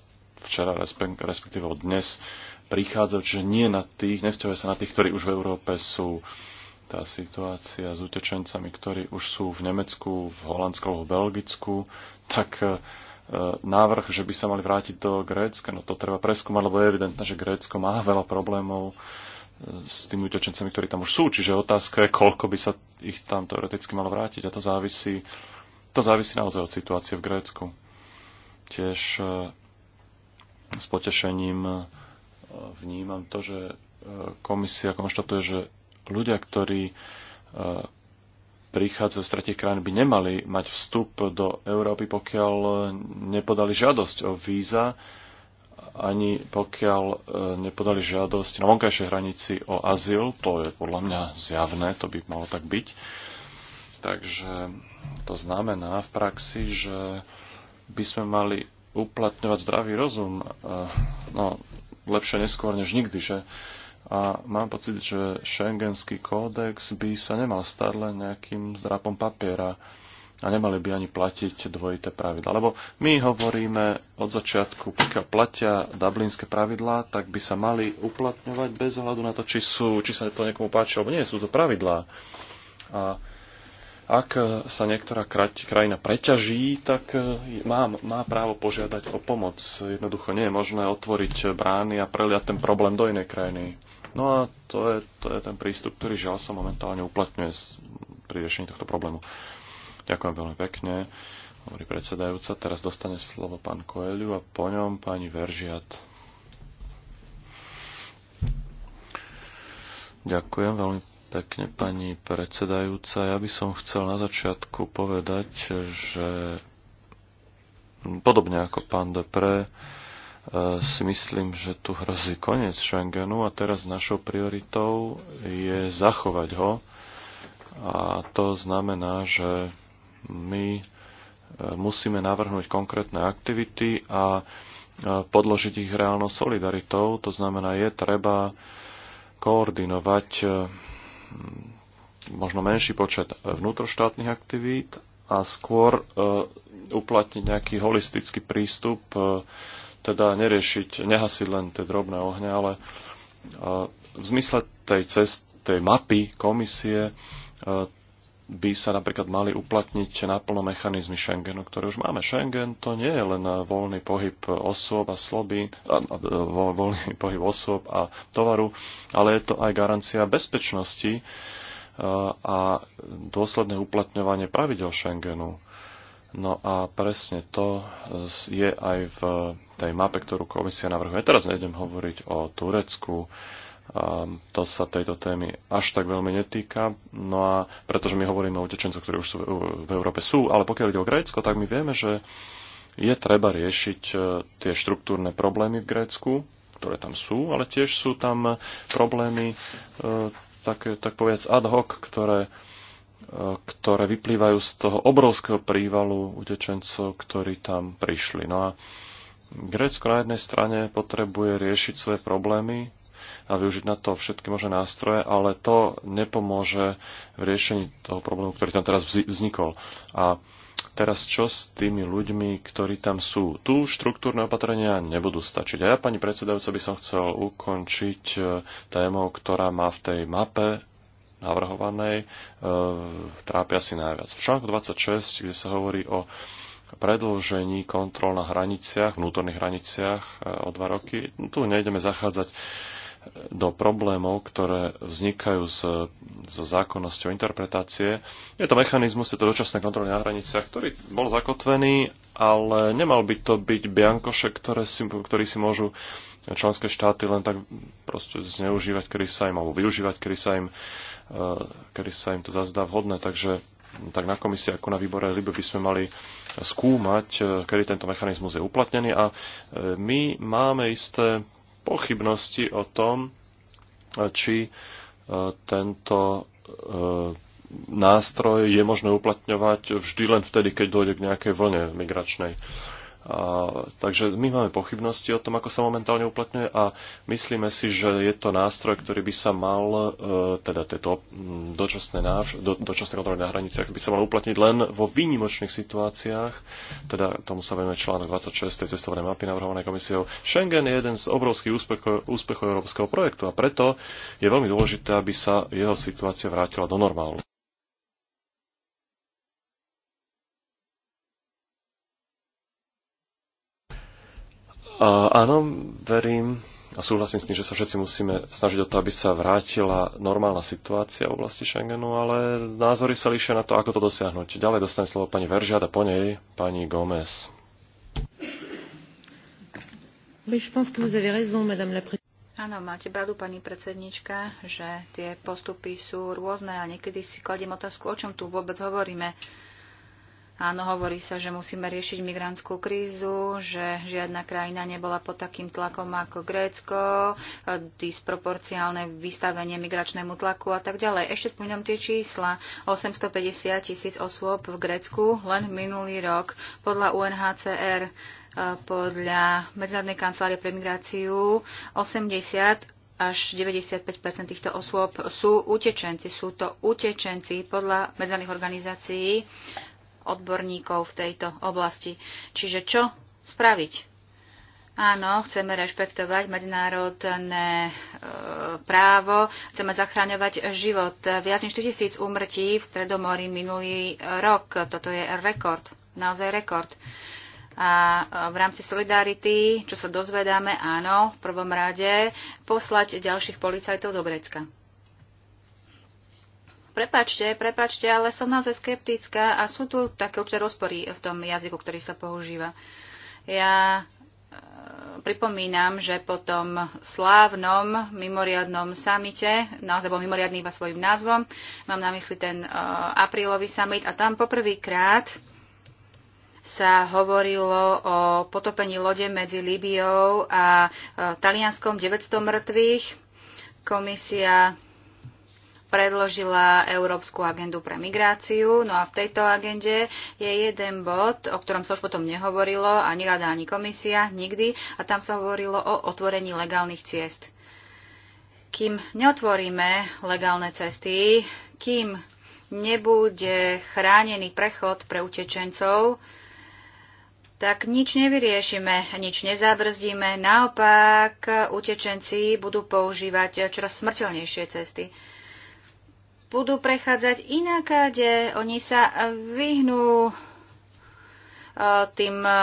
[SPEAKER 3] včera, respektíve od dnes prichádzajú, čiže nie na tých, nevzťahuje sa na tých, ktorí už v Európe sú. Tá situácia s utečencami, ktorí už sú v Nemecku, v Holandsku alebo Belgicku, tak e, návrh, že by sa mali vrátiť do Grécka, no to treba preskúmať, lebo je evidentné, že Grécko má veľa problémov s tými utečencami, ktorí tam už sú. Čiže otázka je, koľko by sa ich tam teoreticky malo vrátiť. A to závisí, to závisí naozaj od situácie v Grécku. Tiež e, s potešením e, vnímam to, že e, komisia konštatuje, že ľudia, ktorí prichádzajú z tretich krajín, by nemali mať vstup do Európy, pokiaľ nepodali žiadosť o víza ani pokiaľ e, nepodali žiadosť na vonkajšej hranici o azyl, to je podľa mňa zjavné, to by malo tak byť. Takže to znamená v praxi, že by sme mali uplatňovať zdravý rozum, e, no lepšie neskôr než nikdy, že? A mám pocit, že šengenský kódex by sa nemal stať len nejakým zrapom papiera, a nemali by ani platiť dvojité pravidla. Lebo my hovoríme od začiatku, pokiaľ platia dublinské pravidlá, tak by sa mali uplatňovať bez ohľadu na to, či, sú, či sa to niekomu páči, alebo nie, sú to pravidlá. A ak sa niektorá krajina preťaží, tak e, má, má právo požiadať o pomoc. Jednoducho nie je možné otvoriť brány a preliať ten problém do inej krajiny. No a to je, to je ten prístup, ktorý žiaľ sa momentálne uplatňuje pri riešení tohto problému. Ďakujem veľmi pekne, hovorí predsedajúca. Teraz dostane slovo pán Koeliu a po ňom pani Veržiat. Ďakujem veľmi pekne, pani predsedajúca. Ja by som chcel na začiatku povedať, že podobne ako pán Depre, si myslím, že tu hrozí koniec Schengenu a teraz našou prioritou je zachovať ho. A to znamená, že my e, musíme navrhnúť konkrétne aktivity a e, podložiť ich reálnou solidaritou. To znamená, je treba koordinovať e, možno menší počet vnútroštátnych aktivít a skôr uplatniť nejaký holistický prístup, teda neriešiť, nehasiť len tie drobné ohne, ale v zmysle tej cest, tej mapy komisie by sa napríklad mali uplatniť naplno mechanizmy Schengenu, ktoré už máme. Schengen to nie je len voľný pohyb osôb a sloby a, a, voľný (laughs) pohyb osôb a tovaru, ale je to aj garancia bezpečnosti a dôsledné uplatňovanie pravidel Schengenu. No a presne to je aj v tej mape, ktorú komisia navrhuje. Teraz nejdem hovoriť o Turecku, a ehm, to sa tejto témy až tak veľmi netýka. No a pretože my hovoríme o utečencoch, ktorí už sú v Európe sú, ale pokiaľ ide o Grécko, tak my vieme, že je treba riešiť e, tie štruktúrne problémy v Grécku, ktoré tam sú, ale tiež sú tam problémy, e, tak, tak povedz, ad hoc, ktoré, e, ktoré vyplývajú z toho obrovského prívalu utečencov, ktorí tam prišli. No a Grécko na jednej strane potrebuje riešiť svoje problémy, a využiť na to všetky možné nástroje, ale to nepomôže v riešení toho problému, ktorý tam teraz vznikol. A teraz čo s tými ľuďmi, ktorí tam sú? Tu štruktúrne opatrenia nebudú stačiť. A ja, pani predsedajúca, by som chcel ukončiť e, tému, ktorá má v tej mape navrhovanej e, trápia si najviac. V článku 26, kde sa hovorí o predlžení kontrol na hraniciach, vnútorných hraniciach e, o dva roky, tu nejdeme zachádzať do problémov, ktoré vznikajú so, so zákonnosťou interpretácie. Je to mechanizmus, je to dočasné kontroly na hraniciach, ktorý bol zakotvený, ale nemal by to byť biankoše, ktoré si, ktorý si môžu členské štáty len tak proste zneužívať, kedy sa im, alebo využívať, kedy sa im, eh, kedy sa im to zazdá vhodné. Takže tak na komisii ako na výbore LIBE by sme mali skúmať, eh, kedy tento mechanizmus je uplatnený a eh, my máme isté pochybnosti o tom, či e, tento e, nástroj je možné uplatňovať vždy len vtedy, keď dojde k nejakej vlne migračnej. A, takže my máme pochybnosti o tom, ako sa momentálne uplatňuje a myslíme si, že je to nástroj, ktorý by sa mal, e, teda tieto mm, dočasné, návš- do, dočasné kontroly na hraniciach, by sa mal uplatniť len vo výnimočných situáciách, teda tomu sa venuje článok 26 tej cestovnej mapy navrhovanej komisiou. Schengen je jeden z obrovských úspechov, úspechov európskeho projektu a preto je veľmi dôležité, aby sa jeho situácia vrátila do normálu. A áno, verím a súhlasím s tým, že sa všetci musíme snažiť o to, aby sa vrátila normálna situácia v oblasti Schengenu, ale názory sa líšia na to, ako to dosiahnuť. Ďalej dostane slovo pani Veržiada, a po nej pani Gomez.
[SPEAKER 1] Áno, máte pravdu, pani predsednička, že tie postupy sú rôzne a niekedy si kladiem otázku, o čom tu vôbec hovoríme Áno, hovorí sa, že musíme riešiť migrantskú krízu, že žiadna krajina nebola pod takým tlakom ako Grécko, eh, disproporciálne vystavenie migračnému tlaku a tak ďalej. Ešte spomínam tie čísla. 850 tisíc osôb v Grécku len minulý rok podľa UNHCR eh, podľa Medzinárodnej kancelárie pre migráciu 80 až 95 týchto osôb sú utečenci. Sú to utečenci podľa medzinárodných organizácií odborníkov v tejto oblasti. Čiže čo spraviť? Áno, chceme rešpektovať medzinárodné e, právo, chceme zachraňovať život. Viac než 4000 úmrtí v Stredomorí minulý rok. Toto je rekord, naozaj rekord. A e, v rámci Solidarity, čo sa dozvedáme, áno, v prvom rade poslať ďalších policajtov do Grecka. Prepačte, prepačte, ale som naozaj skeptická a sú tu také určité rozpory v tom jazyku, ktorý sa používa. Ja e, pripomínam, že po tom slávnom mimoriadnom samite, naozaj bol mimoriadný iba svojim názvom, mám na mysli ten uh, aprílový summit a tam poprvýkrát sa hovorilo o potopení lode medzi Líbiou a uh, Talianskom 900 mŕtvych. Komisia predložila Európsku agendu pre migráciu. No a v tejto agende je jeden bod, o ktorom sa už potom nehovorilo, ani rada, ani komisia, nikdy. A tam sa hovorilo o otvorení legálnych ciest. Kým neotvoríme legálne cesty, kým nebude chránený prechod pre utečencov, tak nič nevyriešime, nič nezabrzdíme. Naopak, utečenci budú používať čoraz smrteľnejšie cesty budú prechádzať inakáde. Oni sa vyhnú e, tým e,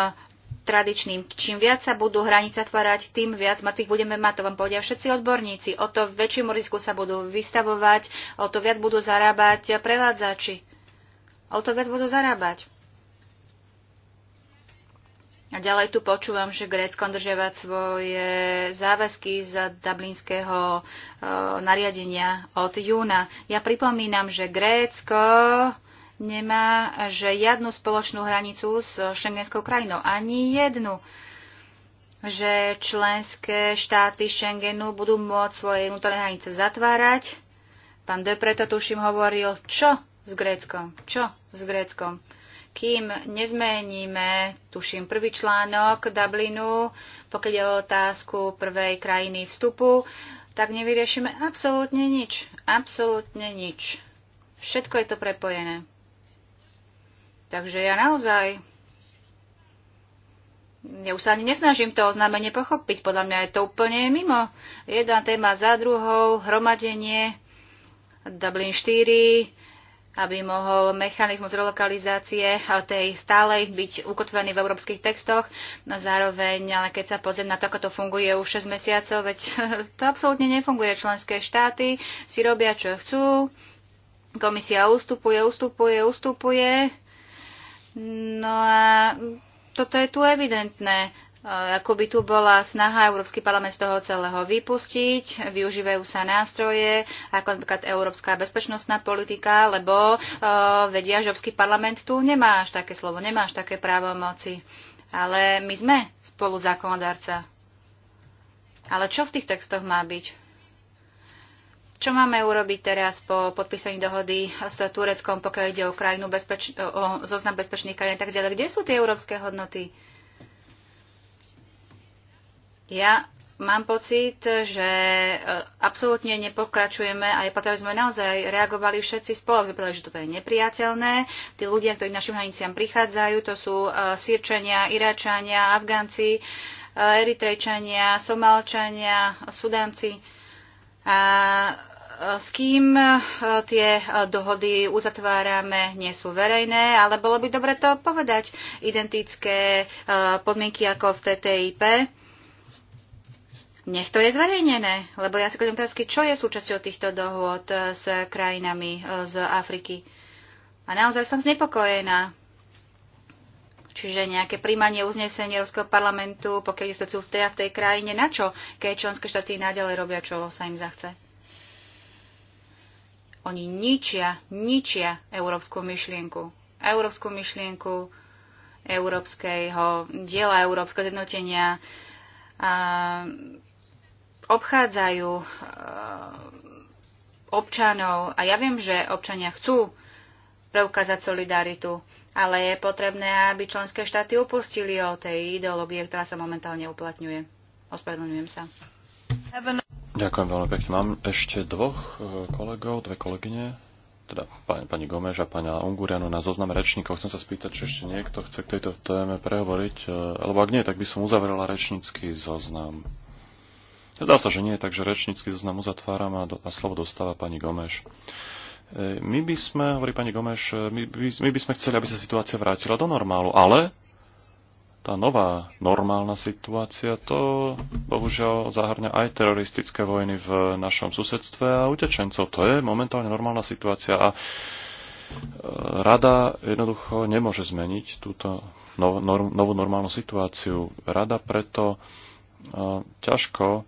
[SPEAKER 1] tradičným. Čím viac sa budú hranice zatvárať, tým viac tých budeme mať, to vám povedia všetci odborníci. O to väčšiemu risku sa budú vystavovať, o to viac budú zarábať prevádzači. O to viac budú zarábať. A ďalej tu počúvam, že Grécko držiava svoje záväzky z dublinského e, nariadenia od júna. Ja pripomínam, že Grécko nemá žiadnu spoločnú hranicu s šengenskou krajinou. Ani jednu že členské štáty Schengenu budú môcť svoje vnútorné hranice zatvárať. Pán Depreto, tuším hovoril, čo s Gréckom? Čo s Gréckom? kým nezmeníme, tuším, prvý článok Dublinu, pokiaľ je o otázku prvej krajiny vstupu, tak nevyriešime absolútne nič. Absolútne nič. Všetko je to prepojené. Takže ja naozaj ja už sa ani nesnažím to oznámenie pochopiť. Podľa mňa je to úplne mimo. Jedna téma za druhou, hromadenie, Dublin 4, aby mohol mechanizmus relokalizácie eh, tej stálej byť ukotvený v európskych textoch. No zároveň, ale keď sa pozrieť na to, ako to funguje už 6 mesiacov, veď (laughs) to absolútne nefunguje. Členské štáty si robia, čo chcú. Komisia ustupuje, ustupuje, ustupuje. No a toto je tu evidentné ako by tu bola snaha Európsky parlament z toho celého vypustiť. Využívajú sa nástroje, ako napríklad Európska bezpečnostná politika, lebo uh, vedia, že Európsky parlament tu nemá až také slovo, nemá až také právomoci. Ale my sme spolu zákonodárca. Ale čo v tých textoch má byť? Čo máme urobiť teraz po podpísaní dohody s Tureckom, pokiaľ ide o krajinu bezpeč- o zoznam bezpečných krajín a tak ďalej? Kde sú tie európske hodnoty? Ja mám pocit, že e, absolútne nepokračujeme a je potrebné, sme naozaj reagovali všetci spolu, povedali, že toto je nepriateľné. Tí ľudia, ktorí k našim hraniciam prichádzajú, to sú e, Sýrčania, Iráčania, Afgánci, e, Eritrejčania, Somálčania, Sudánci. A s kým tie dohody uzatvárame, nie sú verejné, ale bolo by dobre to povedať. Identické podmienky ako v TTIP nech to je zverejnené, lebo ja si kladem otázky, čo je súčasťou týchto dohôd eh, s krajinami eh, z Afriky. A naozaj som znepokojená. Čiže nejaké príjmanie uznesenie Európskeho parlamentu, pokiaľ sú v tej a v tej krajine, na čo, keď členské štáty naďalej robia, čo sa im zachce. Oni ničia, ničia európsku myšlienku. Európsku myšlienku európskeho diela, európskeho zjednotenia. A obchádzajú eh, občanov. A ja viem, že občania chcú preukázať solidaritu, ale je potrebné, aby členské štáty upustili o tej ideológie, ktorá sa momentálne uplatňuje. Ospravedlňujem sa.
[SPEAKER 3] Ďakujem veľmi pekne. Mám ešte dvoch eh, kolegov, dve kolegyne, teda pani, pani Gomež a pani Ungurianu na zozname rečníkov. Chcem sa spýtať, či ešte niekto chce k tejto téme prehovoriť, eh, alebo ak nie, tak by som uzavrela rečnícky zoznam. Zdá sa, že nie, takže rečnícky zoznam uzatváram a, do, a slovo dostáva pani Gomeš. E, my by sme, hovorí pani Gomeš, e, my by, my by sme chceli, aby sa situácia vrátila do normálu, ale tá nová normálna situácia, to bohužiaľ zahrňa aj teroristické vojny v našom susedstve a utečencov. To je momentálne normálna situácia a e, rada jednoducho nemôže zmeniť túto no, novú normálnu situáciu. Rada preto ťažko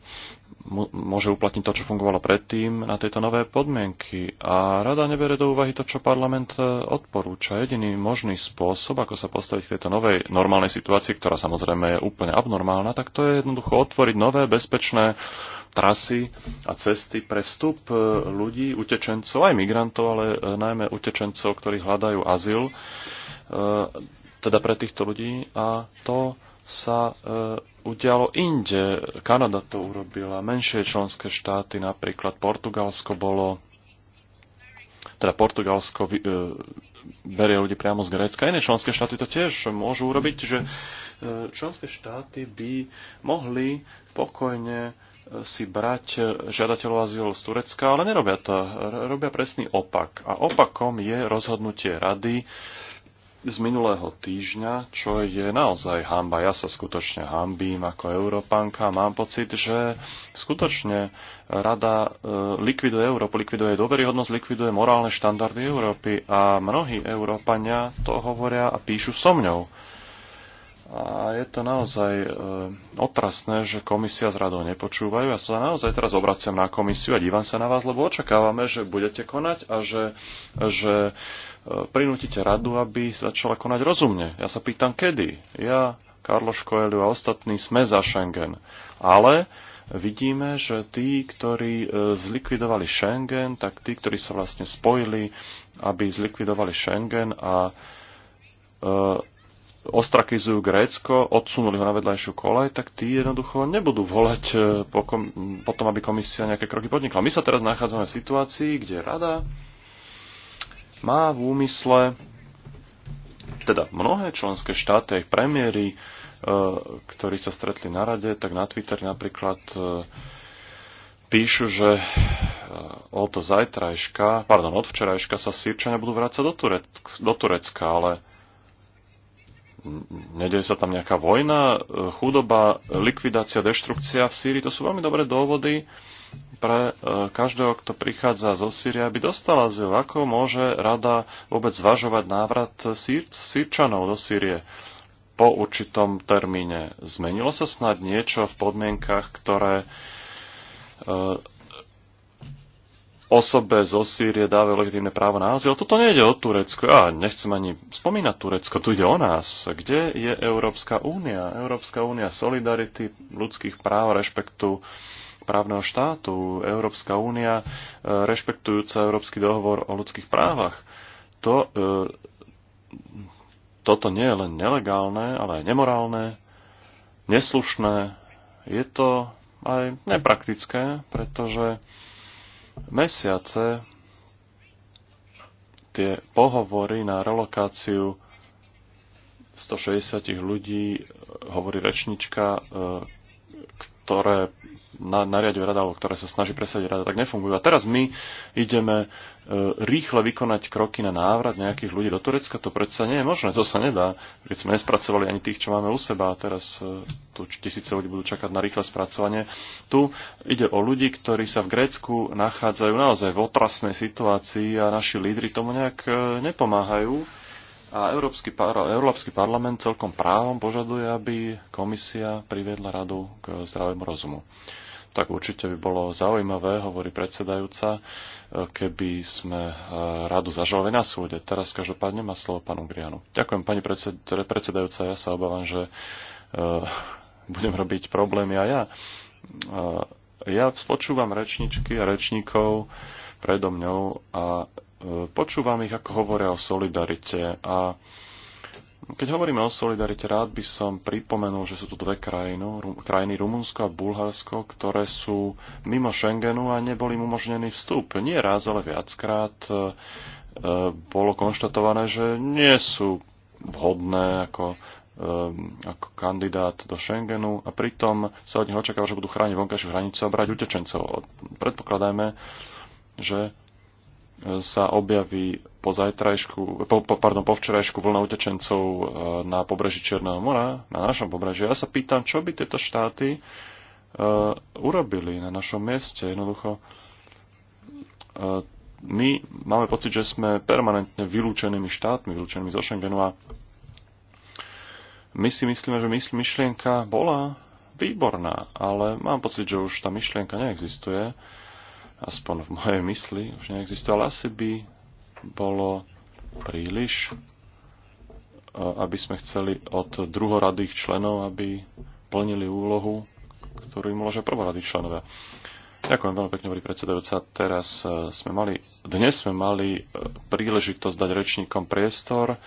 [SPEAKER 3] môže uplatniť to, čo fungovalo predtým na tieto nové podmienky. A rada nebere do úvahy to, čo parlament e, odporúča. Jediný možný spôsob, ako sa postaviť k tejto novej normálnej situácii, ktorá samozrejme je úplne abnormálna, tak to je jednoducho otvoriť nové bezpečné trasy a cesty pre vstup e, ľudí, utečencov, aj migrantov, ale e, najmä utečencov, ktorí hľadajú azyl, teda pre týchto ľudí. A to sa e, udialo inde. Kanada to urobila, menšie členské štáty, napríklad Portugalsko bolo, teda Portugalsko e, berie ľudí priamo z Grécka. Iné členské štáty to tiež môžu urobiť, že e, členské štáty by mohli pokojne e, si brať e, žiadateľov azyl z Turecka, ale nerobia to. Robia presný opak. A opakom je rozhodnutie rady, z minulého týždňa, čo je naozaj hamba. Ja sa skutočne hambím ako Európanka. Mám pocit, že skutočne rada e, likviduje Európu, likviduje dôveryhodnosť, likviduje morálne štandardy Európy a mnohí Európania to hovoria a píšu so mňou. A je to naozaj e, otrasné, že komisia s radou nepočúvajú. Ja sa naozaj teraz obraciam na komisiu a dívam sa na vás, lebo očakávame, že budete konať a že, že prinútite radu, aby začala konať rozumne. Ja sa pýtam, kedy. Ja, Karlo Škoeliu a ostatní sme za Schengen. Ale vidíme, že tí, ktorí e, zlikvidovali Schengen, tak tí, ktorí sa vlastne spojili, aby zlikvidovali Schengen a e, ostrakizujú Grécko, odsunuli ho na vedľajšiu kolaj, tak tí jednoducho nebudú volať e, po, kom, po tom, aby komisia nejaké kroky podnikla. My sa teraz nachádzame v situácii, kde rada má v úmysle, teda mnohé členské štáty, aj premiéry, e, ktorí sa stretli na rade, tak na Twitter napríklad e, píšu, že e, od zajtrajška, pardon, od včerajška sa Sýrčania budú vrácať do, Turecka, do Turecka, ale nedeje sa tam nejaká vojna, chudoba, likvidácia, deštrukcia v Sýrii, to sú veľmi dobré dôvody pre e, každého, kto prichádza zo Sýrie, aby dostal azyl. Ako môže rada vôbec zvažovať návrat Sýrčanov do Sýrie po určitom termíne? Zmenilo sa snad niečo v podmienkach, ktoré e, osobe zo Sýrie dávajú legitímne právo na azyl. Toto nejde o Turecko. Ja nechcem ani spomínať Turecko. Tu ide o nás. Kde je Európska únia? Európska únia solidarity, ľudských práv, rešpektu uh, právneho štátu, Európska únia, e, rešpektujúca Európsky dohovor o ľudských právach. To, e, toto nie je len nelegálne, ale aj nemorálne, neslušné. Je to aj nepraktické, pretože mesiace tie pohovory na relokáciu 160 ľudí, hovorí rečnička, e, ktoré na, nariaduje rada, alebo ktoré sa snaží presadiť rada, tak nefungujú. A teraz my ideme e, rýchle vykonať kroky na návrat nejakých ľudí do Turecka. To predsa nie je možné, to sa nedá. Keď sme nespracovali ani tých, čo máme u seba a teraz e, tu tisíce ľudí budú čakať na rýchle spracovanie. Tu ide o ľudí, ktorí sa v Grécku nachádzajú naozaj v otrasnej situácii a naši lídry tomu nejak e, nepomáhajú a Európsky, Európsky parlament celkom právom požaduje, aby komisia priviedla radu k zdravému rozumu. Tak určite by bolo zaujímavé, hovorí predsedajúca, e, keby sme e, radu zažali na súde. Teraz každopádne má slovo pánu Grianu. Ďakujem, pani predsed, teda predsedajúca. Ja sa obávam, že uh, (laughs) budem robiť problémy a ja. Uh, ja spočúvam rečničky a rečníkov predo mňou a počúvam ich, ako hovoria o solidarite. A keď hovoríme o solidarite, rád by som pripomenul, že sú tu dve krajiny, krajiny, Rumunsko a Bulharsko, ktoré sú mimo Schengenu a neboli im umožnený vstup. Nie raz, ale viackrát e, e, bolo konštatované, že nie sú vhodné ako, e, ako kandidát do Schengenu a pritom sa od nich očakáva, že budú chrániť vonkajšiu hranicu a brať utečencov. Predpokladajme, že sa objaví po, zajtrajšku, po, po, pardon, po včerajšku vlna utečencov e, na pobreží Černého mora, na našom pobreží. Ja sa pýtam, čo by tieto štáty uh, urobili na našom mieste. Jednoducho, uh, my máme pocit, že sme permanentne vylúčenými štátmi, vylúčenými zo Schengenu a my si myslíme, že myšlienka bola výborná, ale mám pocit, že už tá myšlienka neexistuje aspoň v mojej mysli, už neexistoval. Asi by bolo príliš, e, aby sme chceli od druhoradých členov, aby plnili úlohu, ktorú im uložia prvoradí členovia. Ďakujem veľmi pekne, pani predsedajúca. Teraz e, sme mali, dnes sme mali e, príležitosť dať rečníkom priestor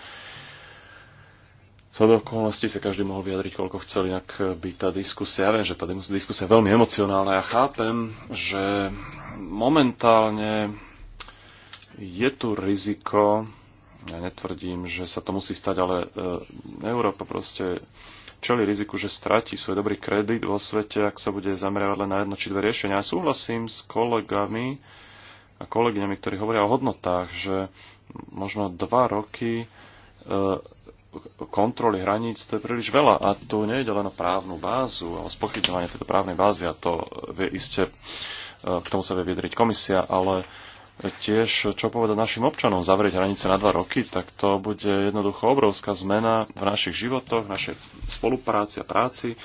[SPEAKER 3] do okolností sa každý mohol vyjadriť, koľko chcel, inak by tá diskusia, ja viem, že tá diskusia je veľmi emocionálna, ja chápem, že momentálne je tu riziko, ja netvrdím, že sa to musí stať, ale e, Európa proste čeli riziku, že stratí svoj dobrý kredit vo svete, ak sa bude zameriavať len na jedno či dve riešenia. Ja súhlasím s kolegami a kolegyňami, ktorí hovoria o hodnotách, že možno dva roky e, kontroly hraníc, to je príliš veľa a tu nejde len o právnu bázu, o spochybňovanie tejto právnej bázy a to vie iste, e, k tomu sa vie vyjadriť komisia, ale tiež čo povedať našim občanom, zavrieť hranice na dva roky, tak to bude jednoducho obrovská zmena v našich životoch, v našej spolupráci a práci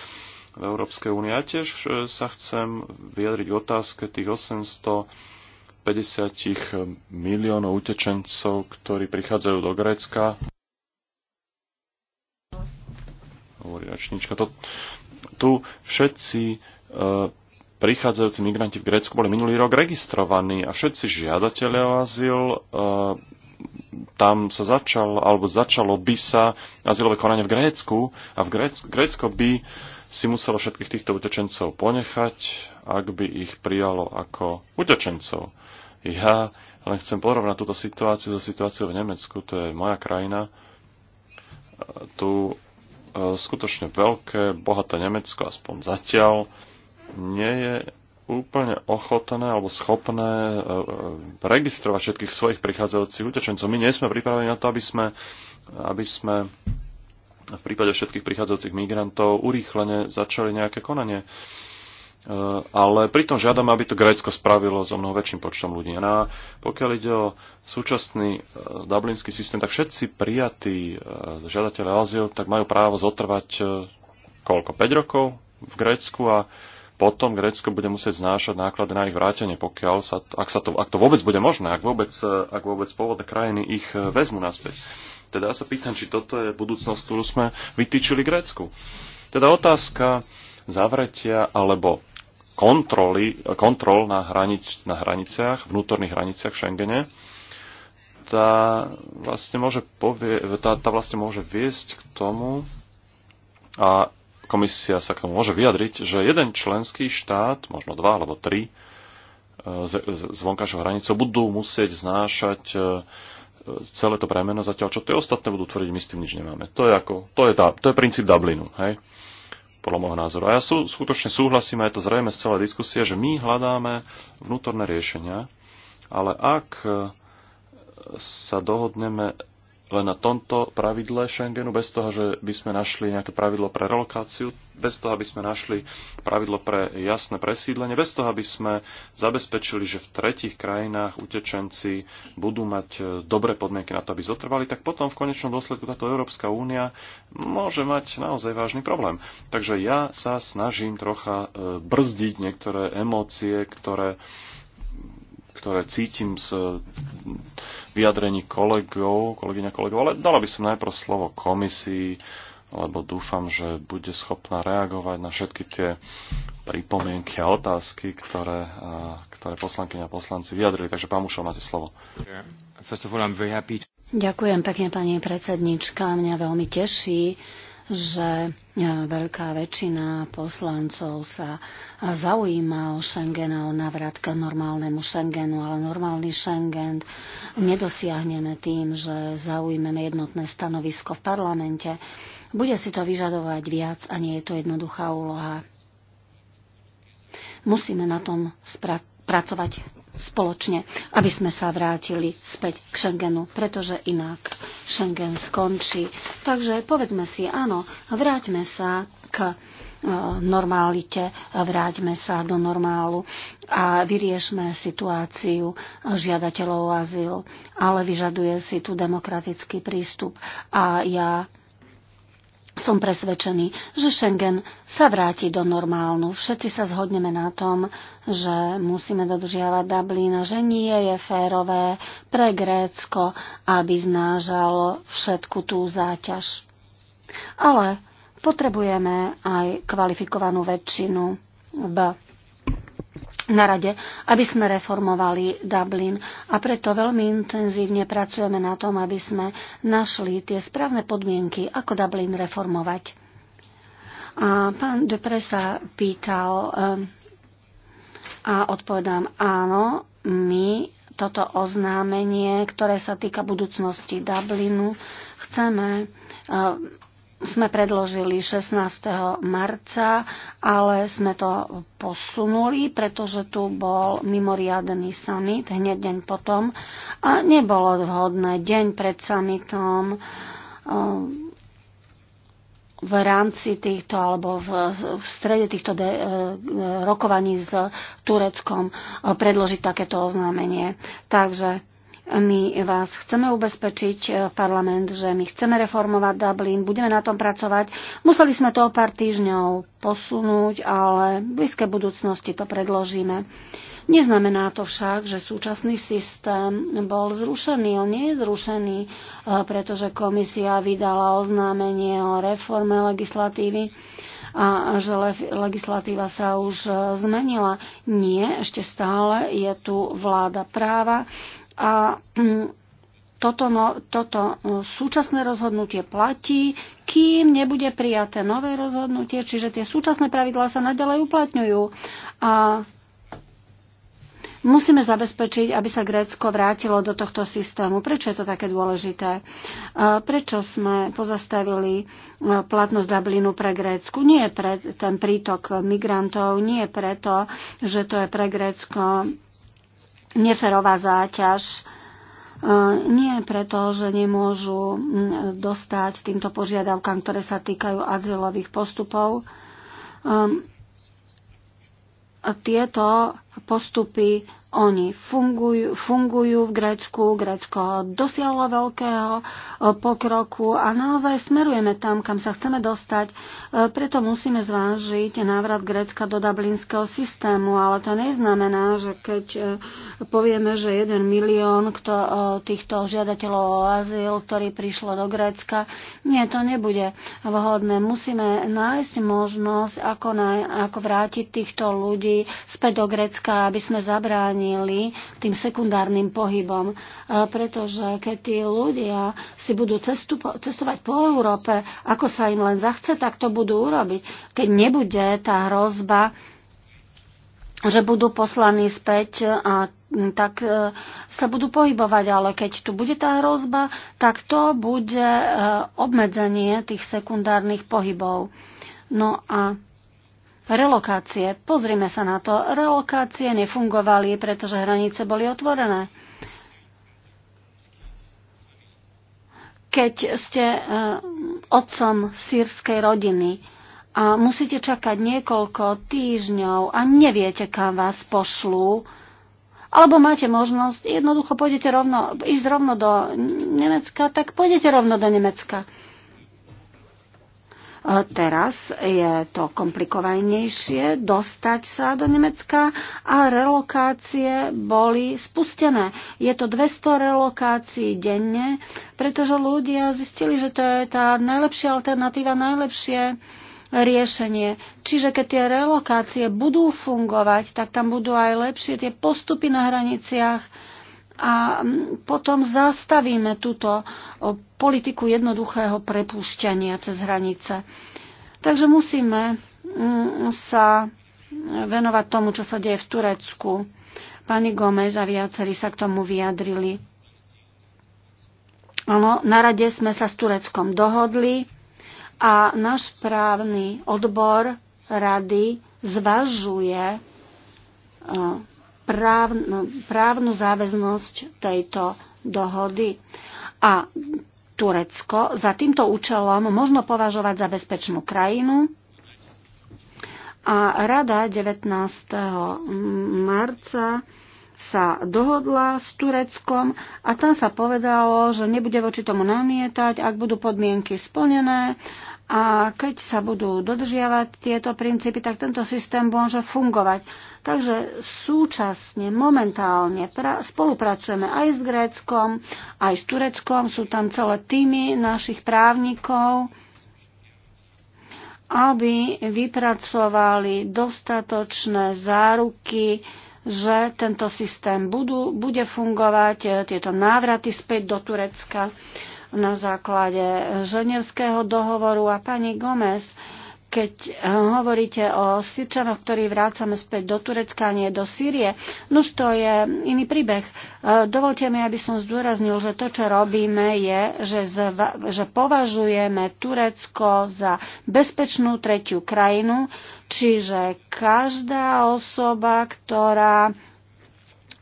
[SPEAKER 3] v Európskej únii. A tiež e, sa chcem vyjadriť k otázke tých 800 50 miliónov utečencov, ktorí prichádzajú do Grécka hovorí račnička. To, tu všetci e, prichádzajúci migranti v Grécku boli minulý rok registrovaní a všetci žiadatelia o azyl e, tam sa začal, alebo začalo by sa azylové konanie v Grécku a v Grécku Grécko by si muselo všetkých týchto utečencov ponechať, ak by ich prijalo ako utečencov. Ja len chcem porovnať túto situáciu so situáciou v Nemecku, to je moja krajina. E, tu E, skutočne veľké, bohaté Nemecko, aspoň zatiaľ, nie je úplne ochotné alebo schopné e, e, registrovať všetkých svojich prichádzajúcich utečencov. My nie sme pripravení na to, aby sme, aby sme v prípade všetkých prichádzajúcich migrantov urýchlene začali nejaké konanie. Eh, ale pritom žiadam, aby to Grécko spravilo so mnoho väčším počtom ľudí. A pokiaľ ide o súčasný eh, dublinský systém, tak všetci prijatí eh, žiadatelia azyl tak majú právo zotrvať koľko? 5 rokov v Grécku a potom Grécko bude musieť znášať náklady na ich vrátenie, pokiaľ sa, ak, sa to, ak to vôbec bude možné, ak vôbec, ak vôbec pôvodné krajiny ich vezmu naspäť. Teda ja sa pýtam, či toto je budúcnosť, ktorú sme vytýčili Grécku. Teda otázka zavretia alebo kontroly, kontrol na, hranic, na hraniciach, vnútorných hraniciach v Schengene, tá vlastne, môže povie, tá, tá vlastne môže viesť k tomu, a komisia sa k tomu môže vyjadriť, že jeden členský štát, možno dva alebo tri, e, z, z vonkajšou hranicou budú musieť znášať e, celé to bremeno, zatiaľ čo tie ostatné budú tvrdiť, my s tým nič nemáme. To je, ako, to je, tá, to je princíp Dublinu. Hej? podľa môjho názoru. A ja sú, skutočne súhlasím, a je to zrejme z celej diskusie, že my hľadáme vnútorné riešenia, ale ak sa dohodneme len na tomto pravidle Schengenu, bez toho, že by sme našli nejaké pravidlo pre relokáciu, bez toho, aby sme našli pravidlo pre jasné presídlenie, bez toho, aby sme zabezpečili, že v tretich krajinách utečenci budú mať e, dobré podmienky na to, aby zotrvali, tak potom v konečnom dôsledku táto Európska únia môže mať naozaj vážny problém. Takže ja sa snažím trocha e, brzdiť niektoré emócie, ktoré ktoré cítim z vyjadrení kolegov, kolegyňa kolegov, ale dala by som najprv slovo komisii, lebo dúfam, že bude schopná reagovať na všetky tie pripomienky a otázky, ktoré, ktoré poslankyňa a poslanci vyjadrili. Takže pán Mušov, máte slovo.
[SPEAKER 4] Ďakujem pekne, pani predsednička. Mňa veľmi teší, že veľká väčšina poslancov sa zaujíma o Schengen a o navrat k normálnemu Schengenu, ale normálny Schengen nedosiahneme tým, že zaujmeme jednotné stanovisko v parlamente. Bude si to vyžadovať viac a nie je to jednoduchá úloha. Musíme na tom spra- pracovať spoločne, aby sme sa vrátili späť k Schengenu, pretože inak Schengen skončí. Takže povedzme si, áno, vráťme sa k e, normálite, vráťme sa do normálu a vyriešme situáciu žiadateľov o azyl, ale vyžaduje si tu demokratický prístup. A ja som presvedčený, že Schengen sa vráti do normálnu. Všetci sa zhodneme na tom, že musíme dodržiavať Dublín, že nie je férové pre Grécko, aby znážalo všetku tú záťaž. Ale potrebujeme aj kvalifikovanú väčšinu v na rade, aby sme reformovali Dublin. A preto veľmi intenzívne pracujeme na tom, aby sme našli tie správne podmienky, ako Dublin reformovať. A pán Dupre sa pýtal ehm, a odpovedám áno, my toto oznámenie, ktoré sa týka budúcnosti Dublinu, chceme ehm, sme predložili 16. marca, ale sme to posunuli, pretože tu bol mimoriadný summit hneď deň potom a nebolo vhodné deň pred summitom eh, v rámci týchto alebo v, v strede týchto de, eh, rokovaní s Tureckom eh, predložiť takéto oznámenie. Takže my vás chceme ubezpečiť, eh, parlament, že my chceme reformovať Dublin, budeme na tom pracovať. Museli sme to o pár týždňov posunúť, ale v blízkej budúcnosti to predložíme. Neznamená to však, že súčasný systém bol zrušený. On nie je zrušený, eh, pretože komisia vydala oznámenie o reforme legislatívy a že legislatíva sa už eh, zmenila. Nie, ešte stále je tu vláda práva, a mm, toto, no, toto mm, súčasné rozhodnutie platí, kým nebude prijaté nové rozhodnutie, čiže tie súčasné pravidlá sa nadalej uplatňujú. A musíme zabezpečiť, aby sa Grécko vrátilo do tohto systému. Prečo je to také dôležité? Prečo sme pozastavili platnosť Dublinu pre Grécku? Nie pre ten prítok migrantov, nie preto, že to je pre Grécko neferová záťaž. E, nie preto, že nemôžu mm, dostať týmto požiadavkám, ktoré sa týkajú azylových postupov. Ehm, tieto postupy, oni fungujú, fungujú v Grécku, Grécko dosiahlo veľkého e, pokroku a naozaj smerujeme tam, kam sa chceme dostať. E, preto musíme zvážiť návrat Grécka do dublinského systému, ale to neznamená, že keď e, povieme, že jeden milión týchto žiadateľov o azyl, ktorí prišlo do Grécka, nie, to nebude vhodné. Musíme nájsť možnosť, ako, na, ako vrátiť týchto ľudí späť do Grécka dôležitá, aby sme zabránili tým sekundárnym pohybom, e, pretože keď tí ľudia si budú cestu, cestovať po Európe, ako sa im len zachce, tak to budú urobiť. Keď nebude tá hrozba, že budú poslaní späť e, a tak e, sa budú pohybovať, ale keď tu bude tá hrozba, tak to bude obmedzenie tých sekundárnych pohybov. No a relokácie. Pozrime sa na to. Relokácie nefungovali, pretože hranice boli otvorené. Keď ste uh, otcom sírskej rodiny a musíte čakať niekoľko týždňov a neviete, kam vás pošlú, alebo máte možnosť, jednoducho pôjdete rovno, ísť rovno do Nemecka, tak pôjdete rovno do Nemecka. Teraz je to komplikovanejšie dostať sa do Nemecka a relokácie boli spustené. Je to 200 relokácií denne, pretože ľudia zistili, že to je tá najlepšia alternatíva, najlepšie riešenie. Čiže keď tie relokácie budú fungovať, tak tam budú aj lepšie tie postupy na hraniciach a mm, potom zastavíme túto politiku jednoduchého prepúšťania cez hranice. Takže musíme mm, sa venovať tomu, čo sa deje v Turecku. Pani Gomez a viacerí sa k tomu vyjadrili. Ano, na rade sme sa s Tureckom dohodli a náš právny odbor rady zvažuje právnu, no, právnu záväznosť tejto dohody. A Turecko za týmto účelom možno považovať za bezpečnú krajinu. A rada 19. marca sa dohodla s Tureckom a tam sa povedalo, že nebude voči tomu namietať, ak budú podmienky splnené a keď sa budú dodržiavať tieto princípy, tak tento systém môže fungovať. Takže súčasne, momentálne pra- spolupracujeme aj s Gréckom, aj s Tureckom. Sú tam celé týmy našich právnikov, aby vypracovali dostatočné záruky, že tento systém budú, bude fungovať, e, tieto návraty späť do Turecka na základe ženevského dohovoru. A pani Gomez, keď eh, hovoríte o Sýrčanoch, ktorí vrácame späť do Turecka, a nie do Sýrie, nož to je iný príbeh. Eh, dovolte mi, aby som zdôraznil, že to, čo robíme, je, že, zva, že považujeme Turecko za bezpečnú tretiu krajinu, čiže každá osoba, ktorá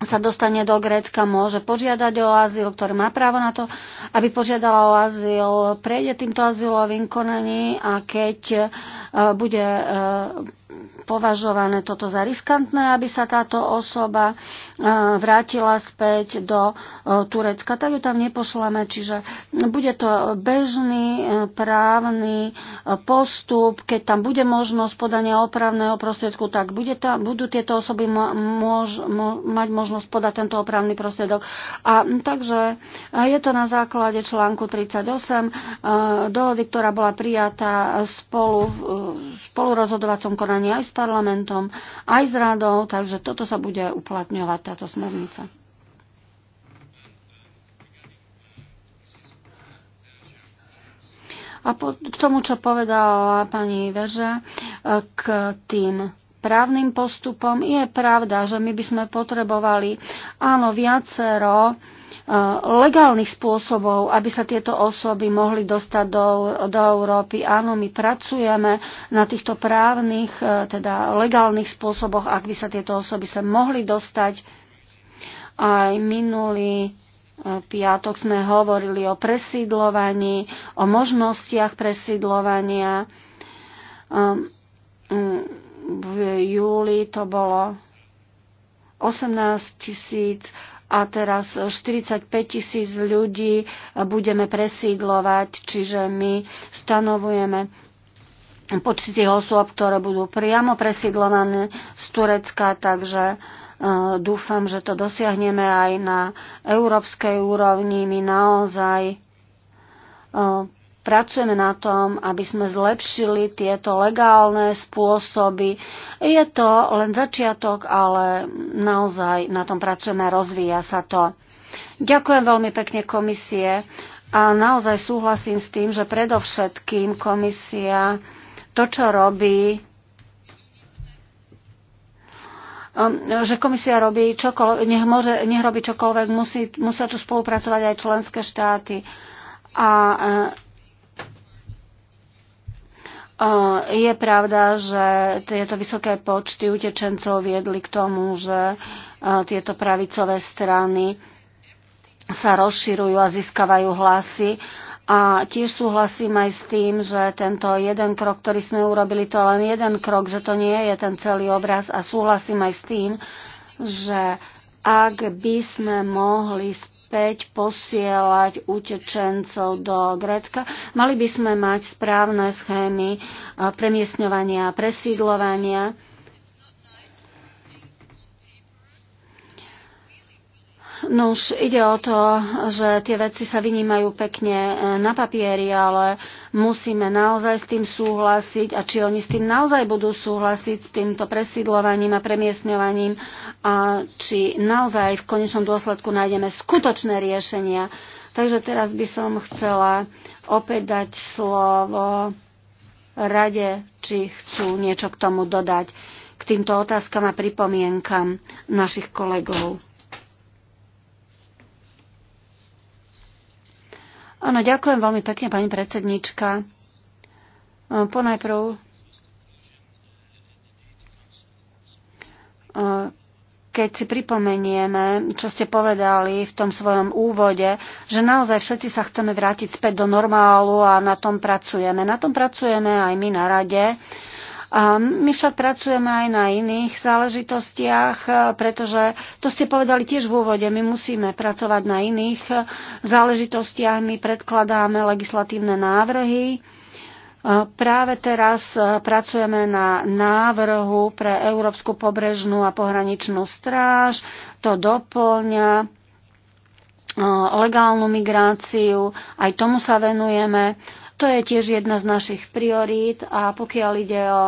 [SPEAKER 4] sa dostane do Grécka, môže požiadať o azyl, ktorý má právo na to, aby požiadala o azyl, prejde týmto azylovým konaním a keď e, bude e, považované toto za riskantné, aby sa táto osoba e, vrátila späť do e, Turecka, tak ju tam nepošleme. Čiže bude to bežný e, právny postup, keď tam bude možnosť podania opravného prostriedku, tak bude tam, budú tieto osoby môž, môž, mať možnosť podať tento opravný prostriedok. A takže je to na základe článku 38 dohody, ktorá bola prijatá spolu, spolu spolurozhodovacom konaní aj s parlamentom, aj s radou, takže toto sa bude uplatňovať, táto smernica. A po, k tomu, čo povedala pani Veže, e, k tým právnym postupom, je pravda, že my by sme potrebovali áno, viacero legálnych spôsobov, aby sa tieto osoby mohli dostať do, do Európy. Áno, my pracujeme na týchto právnych, e, teda legálnych spôsoboch, ak by sa tieto osoby sa mohli dostať. Aj minulý e, piatok sme hovorili o presídlovaní, o možnostiach presídlovania. Ehm, mm, v júli to bolo 18 tisíc a teraz 45 tisíc ľudí budeme presídlovať, čiže my stanovujeme počty tých osôb, ktoré budú priamo presídlované z Turecka, takže e, dúfam, že to dosiahneme aj na európskej úrovni. My naozaj e, pracujeme na tom, aby sme zlepšili tieto legálne spôsoby. Je to len začiatok, ale naozaj na tom pracujeme, a rozvíja sa to. Ďakujem veľmi pekne komisie a naozaj súhlasím s tým, že predovšetkým komisia to, čo robí, um, že komisia robí čokoľvek, nech, môže, nech robí čokoľvek, musí, musia tu spolupracovať aj členské štáty. A je pravda, že tieto vysoké počty utečencov viedli k tomu, že tieto pravicové strany sa rozširujú a získavajú hlasy. A tiež súhlasím aj s tým, že tento jeden krok, ktorý sme urobili, to len jeden krok, že to nie je ten celý obraz. A súhlasím aj s tým, že ak by sme mohli späť posielať utečencov do Grécka. Mali by sme mať správne schémy premiesňovania a presídlovania No už ide o to, že tie veci sa vynímajú pekne eh, na papieri, ale musíme naozaj s tým súhlasiť a či oni s tým naozaj budú súhlasiť s týmto presídlovaním a premiestňovaním, a či naozaj v konečnom dôsledku nájdeme skutočné riešenia. Takže teraz by som chcela opäť dať slovo rade, či chcú niečo k tomu dodať, k týmto otázkam a pripomienkam našich kolegov. Áno, ďakujem veľmi pekne, pani predsednička. Ponajprv keď si pripomenieme, čo ste povedali v tom svojom úvode, že naozaj všetci sa chceme vrátiť späť do normálu a na tom pracujeme. Na tom pracujeme aj my na rade. My však pracujeme aj na iných záležitostiach, e, pretože to ste povedali tiež v úvode, my musíme pracovať na iných e, záležitostiach, my predkladáme legislatívne návrhy. E, práve teraz pracujeme na návrhu pre Európsku pobrežnú a pohraničnú stráž. To doplňa legálnu migráciu, aj tomu sa venujeme to je tiež jedna z našich priorít a pokiaľ ide o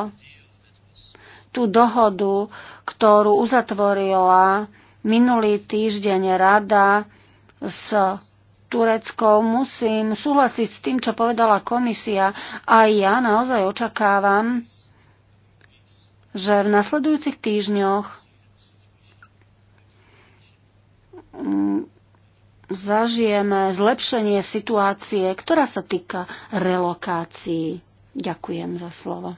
[SPEAKER 4] tú dohodu, ktorú uzatvorila minulý týždeň rada s Tureckou, musím súhlasiť s tým, čo povedala komisia. A ja naozaj očakávam, že v nasledujúcich týždňoch mm, zažijeme zlepšenie situácie, ktorá sa týka relokácií. Ďakujem za slovo.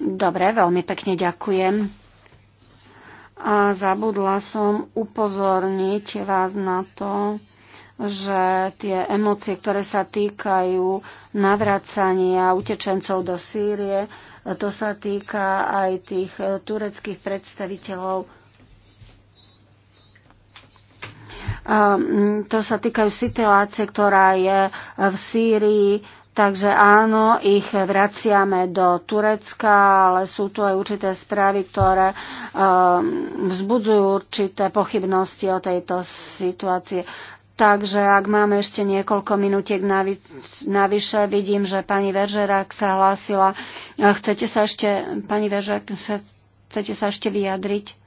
[SPEAKER 4] Dobre, veľmi pekne ďakujem. A zabudla som upozorniť vás na to, že tie emócie, ktoré sa týkajú navracania utečencov do Sýrie, to sa týka aj tých tureckých predstaviteľov Ehm, to sa týkajú situácie, ktorá je v Sýrii, Takže áno, ich vraciame do Turecka, ale sú tu aj určité správy, ktoré um, vzbudzujú určité pochybnosti o tejto situácii. Takže ak máme ešte niekoľko minutiek navyše, vidím, že pani Veržerák sa hlásila. Chcete sa ešte, pani Veržerák, chcete sa ešte vyjadriť?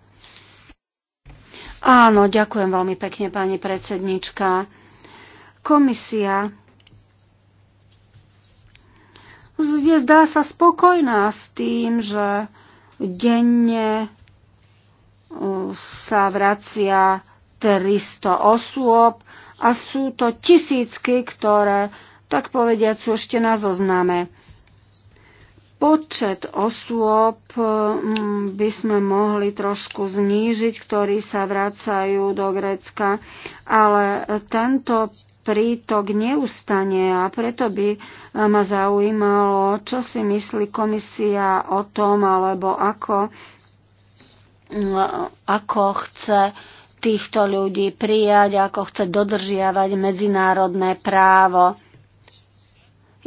[SPEAKER 4] Áno, ďakujem veľmi pekne, pani predsednička. Komisia je zdá sa spokojná s tým, že denne uh, sa vracia 300 osôb a sú to tisícky, ktoré, tak povediať, sú ešte na zozname. Počet osôb mm, by sme mohli trošku znížiť, ktorí sa vracajú do Grécka, ale tento prítok neustane a preto by ma zaujímalo, čo si myslí komisia o tom, alebo ako, ako chce týchto ľudí prijať, ako chce dodržiavať medzinárodné právo.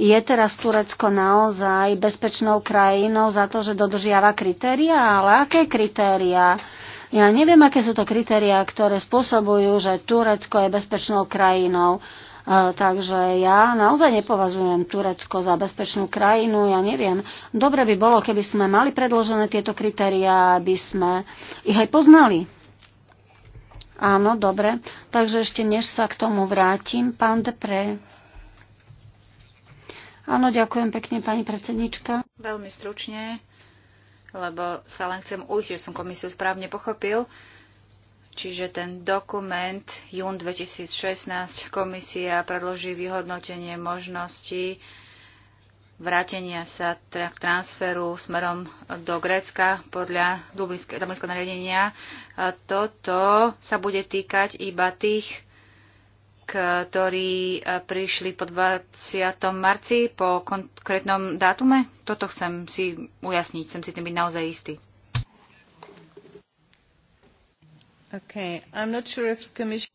[SPEAKER 4] Je teraz Turecko naozaj bezpečnou krajinou za to, že dodržiava kritéria? Ale aké kritéria? Ja neviem, aké sú to kritéria, ktoré spôsobujú, že Turecko je bezpečnou krajinou. E, takže ja naozaj nepovažujem Turecko za bezpečnú krajinu, ja neviem. Dobre by bolo, keby sme mali predložené tieto kritériá, aby sme ich aj poznali. Áno, dobre. Takže ešte než sa k tomu vrátim, pán Depre. Áno, ďakujem pekne, pani predsednička.
[SPEAKER 1] Veľmi stručne, lebo sa len chcem ujsť, že som komisiu správne pochopil. Čiže ten dokument jún 2016 komisia predloží vyhodnotenie možnosti vrátenia sa k transferu smerom do Grécka podľa Dublinského nariadenia. Toto sa bude týkať iba tých ktorí e, prišli po 20. marci, po konkrétnom dátume? Toto chcem si ujasniť, chcem si tým byť naozaj istý. Okay. I'm not sure if
[SPEAKER 4] commission...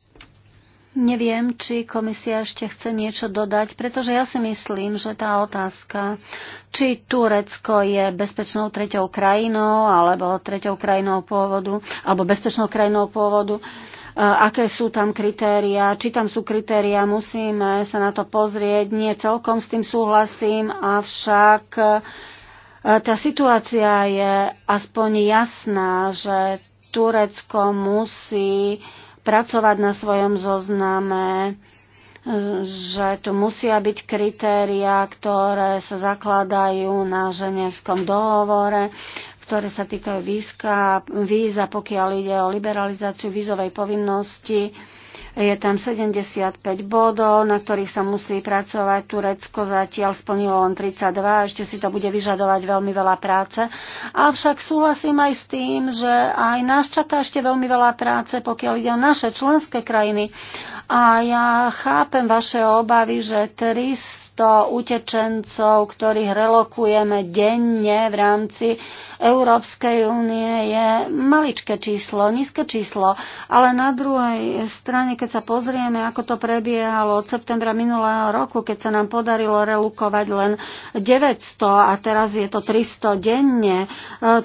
[SPEAKER 4] Neviem, či komisia ešte chce niečo dodať, pretože ja si myslím, že tá otázka, či Turecko je bezpečnou treťou krajinou alebo treťou krajinou pôvodu, alebo bezpečnou krajinou pôvodu, uh, Eh, aké sú tam kritéria, či tam sú kritéria, musíme eh, sa na to pozrieť. Nie celkom s tým súhlasím, avšak eh, tá situácia je aspoň jasná, že Turecko musí pracovať na svojom zozname, že tu musia byť kritéria, ktoré sa zakladajú na ženevskom dohovore ktoré sa týkajú vízka, víza, pokiaľ ide o liberalizáciu vízovej povinnosti. Je tam 75 bodov, na ktorých sa musí pracovať. Turecko zatiaľ splnilo len 32, ešte si to bude vyžadovať veľmi veľa práce. Avšak súhlasím aj s tým, že aj nás čaká ešte veľmi veľa práce, pokiaľ ide o naše členské krajiny. A ja chápem vaše obavy, že 300 utečencov, ktorých relokujeme denne v rámci Európskej únie, je maličké číslo, nízke číslo. Ale na druhej strane, keď sa pozrieme, ako to prebiehalo od septembra minulého roku, keď sa nám podarilo relokovať len 900 a teraz je to 300 denne, e,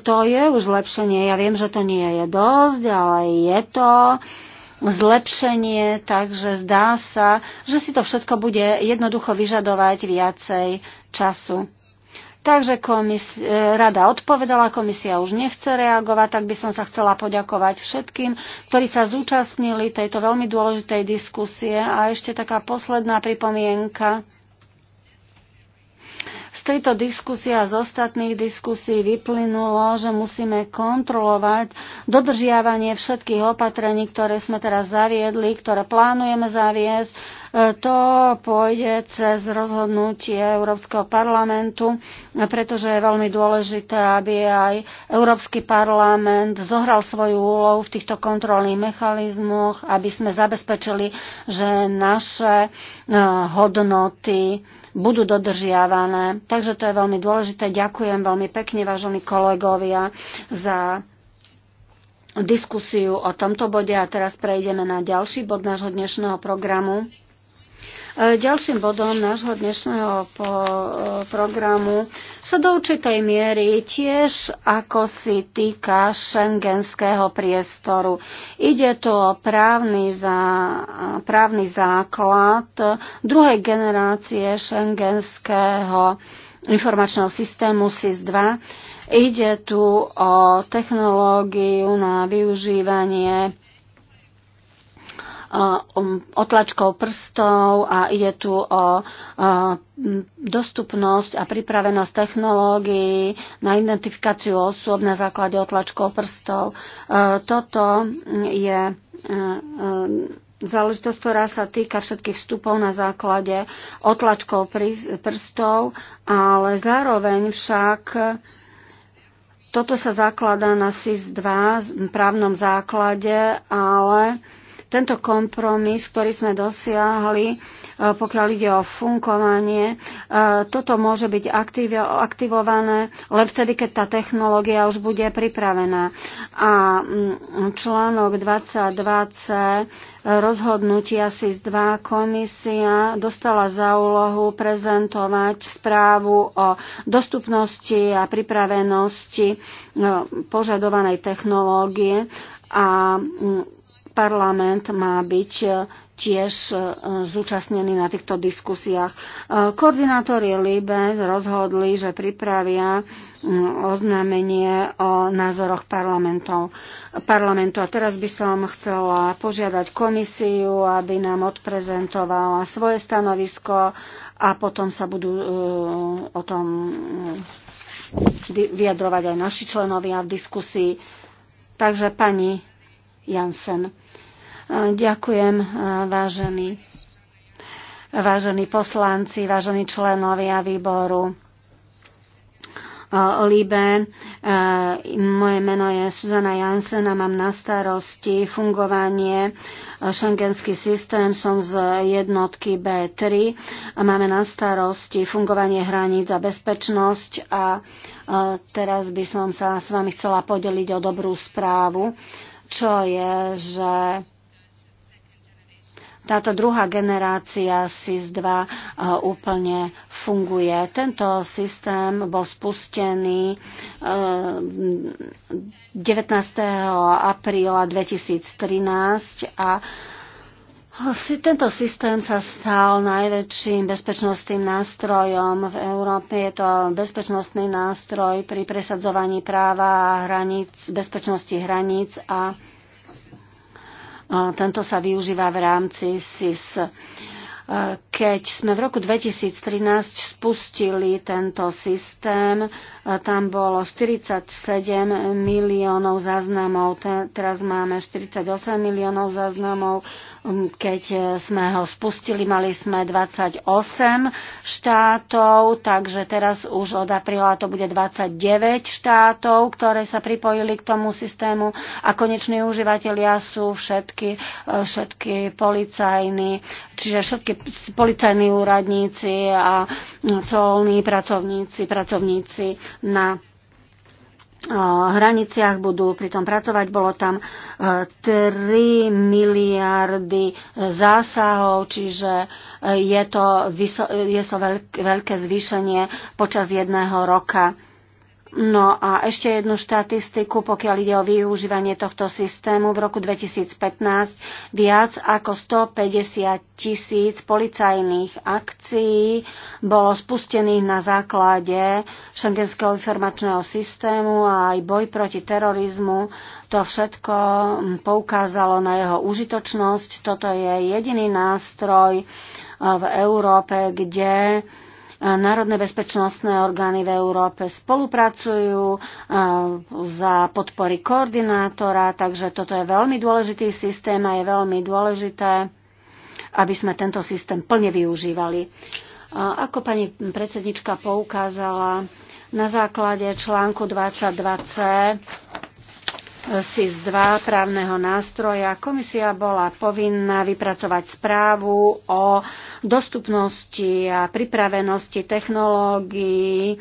[SPEAKER 4] to je už zlepšenie. Ja viem, že to nie je dosť, ale je to zlepšenie, takže zdá sa, že si to všetko bude jednoducho vyžadovať viacej času. Takže komis- e, rada odpovedala, komisia už nechce reagovať, tak by som sa chcela poďakovať všetkým, ktorí sa zúčastnili tejto veľmi dôležitej diskusie. A ešte taká posledná pripomienka. Z tejto diskusie a z ostatných diskusí vyplynulo, že musíme kontrolovať dodržiavanie všetkých opatrení, ktoré sme teraz zaviedli, ktoré plánujeme zaviesť. E, to pôjde cez rozhodnutie Európskeho parlamentu, pretože je veľmi dôležité, aby aj Európsky parlament zohral svoju úlohu v týchto kontrolných mechanizmoch, aby sme zabezpečili, že naše e, hodnoty budú dodržiavané. Takže to je veľmi dôležité. Ďakujem veľmi pekne, vážení kolegovia, za diskusiu o tomto bode a teraz prejdeme na ďalší bod nášho dnešného programu. E, ďalším bodom nášho dnešného e, programu sa do určitej miery tiež ako si týka šengenského priestoru. Ide to o právny, za, právny základ druhej generácie šengenského informačného systému SIS-2. Ide tu o technológiu na využívanie Um, otlačkou prstov a ide tu o dostupnosť a pripravenosť technológií na identifikáciu osôb na základe otlačkov prstov. E, toto je e, e, záležitosť, ktorá sa týka všetkých vstupov na základe otlačkov prstov, ale zároveň však toto sa zaklada na SIS-2 v právnom základe, ale tento kompromis, ktorý sme dosiahli, e, pokiaľ ide o fungovanie, e, toto môže byť aktivované len vtedy, keď tá technológia už bude pripravená. A mm, článok 22c e, rozhodnutia z dva komisia dostala za úlohu prezentovať správu o dostupnosti a pripravenosti požadovanej technológie a mm, parlament má byť e, tiež e, zúčastnený na týchto diskusiách. E, koordinátori LIBE rozhodli, že pripravia oznámenie o názoroch parlamentov, parlamentu. A teraz by som chcela požiadať komisiu, aby nám odprezentovala svoje stanovisko a potom sa budú o tom vyjadrovať aj naši členovia v diskusii. Takže pani Jansen. E, ďakujem, e, vážení, vážení poslanci, vážení členovia výboru. E, Libe. Moje meno je Suzana Jansen a mám na starosti fungovanie šengenský systém. Som z jednotky B3 a máme na starosti fungovanie hraníc a bezpečnosť a teraz by som sa s vami chcela podeliť o dobrú správu čo je, že táto druhá generácia SIS-2 eh, úplne funguje. Tento systém bol spustený 19. Eh, apríla 2013 a tento systém sa stal najväčším bezpečnostným nástrojom v Európe. Je to bezpečnostný nástroj pri presadzovaní práva a hraníc, bezpečnosti hraníc a tento sa využíva v rámci SIS. E, keď sme v roku 2013 spustili tento systém, e, tam bolo 47 miliónov záznamov, teraz máme 48 miliónov záznamov Um, keď e, sme ho spustili, mali sme 28 štátov, takže teraz už od apríla to bude 29 štátov, ktoré sa pripojili k tomu systému a koneční užívateľia sú všetky, e, všetky policajní, čiže všetky policajní úradníci a colní pracovníci, pracovníci na hraniciach budú pritom pracovať. Bolo tam 3 e, miliardy e, zásahov, čiže e, je to, je to veľké zvýšenie počas jedného roka. No a ešte jednu štatistiku, pokiaľ ide o využívanie tohto systému. V roku 2015 viac ako 150 tisíc policajných akcií bolo spustených na základe šengenského informačného systému a aj boj proti terorizmu. To všetko poukázalo na jeho užitočnosť. Toto je jediný nástroj v Európe, kde národné bezpečnostné orgány v Európe spolupracujú za podpory koordinátora, takže toto je veľmi dôležitý systém a je veľmi dôležité, aby sme tento systém plne využívali. Ako pani predsednička poukázala, na základe článku 22c SIS-2 právneho nástroja. Komisia bola povinná vypracovať správu o dostupnosti a pripravenosti technológií e,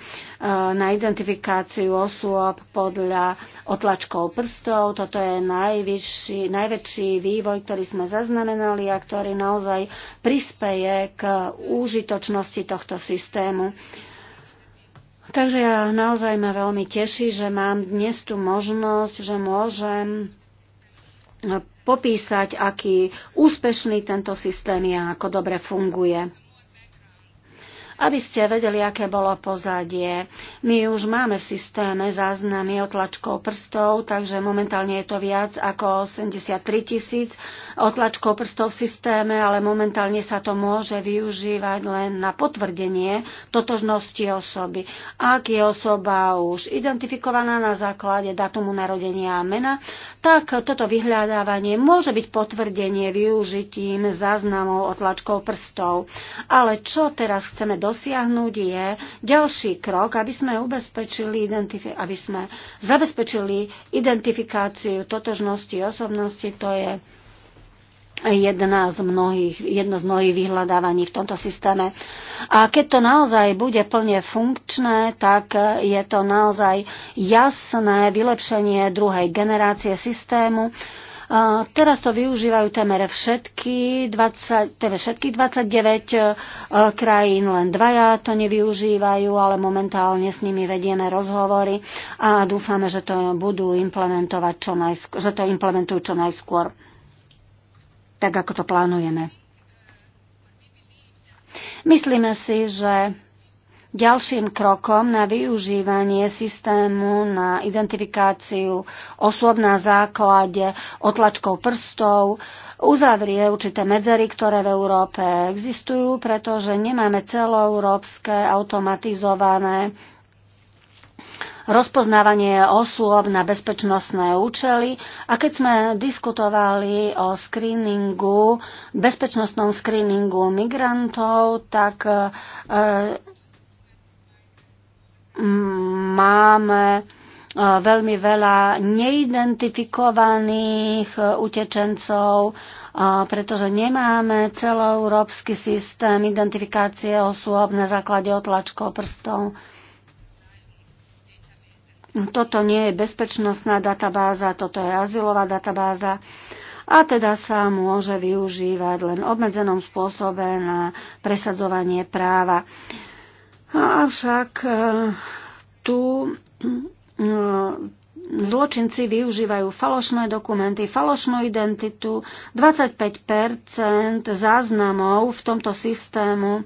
[SPEAKER 4] na identifikáciu osôb podľa otlačkov prstov. Toto je najvyšší, najväčší vývoj, ktorý sme zaznamenali a ktorý naozaj prispeje k úžitočnosti tohto systému. Takže ja naozaj ma veľmi teší, že mám dnes tú možnosť, že môžem popísať, aký úspešný tento systém je a ako dobre funguje aby ste vedeli, aké bolo pozadie. My už máme v systéme záznamy otlačkov prstov, takže momentálne je to viac ako 83 tisíc otlačkov prstov v systéme, ale momentálne sa to môže využívať len na potvrdenie totožnosti osoby. Ak je osoba už identifikovaná na základe datumu narodenia a mena, tak toto vyhľadávanie môže byť potvrdenie využitím záznamov otlačkov prstov. Ale čo teraz chceme dosiahnuť? dosiahnuť, je ďalší krok, aby sme, ubezpečili, aby sme zabezpečili identifikáciu totožnosti osobnosti. To je jedna z mnohých, jedno z mnohých vyhľadávaní v tomto systéme. A keď to naozaj bude plne funkčné, tak je to naozaj jasné vylepšenie druhej generácie systému, Teraz to využívajú temer všetky 20, temer všetky 29 e, krajín, len dvaja to nevyužívajú, ale momentálne s nimi vedieme rozhovory a dúfame, že to budú implementovať čo najskôr, že to implementujú čo najskôr, tak ako to plánujeme. Myslíme si, že Ďalším krokom na využívanie systému na identifikáciu osôb na základe otlačkov prstov uzavrie určité medzery, ktoré v Európe existujú, pretože nemáme celoeurópske automatizované rozpoznávanie osôb na bezpečnostné účely a keď sme diskutovali o screeningu, bezpečnostnom screeningu migrantov, tak e, máme e, veľmi veľa neidentifikovaných e, utečencov, e, pretože nemáme celoeurópsky systém identifikácie osôb na základe otlačkov prstov. Toto nie je bezpečnostná databáza, toto je azylová databáza a teda sa môže využívať len obmedzenom spôsobe na presadzovanie práva. Uh, Avšak e, tu e, zločinci využívajú falošné dokumenty, falošnú identitu. 25 záznamov v tomto systému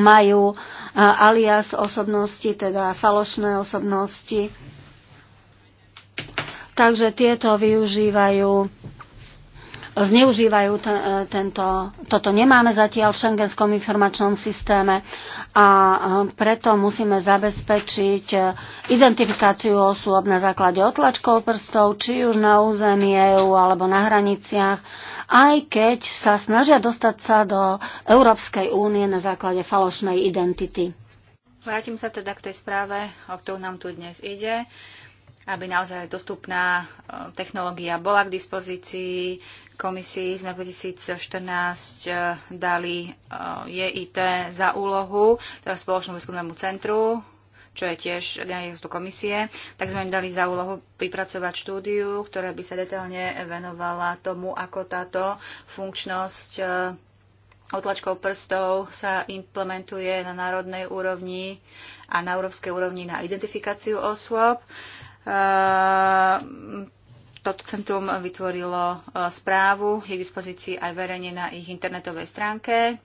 [SPEAKER 4] majú e, alias osobnosti, teda falošné osobnosti. Takže tieto využívajú zneužívajú ten, e, tento, toto. Nemáme zatiaľ v šengenskom informačnom systéme a e, preto musíme zabezpečiť e, identifikáciu osôb na základe otlačkov prstov, či už na území EU alebo na hraniciach, aj keď sa snažia dostať sa do Európskej únie na základe falošnej identity.
[SPEAKER 1] Vrátim sa teda k tej správe, o ktorú nám tu dnes ide aby naozaj dostupná e, technológia bola k dispozícii. Komisii sme v 2014 dali JIT e, e za úlohu, teda Spoločnom výskumnému centru, čo je tiež do komisie, tak sme im dali za úlohu vypracovať štúdiu, ktorá by sa detailne venovala tomu, ako táto funkčnosť otlačkou prstov sa implementuje na národnej úrovni a na európskej úrovni na identifikáciu osôb. Uh, Ehm, toto centrum vytvorilo e, správu, je k dispozícii aj verejne na ich internetovej stránke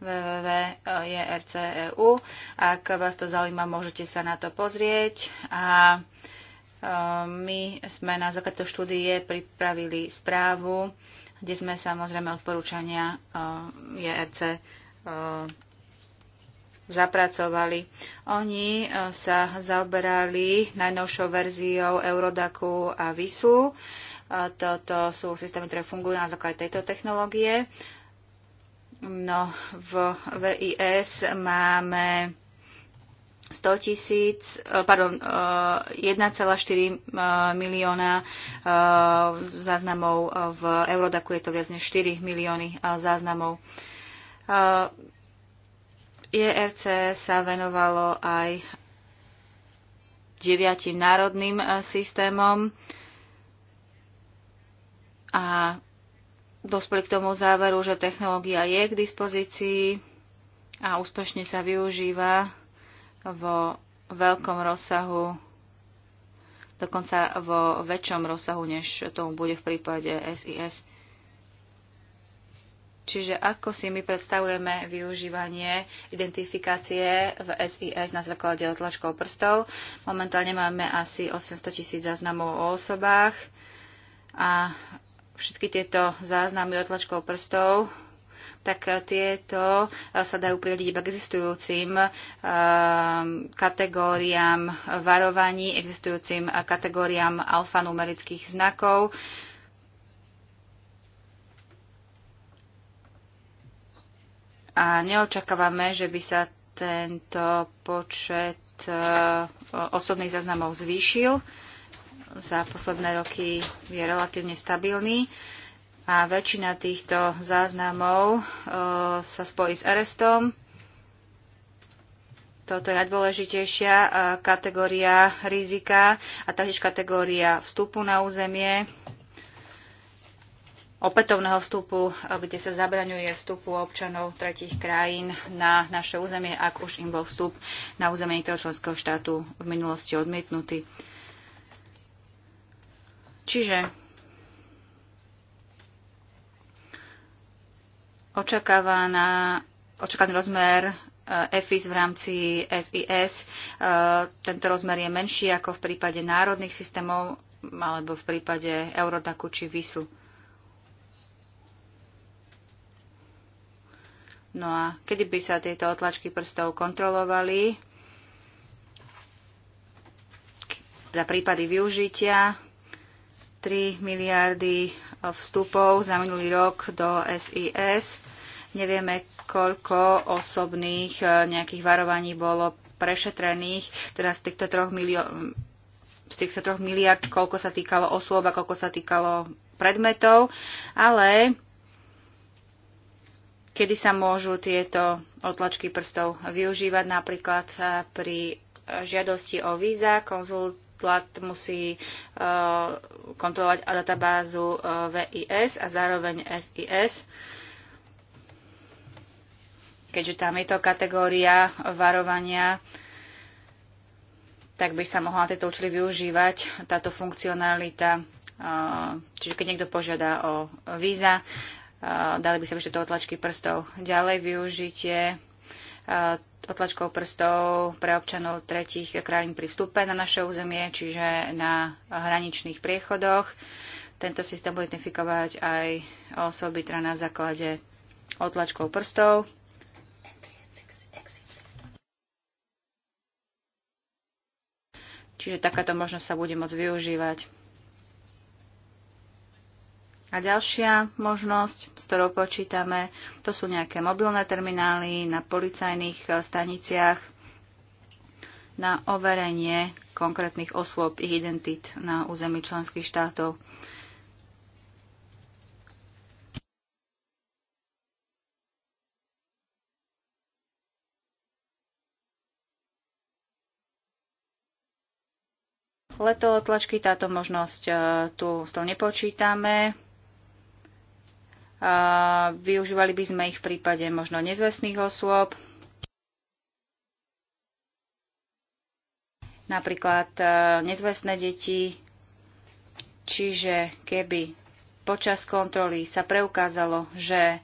[SPEAKER 1] www.jrc.eu. Ak vás to zaujíma, môžete sa na to pozrieť. A e, my sme na základe štúdie pripravili správu, kde sme samozrejme odporúčania e, JRC zapracovali. Oni e, sa zaoberali najnovšou verziou Eurodaku a VISu. E, toto sú systémy, ktoré fungujú na základe tejto technológie. No, v VIS máme 100 tisíc, e, pardon, 1,4 milióna záznamov, v Eurodaku je to viac než 4 milióny záznamov. IRC e sa venovalo aj deviatim národným e, systémom a dospeli k tomu záveru, že technológia je k dispozícii a úspešne sa využíva vo veľkom rozsahu, dokonca vo väčšom rozsahu, než tomu bude v prípade SIS. Čiže ako si my predstavujeme využívanie identifikácie v SIS na základe otlačkov prstov. Momentálne máme asi 800 tisíc záznamov o osobách a všetky tieto záznamy otlačkov prstov tak tieto eh, sa dajú priradiť iba k existujúcim eh, kategóriám varovaní, existujúcim eh, kategóriám alfanumerických znakov. a neočakávame, že by sa tento počet e, osobných záznamov zvýšil. Za posledné roky je relatívne stabilný a väčšina týchto záznamov e, sa spojí s arestom. Toto je najdôležitejšia e, kategória rizika a taktiež kategória vstupu na územie opätovného vstupu, kde sa zabraňuje vstupu občanov tretich krajín na naše územie, ak už im bol vstup na územie niektorého členského štátu v minulosti odmietnutý. Čiže očakávaná, očakávaný rozmer eh, EFIS v rámci SIS. Eh, tento rozmer je menší ako v prípade národných systémov alebo v prípade Eurodaku či VISu. No a kedy by sa tieto otlačky prstov kontrolovali? Za prípady využitia 3 miliardy vstupov za minulý rok do SIS. Nevieme, koľko osobných e, nejakých varovaní bolo prešetrených, teda z týchto 3 miliónov z týchto troch miliard, koľko sa týkalo osôb a koľko sa týkalo predmetov, ale kedy sa môžu tieto otlačky prstov využívať napríklad eh, pri eh, žiadosti o víza, konzultát musí eh, kontrolovať databázu VIS a zároveň SIS. Keďže tam je to kategória varovania, tak by sa mohla tieto účely využívať táto funkcionalita. čiže keď niekto požiada o víza, dali by sa ešte to otlačky prstov. Ďalej využitie otlačkov prstov pre občanov tretich krajín pri vstupe na naše územie, čiže na hraničných priechodoch. Tento systém bude identifikovať aj osoby, ktoré na základe otlačkov prstov Čiže takáto možnosť sa bude môcť využívať. A ďalšia možnosť, s ktorou počítame, to sú nejaké mobilné terminály na policajných eh, staniciach na overenie konkrétnych osôb, ich identit na území členských štátov. Leto tlačky, táto možnosť eh, tu s tou nepočítame. A využívali by sme ich v prípade možno nezvestných osôb, napríklad e, nezvestné deti. Čiže keby počas kontroly sa preukázalo, že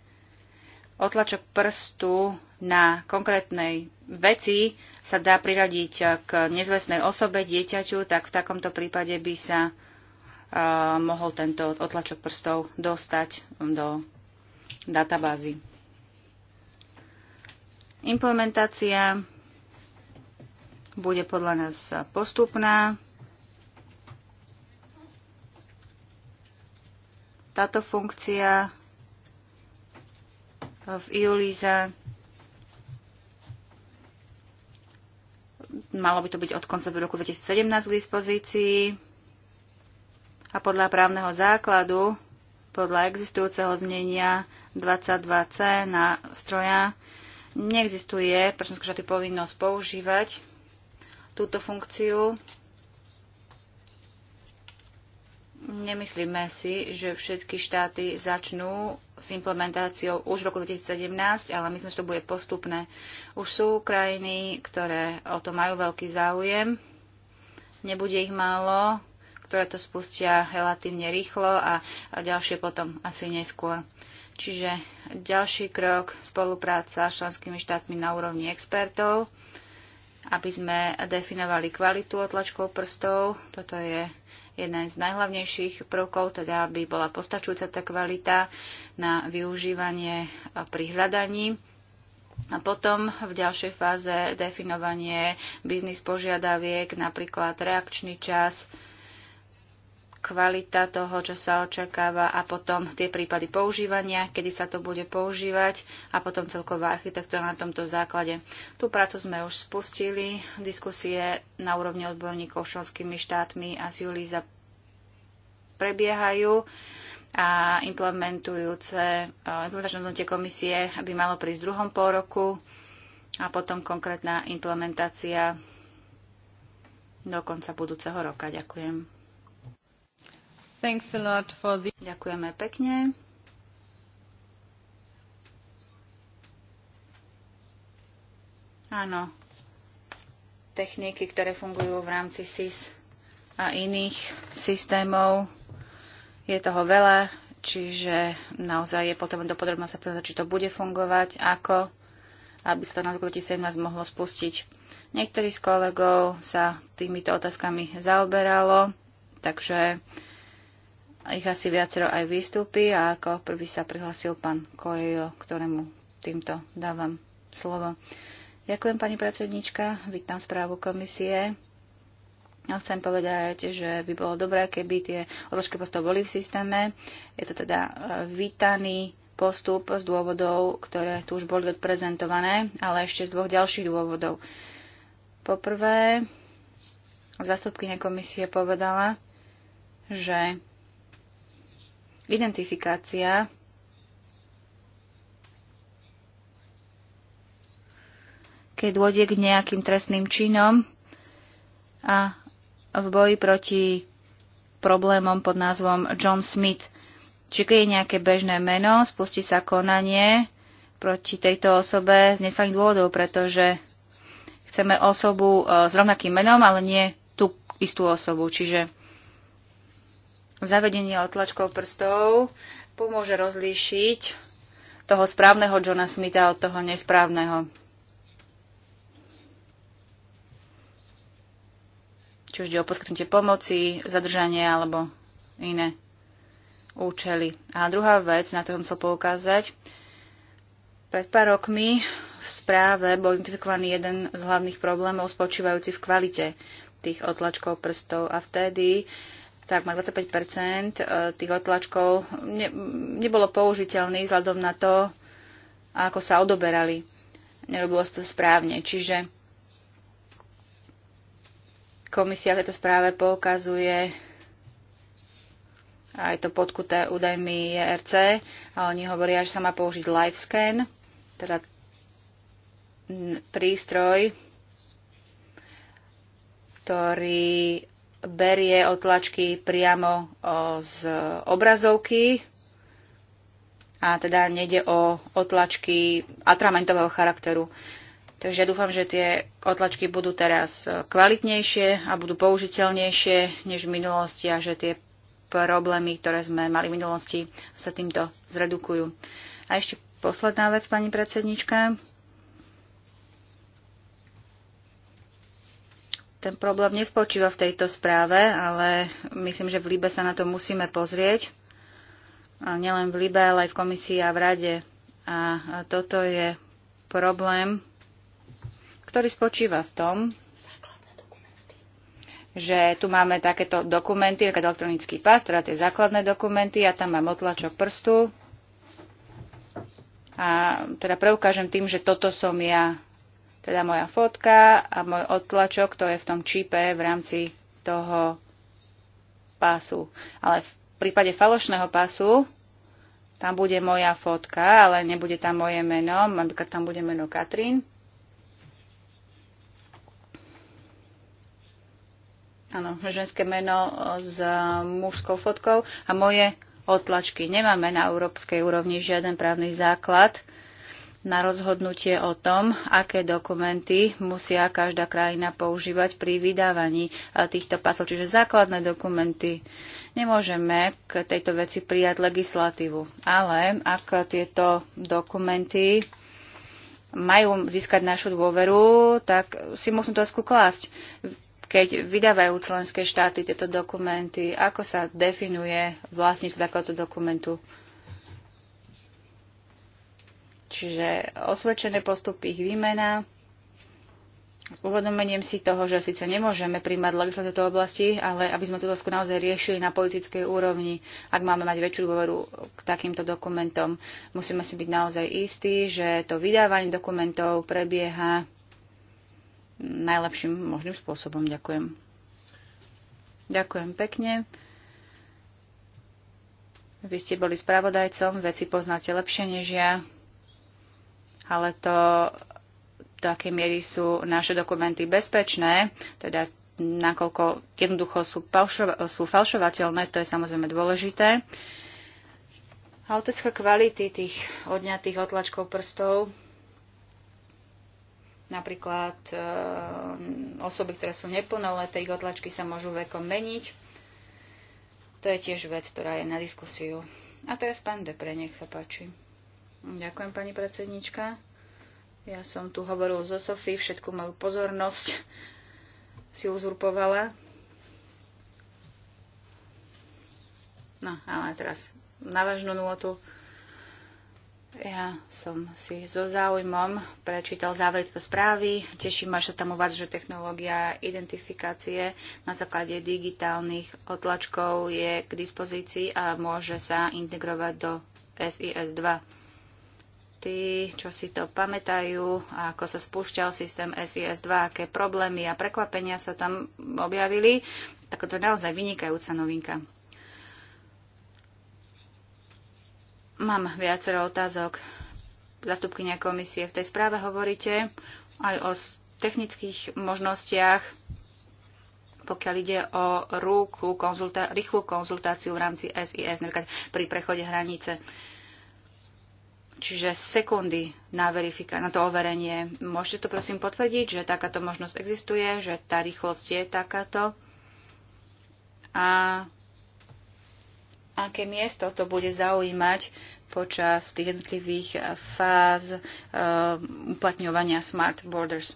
[SPEAKER 1] otlačok prstu na konkrétnej veci sa dá priradiť k nezvestnej osobe, dieťaťu, tak v takomto prípade by sa mohol tento otlačok prstov dostať do databázy. Implementácia bude podľa nás postupná. Táto funkcia v iulíze malo by to byť od konca roku 2017 k dispozícii a podľa právneho základu, podľa existujúceho znenia 22C na stroja neexistuje pre členské štáty povinnosť používať túto funkciu. Nemyslíme si, že všetky štáty začnú s implementáciou už v roku 2017, ale myslím, že to bude postupné. Už sú krajiny, ktoré o to majú veľký záujem. Nebude ich málo, ktoré to spustia relatívne rýchlo a, a ďalšie potom asi neskôr. Čiže ďalší krok spolupráca s členskými štátmi na úrovni expertov, aby sme definovali kvalitu otlačkov prstov. Toto je jeden z najhlavnejších prvkov, teda aby bola postačujúca tá kvalita na využívanie pri hľadaní. A potom v ďalšej fáze definovanie biznis požiadaviek, napríklad reakčný čas, kvalita toho, čo sa očakáva a potom tie prípady používania, kedy sa to bude používať a potom celková architektúra na tomto základe. Tú prácu sme už spustili, diskusie na úrovni odborníkov členskými štátmi a z júli prebiehajú a implementujúce e, implementačné komisie by malo prísť v druhom pol roku a potom konkrétna implementácia do konca budúceho roka. Ďakujem. The... Ďakujeme pekne. Áno, techniky, ktoré fungujú v rámci SIS a iných systémov. Je toho veľa, čiže naozaj je potom dopodrobne sa povedať, či to bude fungovať, ako, aby sa to na roku 2017 mohlo spustiť. Niektorí z kolegov sa týmito otázkami zaoberalo, takže ich asi viacero aj výstupy a ako prvý sa prihlásil pán Kojo, ktorému týmto dávam slovo. Ďakujem, pani predsednička. Vítam správu komisie. A chcem povedať, že by bolo dobré, keby tie odložky postov boli v systéme. Je to teda e, vítaný postup z dôvodov, ktoré tu už boli odprezentované, ale ešte z dvoch ďalších dôvodov. Poprvé, zastupkynia komisie povedala, že identifikácia keď dôjde k nejakým trestným činom a v boji proti problémom pod názvom John Smith. Čiže keď je nejaké bežné meno, spustí sa konanie proti tejto osobe z nesprávnych dôvodov, pretože chceme osobu e, s rovnakým menom, ale nie tú istú osobu. Čiže Zavedenie otlačkov prstov pomôže rozlíšiť toho správneho Johna Smitha od toho nesprávneho. Či už ide o poskytnutie pomoci, zadržanie alebo iné účely. A druhá vec, na som chcel poukázať, pred pár rokmi v správe bol identifikovaný jeden z hlavných problémov spočívajúci v kvalite tých otlačkov prstov a vtedy uh, tak má 25 e, tých otlačkov ne, nebolo použiteľný vzhľadom na to, ako sa odoberali. Nerobilo sa to správne. Čiže komisia v tejto správe poukazuje aj to podkuté údajmi ERC a oni hovoria, že sa má použiť live scan, teda prístroj, ktorý berie otlačky priamo z obrazovky a teda nejde o otlačky atramentového charakteru. Takže dúfam, že tie otlačky budú teraz e, kvalitnejšie a budú použiteľnejšie než v minulosti a že tie problémy, ktoré sme mali v minulosti, sa týmto zredukujú. A ešte posledná vec, pani predsednička. Ten problém nespočíva v tejto správe, ale myslím, že v Libe sa na to musíme pozrieť. A nielen v Libe, ale aj v komisii a v rade. A toto je problém, ktorý spočíva v tom, že tu máme takéto dokumenty, ako elektronický pás, teda tie základné dokumenty, ja tam mám otlačok prstu a teda preukážem tým, že toto som ja teda moja fotka a môj odtlačok, to je v tom čipe v rámci toho pásu. Ale v prípade falošného pásu tam bude moja fotka, ale nebude tam moje meno, napríklad tam bude meno Katrin. Áno, ženské meno s mužskou fotkou a moje odtlačky. Nemáme na európskej úrovni žiaden právny základ na rozhodnutie o tom, aké dokumenty musia každá krajina používať pri vydávaní eh, týchto pasov, čiže základné dokumenty. Nemôžeme k tejto veci prijať legislatívu, ale ak tieto dokumenty majú získať našu dôveru, tak si musím to skúklásť. keď vydávajú členské štáty tieto dokumenty, ako sa definuje vlastníctvo takéhoto dokumentu, Čiže osvedčené postupy, ich výmena, s uvedomením si toho, že síce nemôžeme príjmať legislatívu tejto oblasti, ale aby sme túto naozaj riešili na politickej úrovni, ak máme mať väčšiu dôveru k takýmto dokumentom, musíme si byť naozaj istí, že to vydávanie dokumentov prebieha najlepším možným spôsobom. Ďakujem. Ďakujem pekne. Vy ste boli spravodajcom, veci poznáte lepšie než ja ale to, do akej miery sú naše dokumenty bezpečné, teda nakoľko jednoducho sú, falšova- sú falšovateľné, to je samozrejme dôležité. A otázka kvality tých odňatých otlačkov prstov, napríklad e, osoby, ktoré sú neplnoleté, ich otlačky sa môžu vekom meniť. To je tiež vec, ktorá je na diskusiu. A teraz pán Depre, nech sa páči. Ďakujem, pani predsednička. Ja som tu hovoril so Sofie, všetku moju pozornosť si uzurpovala. No, ale teraz na vážnu nôtu. Ja som si so záujmom prečítal záver tejto správy. Teším ma, že tam vás, že technológia identifikácie na základe digitálnych otlačkov je k dispozícii a môže sa integrovať do SIS-2 tí, čo si to pamätajú, ako sa spúšťal systém SIS-2, aké problémy a prekvapenia sa tam objavili, tak to je naozaj vynikajúca novinka. Mám viacero otázok. Zastupkynia komisie v tej správe hovoríte aj o technických možnostiach, pokiaľ ide o rúku, rýchlu konzultáciu v rámci SIS, napríklad pri prechode hranice. Uh, čiže sekundy na, verifika- na to overenie. Môžete to prosím potvrdiť, že takáto možnosť existuje, že tá rýchlosť je takáto. A aké miesto to bude zaujímať počas tých jednotlivých fáz eh, uplatňovania Smart Borders.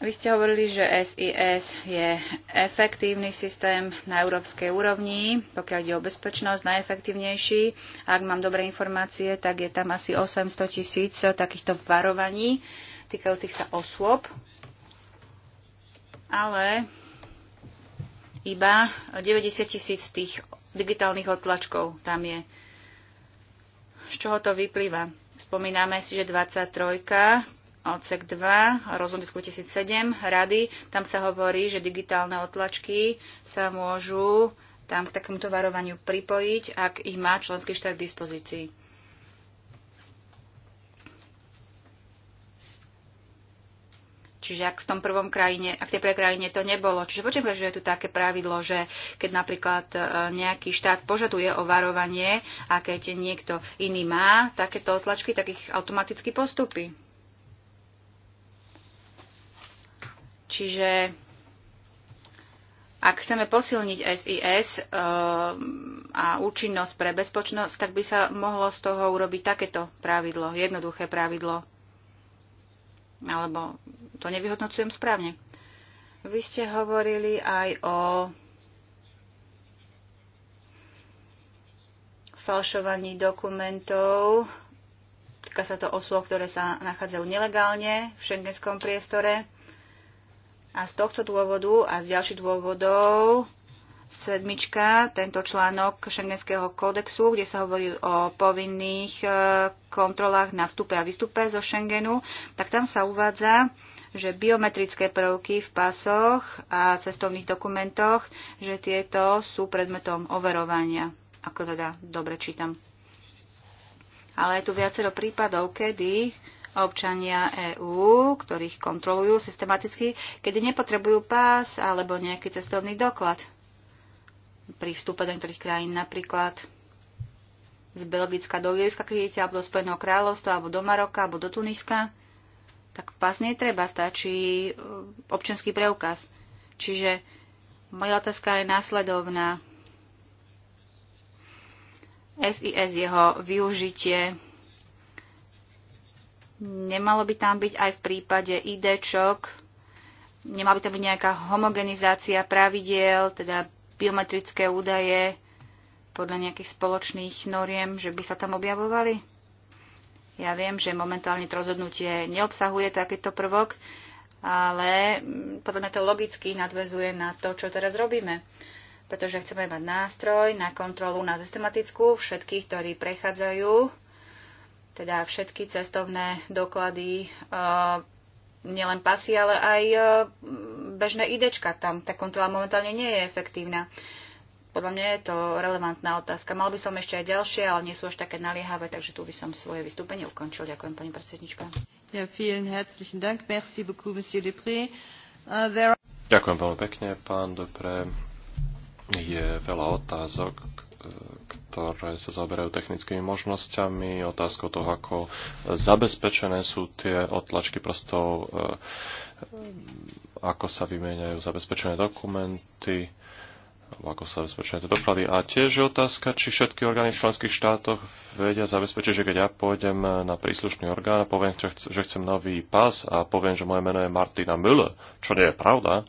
[SPEAKER 1] Vy ste hovorili, že SIS je efektívny systém na európskej úrovni, pokiaľ ide o bezpečnosť, najefektívnejší. Ak mám dobré informácie, tak je tam asi 800 tisíc takýchto varovaní týkajúcich sa osôb. Ale iba 90 tisíc tých digitálnych odtlačkov tam je. Z čoho to vyplýva? Spomíname si, že 23 odsek 2, rozhodnutie 2007 rady, tam sa hovorí, že digitálne otlačky sa môžu tam k takémuto varovaniu pripojiť, ak ich má členský štát k dispozícii. Čiže ak v tom prvom krajine, ak tej prvej krajine to nebolo. Čiže počujem, že je tu také pravidlo, že keď napríklad e, nejaký štát požaduje o varovanie a keď niekto iný má takéto otlačky, tak ich automaticky postupí. Čiže ak chceme posilniť SIS eh, a účinnosť pre bezpočnosť, tak by sa mohlo z toho urobiť takéto pravidlo, jednoduché pravidlo. Alebo to nevyhodnocujem správne. Vy ste hovorili aj o falšovaní dokumentov. Týka sa to osôb, ktoré sa nachádzajú nelegálne v šengenskom priestore. A z tohto dôvodu a z ďalších dôvodov sedmička, tento článok Schengenského kódexu, kde sa hovorí o povinných e, kontrolách na vstupe a výstupe zo Schengenu, tak tam sa uvádza, že biometrické prvky v pasoch a cestovných dokumentoch, že tieto sú predmetom overovania, ako teda dobre čítam. Ale je tu viacero prípadov, kedy občania EÚ, ktorých kontrolujú systematicky, kedy nepotrebujú pás alebo nejaký cestovný doklad pri vstupe do niektorých krajín, napríklad z Belgicka do Írska, keď idete, alebo do Spojeného kráľovstva, alebo do Maroka, alebo do Tuniska, tak pás netreba, stačí e, občanský preukaz. Čiže moja otázka je následovná. SIS, jeho využitie Nemalo by tam byť aj v prípade IDčok, nemala by tam byť nejaká homogenizácia pravidiel, teda biometrické údaje podľa nejakých spoločných noriem, že by sa tam objavovali? Ja viem, že momentálne to rozhodnutie neobsahuje takýto prvok, ale podľa mňa to logicky nadvezuje na to, čo teraz robíme. Pretože chceme mať nástroj na kontrolu, na systematickú všetkých, ktorí prechádzajú teda všetky cestovné doklady, eh, nielen pasy, ale aj eh, bežné idečka. Tam tá kontrola momentálne nie je efektívna. Podľa mňa je to relevantná otázka. Mal by som ešte aj ďalšie, ale nie sú až také naliehavé, takže tu by som svoje vystúpenie ukončil. Ďakujem, pani predsednička. Ja, vielen herzlichen Dank. Merci beaucoup, monsieur Uh,
[SPEAKER 3] Ďakujem veľmi pekne, pán Dupré. Je veľa otázok, ktoré sa zaoberajú technickými možnosťami, otázkou toho, ako zabezpečené sú tie otlačky prosto, eh, ako sa vymieňajú zabezpečené dokumenty, ako sa zabezpečené tie doklady. A tiež je otázka, či všetky orgány v členských štátoch vedia zabezpečiť, že keď ja pôjdem na príslušný orgán a poviem, že chcem nový pás a poviem, že moje meno je Martina Müller, čo nie je pravda,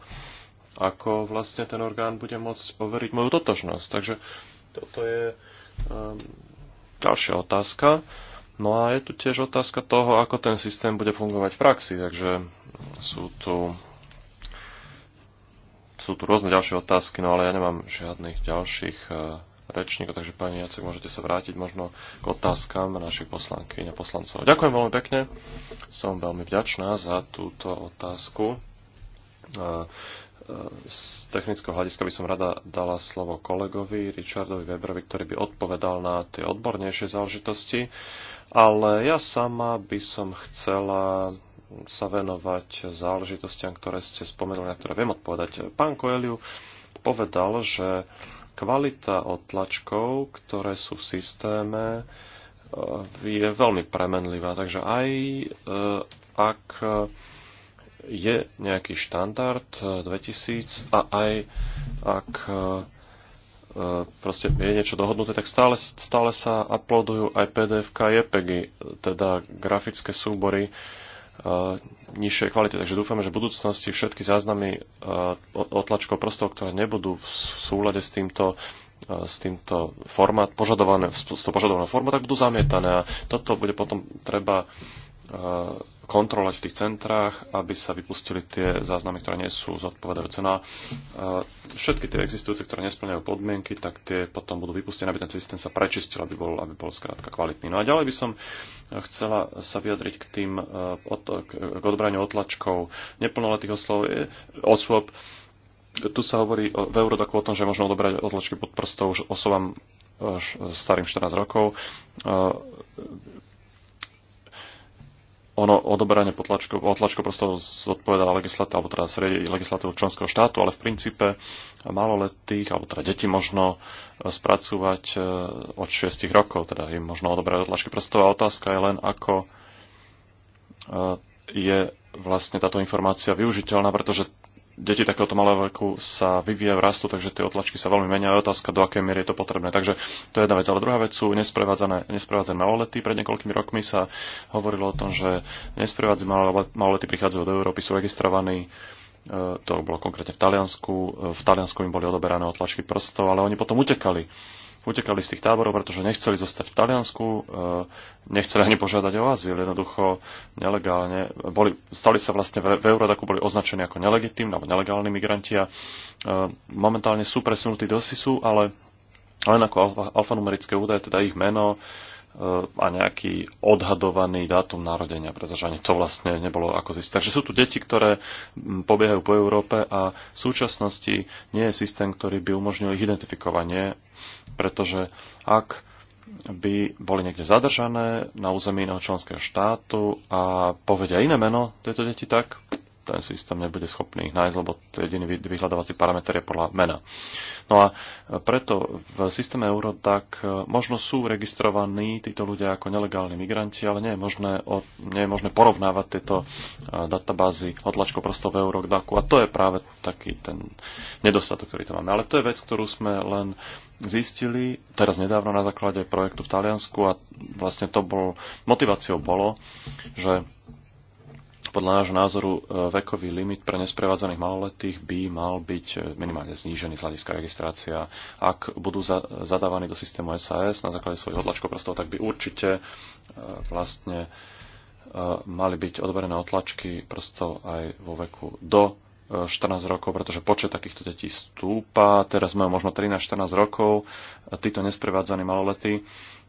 [SPEAKER 3] ako vlastne ten orgán bude môcť overiť moju totožnosť. Takže toto je Ehm, ďalšia otázka. No a je tu tiež otázka toho, ako ten systém bude fungovať v praxi. Takže sú tu, sú tu rôzne ďalšie otázky, no ale ja nemám žiadnych ďalších e, rečníkov, takže pani Jacek, môžete sa vrátiť možno k otázkam našich poslanky a poslancov. Ďakujem veľmi pekne, som veľmi vďačná za túto otázku. E, E, z technického hľadiska by som rada dala slovo kolegovi Richardovi Weberovi, ktorý by odpovedal na tie odbornejšie záležitosti, ale ja sama by som chcela sa venovať záležitostiam, ktoré ste spomenuli, na ktoré viem odpovedať. Pán Koeliu povedal, že kvalita odtlačkov, ktoré sú v systéme, e, je veľmi premenlivá. Takže aj e, ak je nejaký štandard 2000 e, a aj ak e, e, proste je niečo dohodnuté, tak stále, stále sa uploadujú aj pdf a JPEGy, teda grafické súbory nižšej kvality. Takže dúfame, že v budúcnosti všetky záznamy otlačkov prstov, ktoré nebudú v súlade s týmto s týmto formát, požadované, s to požadovanou formou, tak budú zamietané. A toto bude potom treba kontrolovať v tých centrách, aby sa vypustili tie záznamy, ktoré nie sú zodpovedajúce na e, všetky tie existujúce, ktoré nesplňajú podmienky, tak tie potom budú vypustené, aby ten systém sa prečistil, aby bol, aby bol skrátka kvalitný. No a ďalej by som chcela sa vyjadriť k tým e, k odbraniu otlačkov neplnoletých oslov, e, osôb. Tu sa hovorí v Eurodoku o tom, že možno odobrať otlačky pod prstov už osobám starým 14 rokov ono odoberanie potlačkov, otlačkov prstov legislatívu, alebo teda sredie legislatívu členského štátu, ale v princípe maloletých, alebo teda deti možno e, spracúvať e, od 6 rokov, teda im možno odoberať otlačky prstov a otázka je len, ako e, je vlastne táto informácia využiteľná, pretože deti takéhoto malého veku sa vyvíjajú, rastú, takže tie otlačky sa veľmi menia. Je otázka, do akej miery je to potrebné. Takže to je jedna vec. Ale druhá vec sú nesprevádzané, nesprevádzané malolety. Pred niekoľkými rokmi sa hovorilo o tom, že nesprevádzané malolety prichádzajú do Európy, sú registrovaní e, to bolo konkrétne v Taliansku. E, v Taliansku im boli odoberané otlačky prstov, ale oni potom utekali utekali z tých táborov, pretože nechceli zostať v Taliansku, eh, nechceli ani požiadať o azyl, jednoducho nelegálne. Boli, stali sa vlastne v, v Eurodaku, boli označení ako nelegitímni alebo nelegálni migranti a eh, momentálne sú presunutí do SISu, ale len ako alfanumerické údaje, teda ich meno eh, a nejaký odhadovaný dátum narodenia, pretože ani to vlastne nebolo ako zistiť. Takže sú tu deti, ktoré hm, pobiehajú po Európe a v súčasnosti nie je systém, ktorý by umožnil ich identifikovanie pretože ak by boli niekde zadržané na území iného členského štátu a povedia iné meno tieto deti, tak ten systém nebude schopný ich nájsť, lebo jediný vyhľadávací parameter je podľa mena. No a preto v systéme Eurodac e, možno sú registrovaní títo ľudia ako nelegálni migranti, ale nie je možné, od, nie je možné porovnávať tieto e, databázy odlačko prosto v Eurodacu. A to je práve taký ten nedostatok, ktorý to máme. Ale to je vec, ktorú sme len zistili teraz nedávno na základe projektu v Taliansku a vlastne to bol, motiváciou bolo, že podľa nášho názoru e, vekový limit pre nesprevádzaných maloletých by mal byť e, minimálne znížený z hľadiska registrácia. Ak budú za, zadávaní do systému SAS na základe svojich odlačkov prstov, tak by určite e, vlastne mali byť odberené otlačky prstov aj vo veku do 14 rokov, pretože počet takýchto detí stúpa. Teraz majú možno 13-14 rokov títo nesprevádzaní maloletí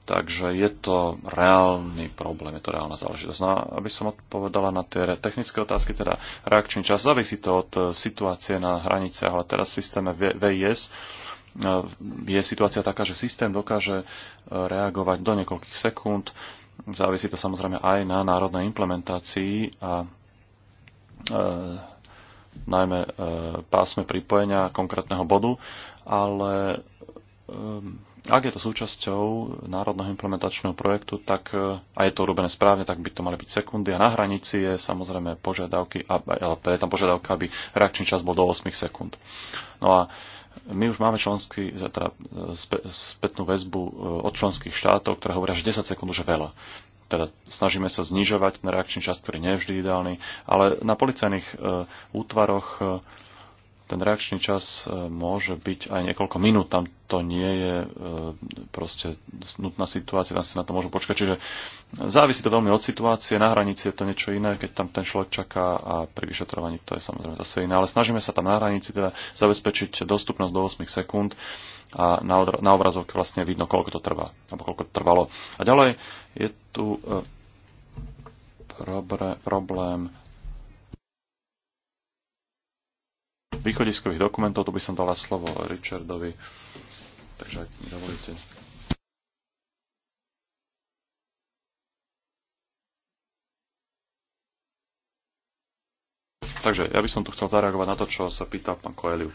[SPEAKER 3] Takže je to reálny problém, je to reálna záležitosť. No, aby som odpovedala na tie technické otázky, teda reakčný čas, závisí to od eh, situácie na hranice, ale teraz v systéme VIS eh, je situácia taká, že systém dokáže eh, reagovať do niekoľkých sekúnd, závisí to samozrejme aj na národnej implementácii a e, najmä e, pásme pripojenia konkrétneho bodu, ale e, ak je to súčasťou národného implementačného projektu tak, e, a je to urobené správne, tak by to mali byť sekundy. A na hranici je samozrejme požiadavky, je tam požiadavka, aby reakčný čas bol do 8 sekúnd. No a my už máme členský, e, teda e, spätnú väzbu od členských štátov, ktoré hovoria, že 10 sekúnd už je veľa. Teda snažíme sa znižovať ten reakčný čas, ktorý nie je vždy ideálny, ale na policajných útvaroch ten reakčný čas e, môže byť aj niekoľko minút, tam to nie je e, proste nutná situácia, tam si na to môžu počkať. Čiže závisí to veľmi od situácie, na hranici je to niečo iné, keď tam ten človek čaká a pri vyšetrovaní to je samozrejme zase iné. Ale snažíme sa tam na hranici teda zabezpečiť dostupnosť do 8 sekúnd a na, obrazok na obrazovke vlastne vidno, koľko to trvá, alebo koľko to trvalo. A ďalej je tu e, problém východiskových dokumentov, tu by som dala slovo Richardovi. Takže ak mi dovolíte. Takže ja by som tu chcel zareagovať na to, čo sa pýtal pán Koeliu. E,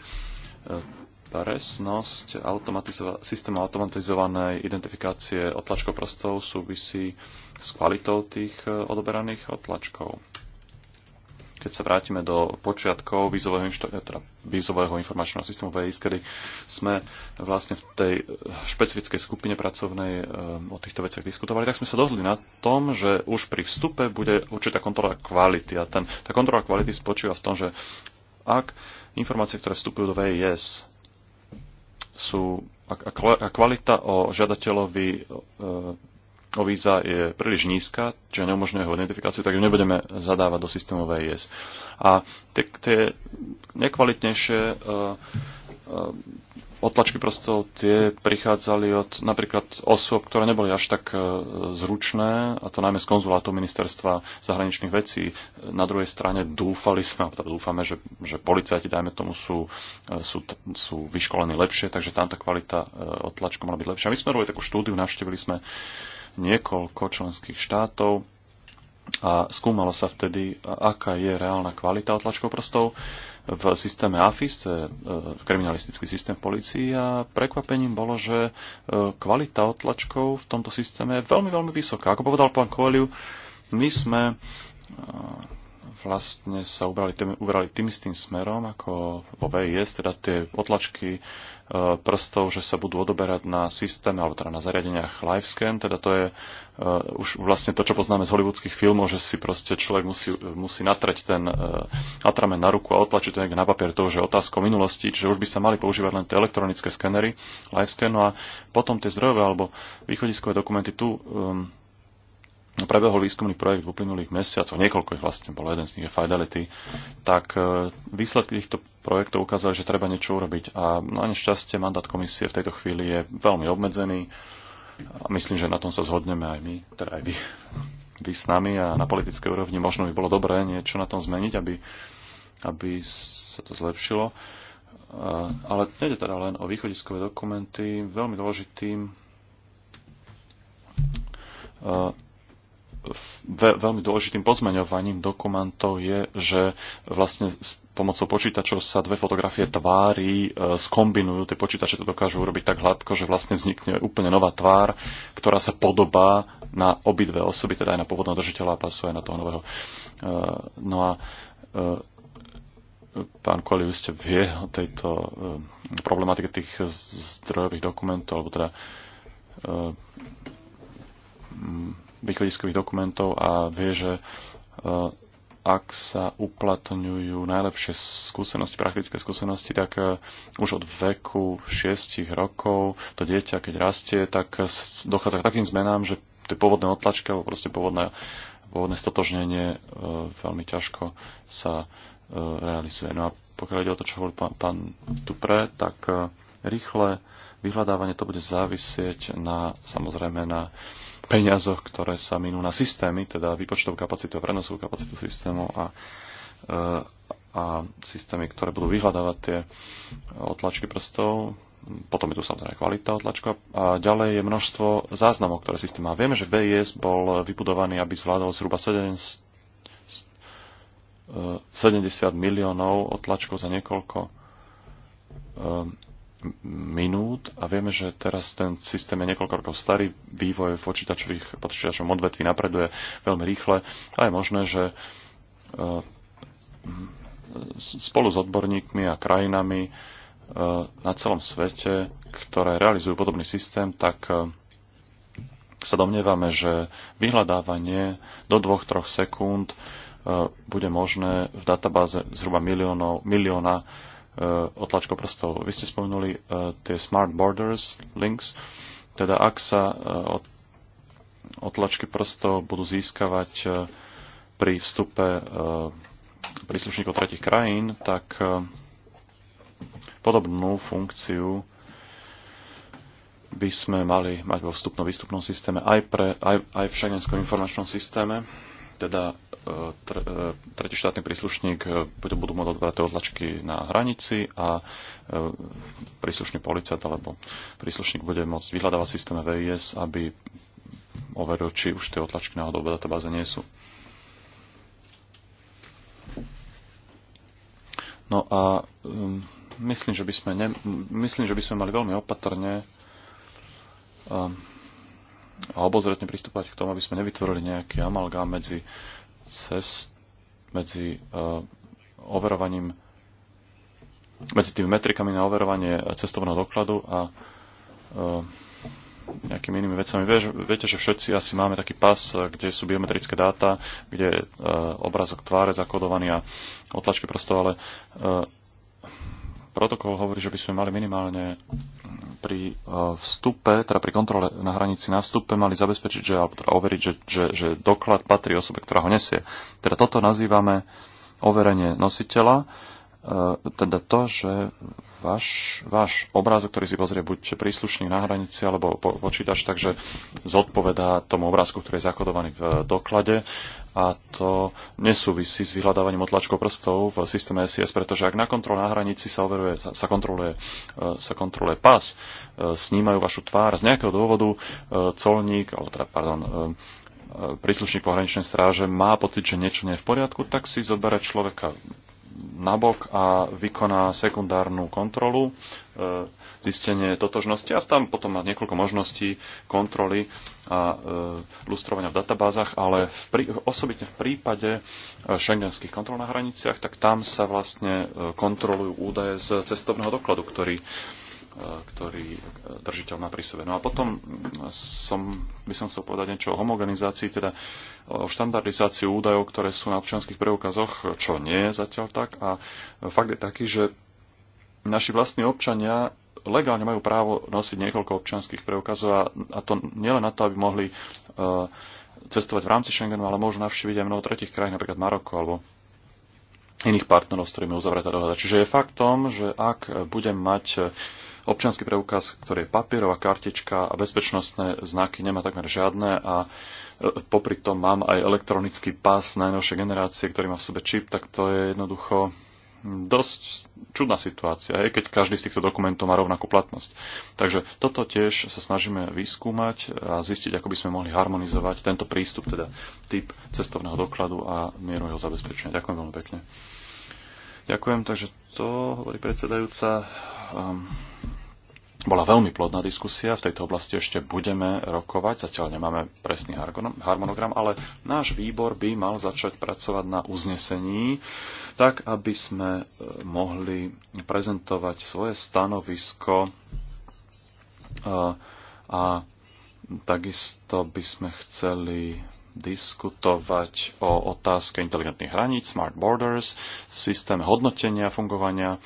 [SPEAKER 3] presnosť automatizova- systému automatizovanej identifikácie otlačkov prstov súvisí s kvalitou tých e, odoberaných otlačkov keď sa vrátime do počiatkov vízového, teda vízového informačného systému VIS, kedy sme vlastne v tej eh, špecifickej skupine pracovnej eh, o týchto veciach diskutovali, tak sme sa dohodli na tom, že už pri vstupe bude určitá kontrola kvality. A ten, tá kontrola kvality spočíva v tom, že ak informácie, ktoré vstupujú do VIS, sú a, a kvalita o žiadateľovi eh, o víza je príliš nízka, čo neumožňuje jeho identifikáciu, tak ju nebudeme zadávať do systému VIS. A tie, tie nekvalitnejšie e, e, otlačky prosto tie prichádzali od napríklad osôb, ktoré neboli až tak e, zručné, a to najmä z konzulátu ministerstva zahraničných vecí. Na druhej strane dúfali sme, teda dúfame, že, že policajti, dajme tomu, sú, sú, sú vyškolení lepšie, takže tam tá kvalita otlačku mala byť lepšia. My sme robili takú štúdiu, navštívili sme uh, niekoľko členských štátov a skúmalo sa vtedy, aká je reálna kvalita otlačkov prstov v systéme AFIS, to je e, kriminalistický systém policií a prekvapením bolo, že e, kvalita otlačkov v tomto systéme je veľmi, veľmi vysoká. Ako povedal pán Koeliu, my sme e, vlastne sa ubrali tým, ubrali tým istým smerom ako vo VIS, teda tie otlačky e, prstov, že sa budú odoberať na systéme alebo teda na zariadeniach LiveScan, teda to je uh, už vlastne to, čo poznáme z hollywoodských filmov, že si proste človek musí, musí natrať ten uh, e, atrament na ruku a otlačiť to na papier, to už je otázka minulosti, čiže už by sa mali používať len tie elektronické skenery, LiveScan, no a potom tie zdrojové alebo východiskové dokumenty tu um, No, prebehol výskumný projekt v uplynulých mesiacoch, niekoľko ich vlastne bolo, jeden z nich je Fidelity, tak e, výsledky týchto projektov ukázali, že treba niečo urobiť. A na no, nešťastie mandát komisie v tejto chvíli je veľmi obmedzený. A myslím, že na tom sa zhodneme aj my, teda aj vy, (laughs) vy s nami a na politickej úrovni možno by bolo dobré niečo na tom zmeniť, aby, aby sa to zlepšilo. E, ale nejde teda len o východiskové dokumenty. Veľmi dôležitým e, veľmi dôležitým pozmeňovaním dokumentov je, že vlastne s pomocou počítačov sa dve fotografie tvári e, skombinujú. Tie počítače to dokážu urobiť tak hladko, že vlastne vznikne úplne nová tvár, ktorá sa podobá na obidve osoby, teda aj na pôvodného držiteľa a pasuje na toho nového. E, no a e, pán Koli, ste vie o tejto problematike tých zdrojových dokumentov, alebo teda východiskových dokumentov a vie, že eh, ak sa uplatňujú najlepšie skúsenosti, praktické skúsenosti, tak eh, už od veku 6 rokov to dieťa, keď rastie, tak dochádza k takým zmenám, že tie pôvodné otlačky alebo proste pôvodné, pôvodné stotožnenie eh, veľmi ťažko sa realizuje. No a pokiaľ ide o to, čo hovoril pán, pán Tupre, tak rýchle vyhľadávanie to bude závisieť na, samozrejme na peniazoch, ktoré sa minú na systémy, teda výpočtovú kapacitu a prenosovú kapacitu systému a, e, a systémy, ktoré budú vyhľadávať tie otlačky prstov. Potom je tu samozrejme kvalita otlačka. A ďalej je množstvo záznamov, ktoré systém má. Vieme, že BIS bol vybudovaný, aby zvládol zhruba 70 e, miliónov otlačkov za niekoľko minút a vieme, že teraz ten systém je niekoľko rokov starý, vývoj v počítačových počítačovom odvetví napreduje veľmi rýchle a je možné, že e, spolu s odborníkmi a krajinami e, na celom svete, ktoré realizujú podobný systém, tak e, sa domnievame, že vyhľadávanie do 2-3 sekúnd bude možné v databáze zhruba miliónov, milióna E, otlačko prstov. Vy ste spomenuli e, tie smart borders, links, teda ak sa e, otlačky prstov budú získavať pri vstupe príslušníkov tretich krajín, tak podobnú funkciu by sme mali mať vo vstupno-výstupnom systéme aj, pre, aj, aj v šagenskom informačnom systéme teda e, e, tretí štátny príslušník e, budú môcť odbrať odlačky na hranici a príslušný policajt alebo príslušník bude môcť vyhľadávať systéme VIS, aby overil, či už tie odlačky náhodou v databáze nie sú. No a myslím, že by sme ne, myslím, že by sme mali veľmi opatrne um, obozretne pristúpať k tomu, aby sme nevytvorili nejaký amalgám medzi cest, medzi uh, overovaním, medzi tými metrikami na overovanie cestovného dokladu a uh, nejakými inými vecami. Vieš, viete, že všetci asi máme taký pas, kde sú biometrické dáta, kde je uh, obrázok tváre zakodovaný a otlačky prstov, ale uh, protokol hovorí, že by sme mali minimálne pri e, vstupe, teda pri kontrole na hranici na vstupe mali zabezpečiť, že, alebo teda overiť, že, že, že doklad patrí osobe, ktorá ho nesie. Teda toto nazývame overenie nositeľa E, teda to, že váš, váš obrázok, ktorý si pozrie buď príslušný na hranici alebo po, počítač, takže zodpovedá tomu obrázku, ktorý je zakodovaný v doklade a to nesúvisí s vyhľadávaním otlačkov prstov v systéme SIS, pretože ak na kontrol na hranici sa, overuje, sa, kontroluje, e, sa kontroluje pas, e, snímajú vašu tvár z nejakého dôvodu colník, alebo teda, pardon, príslušník pohraničnej stráže má pocit, že niečo nie je v poriadku, tak si zoberie človeka nabok a vykoná sekundárnu kontrolu, e, zistenie totožnosti a tam potom má niekoľko možností kontroly a e, lustrovania v databázach, ale v prí, osobitne v prípade e, šengenských kontrol na hraniciach, tak tam sa vlastne kontrolujú údaje z cestovného dokladu, ktorý ktorý e, držiteľ má pri sebe. No a potom som, by som chcel povedať niečo o homogenizácii, teda o štandardizáciu údajov, ktoré sú na občianských preukazoch, čo nie je zatiaľ tak. A fakt je taký, že naši vlastní občania legálne majú právo nosiť niekoľko občianských preukazov a, a to nielen na to, aby mohli uh, cestovať v rámci Schengenu, ale môžu navštíviť aj mnoho tretich krajín, napríklad Maroko alebo iných partnerov, s ktorými uzavretá dohoda. Čiže je faktom, že ak budem mať občanský preukaz, ktorý je papierová kartička a bezpečnostné znaky nemá takmer žiadne a e, popri tom mám aj elektronický pás najnovšej generácie, ktorý má v sebe čip, tak to je jednoducho dosť čudná situácia, hej, keď každý z týchto dokumentov má rovnakú platnosť. Takže toto tiež sa snažíme vyskúmať a zistiť, ako by sme mohli harmonizovať tento prístup, teda typ cestovného dokladu a mieru jeho zabezpečenia. Ďakujem veľmi pekne. Ďakujem, takže to hovorí predsedajúca. Um, bola veľmi plodná diskusia, v tejto oblasti ešte budeme rokovať, zatiaľ nemáme presný harmonogram, ale náš výbor by mal začať pracovať na uznesení, tak aby sme e, mohli prezentovať svoje stanovisko e, a takisto by sme chceli diskutovať o otázke inteligentných hraníc, smart borders, systém hodnotenia fungovania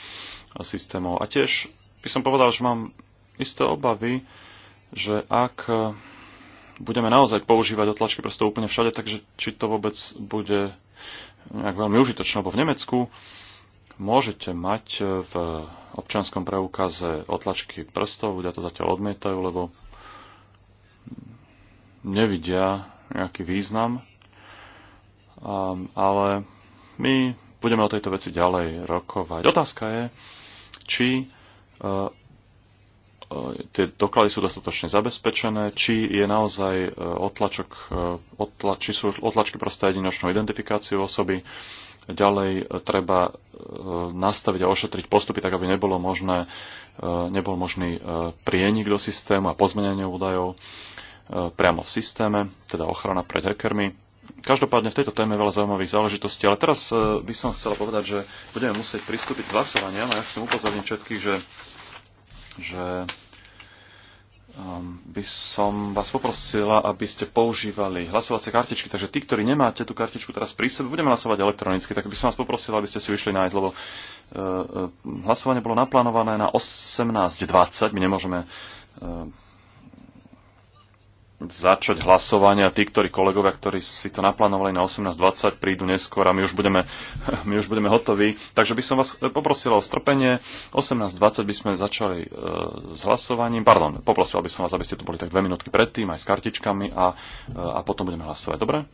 [SPEAKER 3] systémov a tiež by som povedal, že mám isté obavy, že ak e, budeme naozaj používať otlačky prstov úplne všade, takže či to vôbec bude nejak veľmi užitočné, lebo v Nemecku môžete mať e, v občianskom preukaze otlačky prstov, ľudia to zatiaľ odmietajú, lebo nevidia nejaký význam, um, ale my budeme o tejto veci ďalej rokovať. Otázka je, či uh, E, tie doklady sú dostatočne zabezpečené, či je naozaj e, otlačok, e, otla, či sú otlačky proste jedinočnou identifikáciou osoby. Ďalej treba nastaviť a ošetriť postupy tak, aby nebolo možné, nebol možný prienik do systému a pozmenenie údajov priamo v systéme, teda ochrana pred hackermi. Každopádne v tejto téme je veľa zaujímavých záležitostí, ale teraz by som chcela povedať, že budeme musieť pristúpiť k hlasovaniam a ja chcem upozorniť všetkých, že že Ehm, by som vás poprosila, aby ste používali hlasovacie kartičky. Takže tí, ktorí nemáte tú kartičku teraz pri sebe, budeme hlasovať elektronicky, tak by som vás poprosila, aby ste si vyšli nájsť, lebo ehm, ehm, hlasovanie bolo naplánované na 18.20. My nemôžeme začať hlasovanie a tí, ktorí kolegovia, ktorí si to naplánovali na 18.20, prídu neskôr a my už, budeme, (laughs) my už budeme hotoví. Takže by som vás poprosil o strpenie. 18.20 by sme začali e, s hlasovaním. Pardon, poprosil by som vás, aby ste tu boli tak dve minútky predtým, aj s kartičkami a, e, a potom budeme hlasovať. Dobre?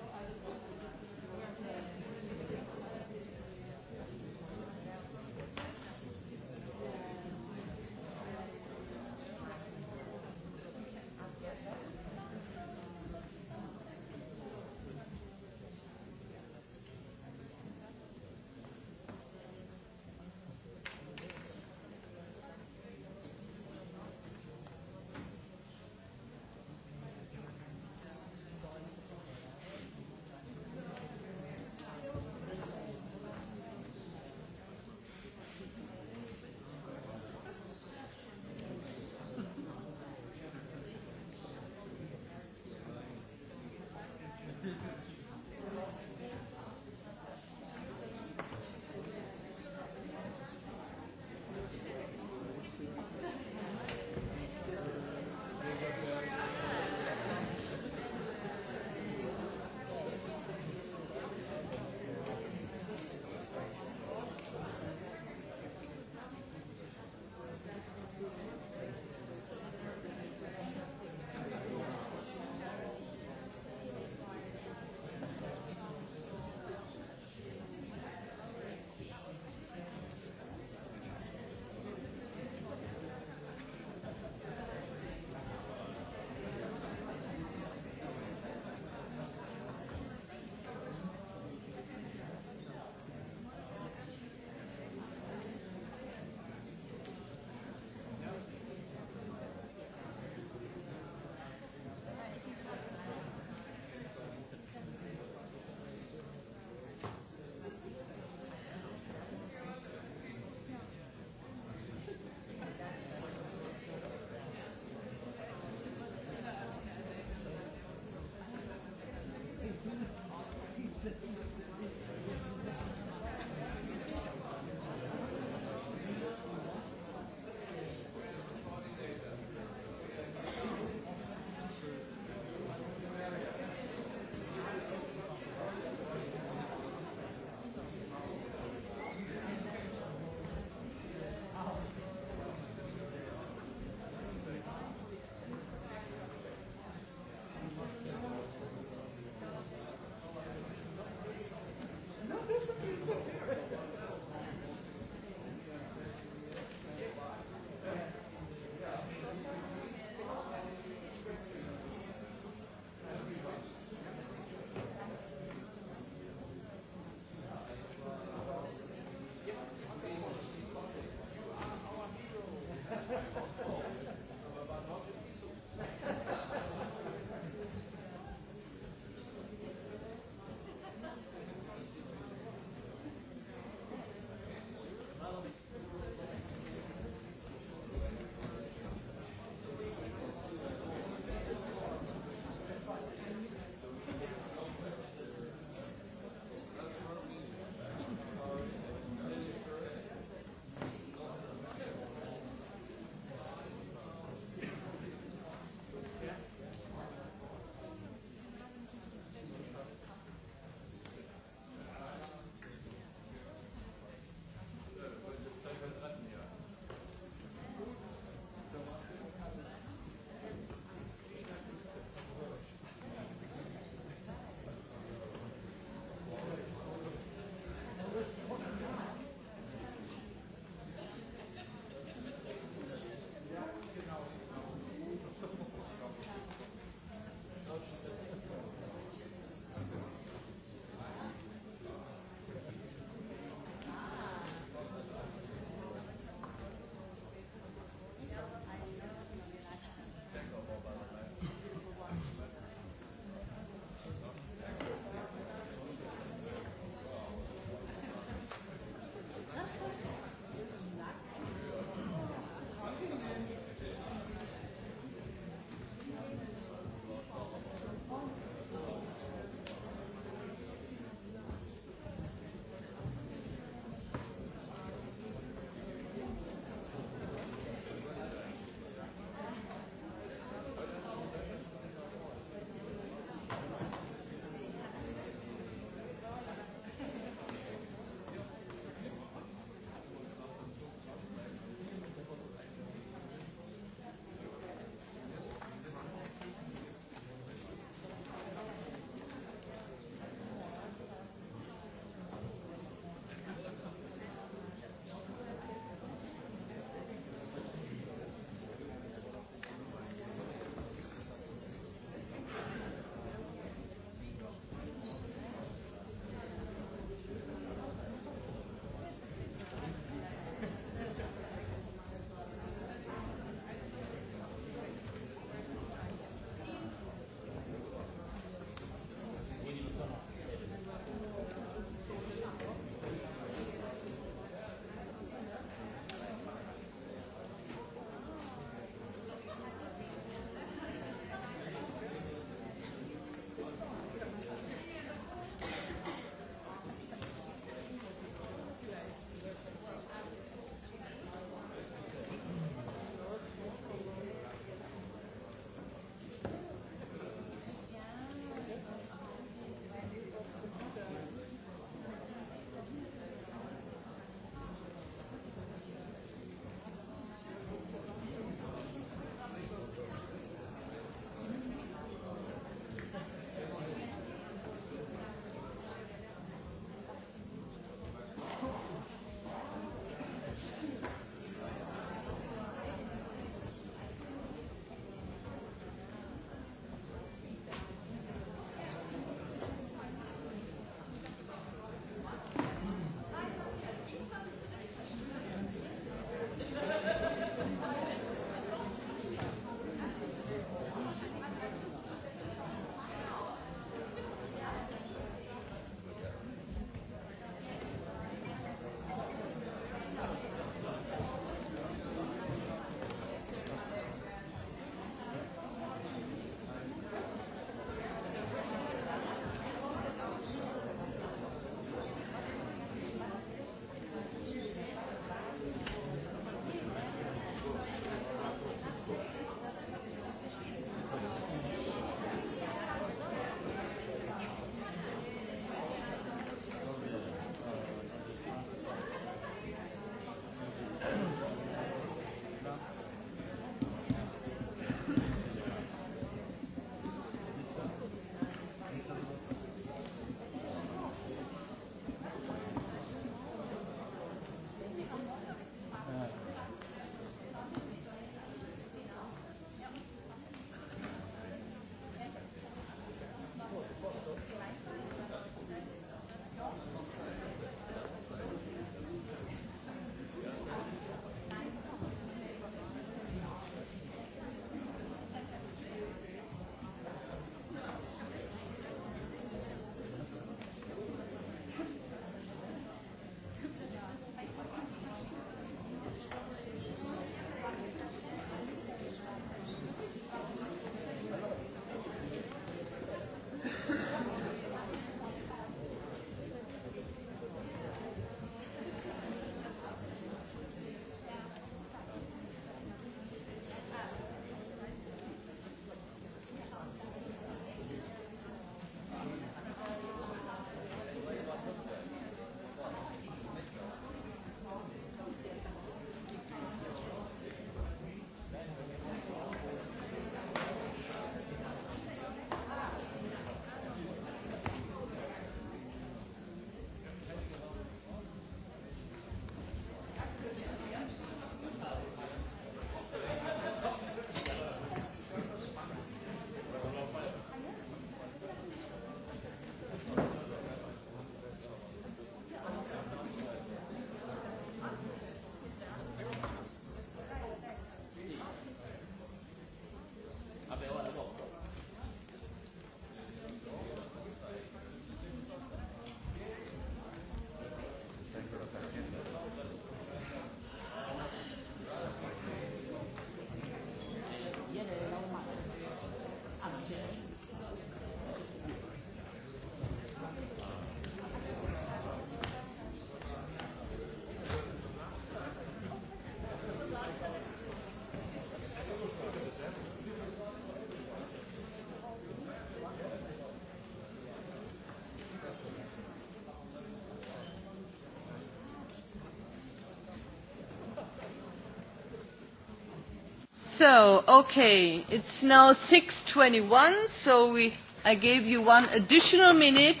[SPEAKER 2] So, okay, it's now 6.21,
[SPEAKER 1] so we, I gave you one additional minute.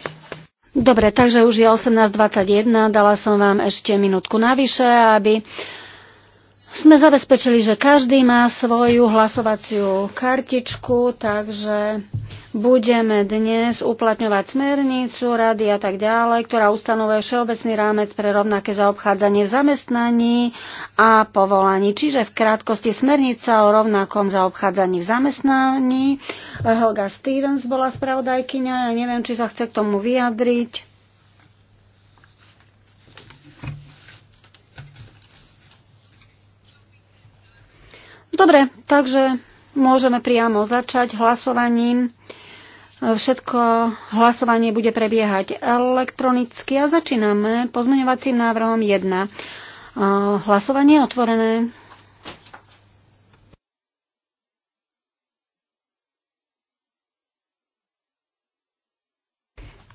[SPEAKER 4] Dobre, takže už je 18.21, dala som vám ešte minútku navyše, aby sme zabezpečili, že každý má svoju hlasovaciu kartičku, takže budeme dnes uplatňovať smernicu, rady a tak ďalej, ktorá ustanovuje všeobecný rámec pre rovnaké zaobchádzanie v zamestnaní a povolaní. Čiže v krátkosti smernica o rovnakom zaobchádzaní v zamestnaní. Helga Stevens bola spravodajkyňa, ja neviem, či sa chce k tomu vyjadriť. Dobre, takže môžeme priamo začať hlasovaním. Všetko hlasovanie bude prebiehať elektronicky a začíname pozmeňovacím návrhom 1. Hlasovanie je otvorené.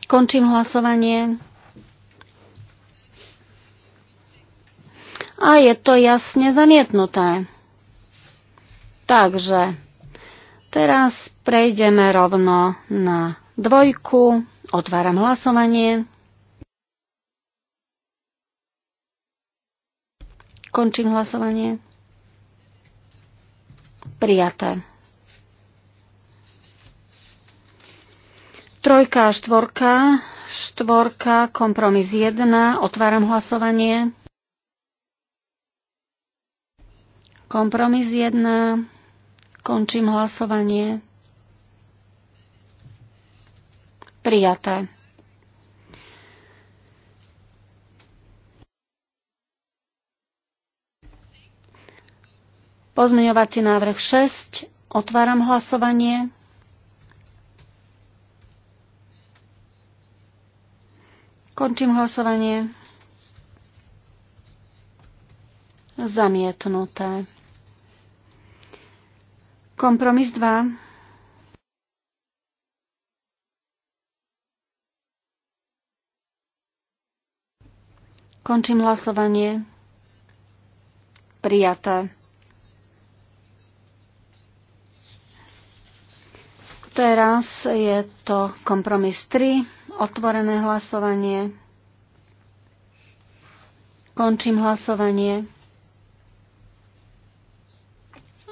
[SPEAKER 4] Končím hlasovanie. A je to jasne zamietnuté. Takže teraz prejdeme rovno na dvojku. Otváram hlasovanie. Končím hlasovanie. Prijaté. Trojka a štvorka. Štvorka, kompromis 1. Otváram hlasovanie. Kompromis 1. Končím hlasovanie. Prijaté. Pozmeňovací návrh 6. Otváram hlasovanie. Končím hlasovanie. Zamietnuté. Kompromis 2. Končím hlasovanie. Prijaté. Teraz je to kompromis 3, otvorené hlasovanie. Končím hlasovanie.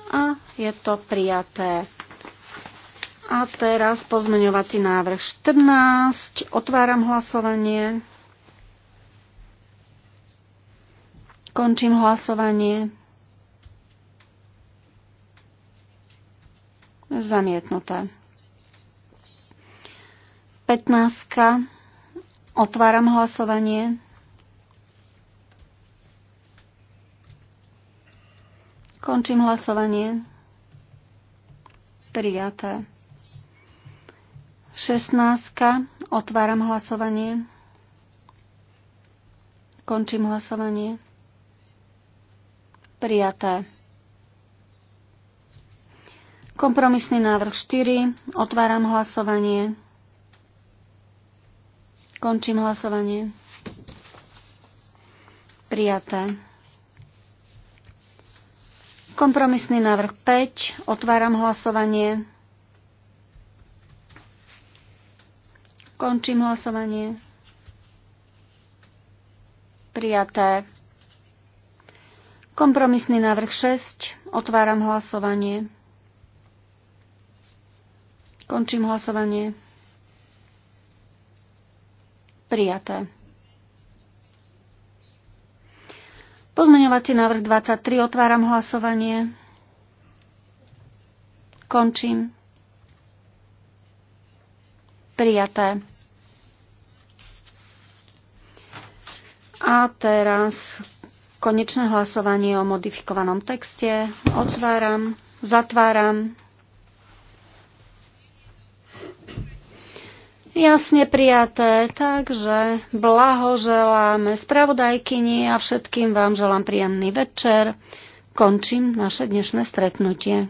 [SPEAKER 4] A je to prijaté. A teraz pozmeňovací návrh 14. Otváram hlasovanie. Končím hlasovanie.
[SPEAKER 2] Zamietnuté.
[SPEAKER 4] 15. Otváram hlasovanie. Končím hlasovanie. Prijaté. 16. Otváram hlasovanie. Končím hlasovanie. Prijaté. Kompromisný návrh 4. Otváram hlasovanie. Končím hlasovanie. Prijaté. Kompromisný návrh 5. Otváram hlasovanie. Končím hlasovanie. Prijaté. Kompromisný návrh 6. Otváram hlasovanie. Končím hlasovanie. Prijaté. Pozmeňovací návrh 23. Otváram hlasovanie. Končím. Prijaté. A teraz konečné hlasovanie o modifikovanom texte. Otváram, zatváram. jasne prijaté, takže blahoželáme spravodajkyni a všetkým vám želám príjemný večer. Končím naše dnešné stretnutie.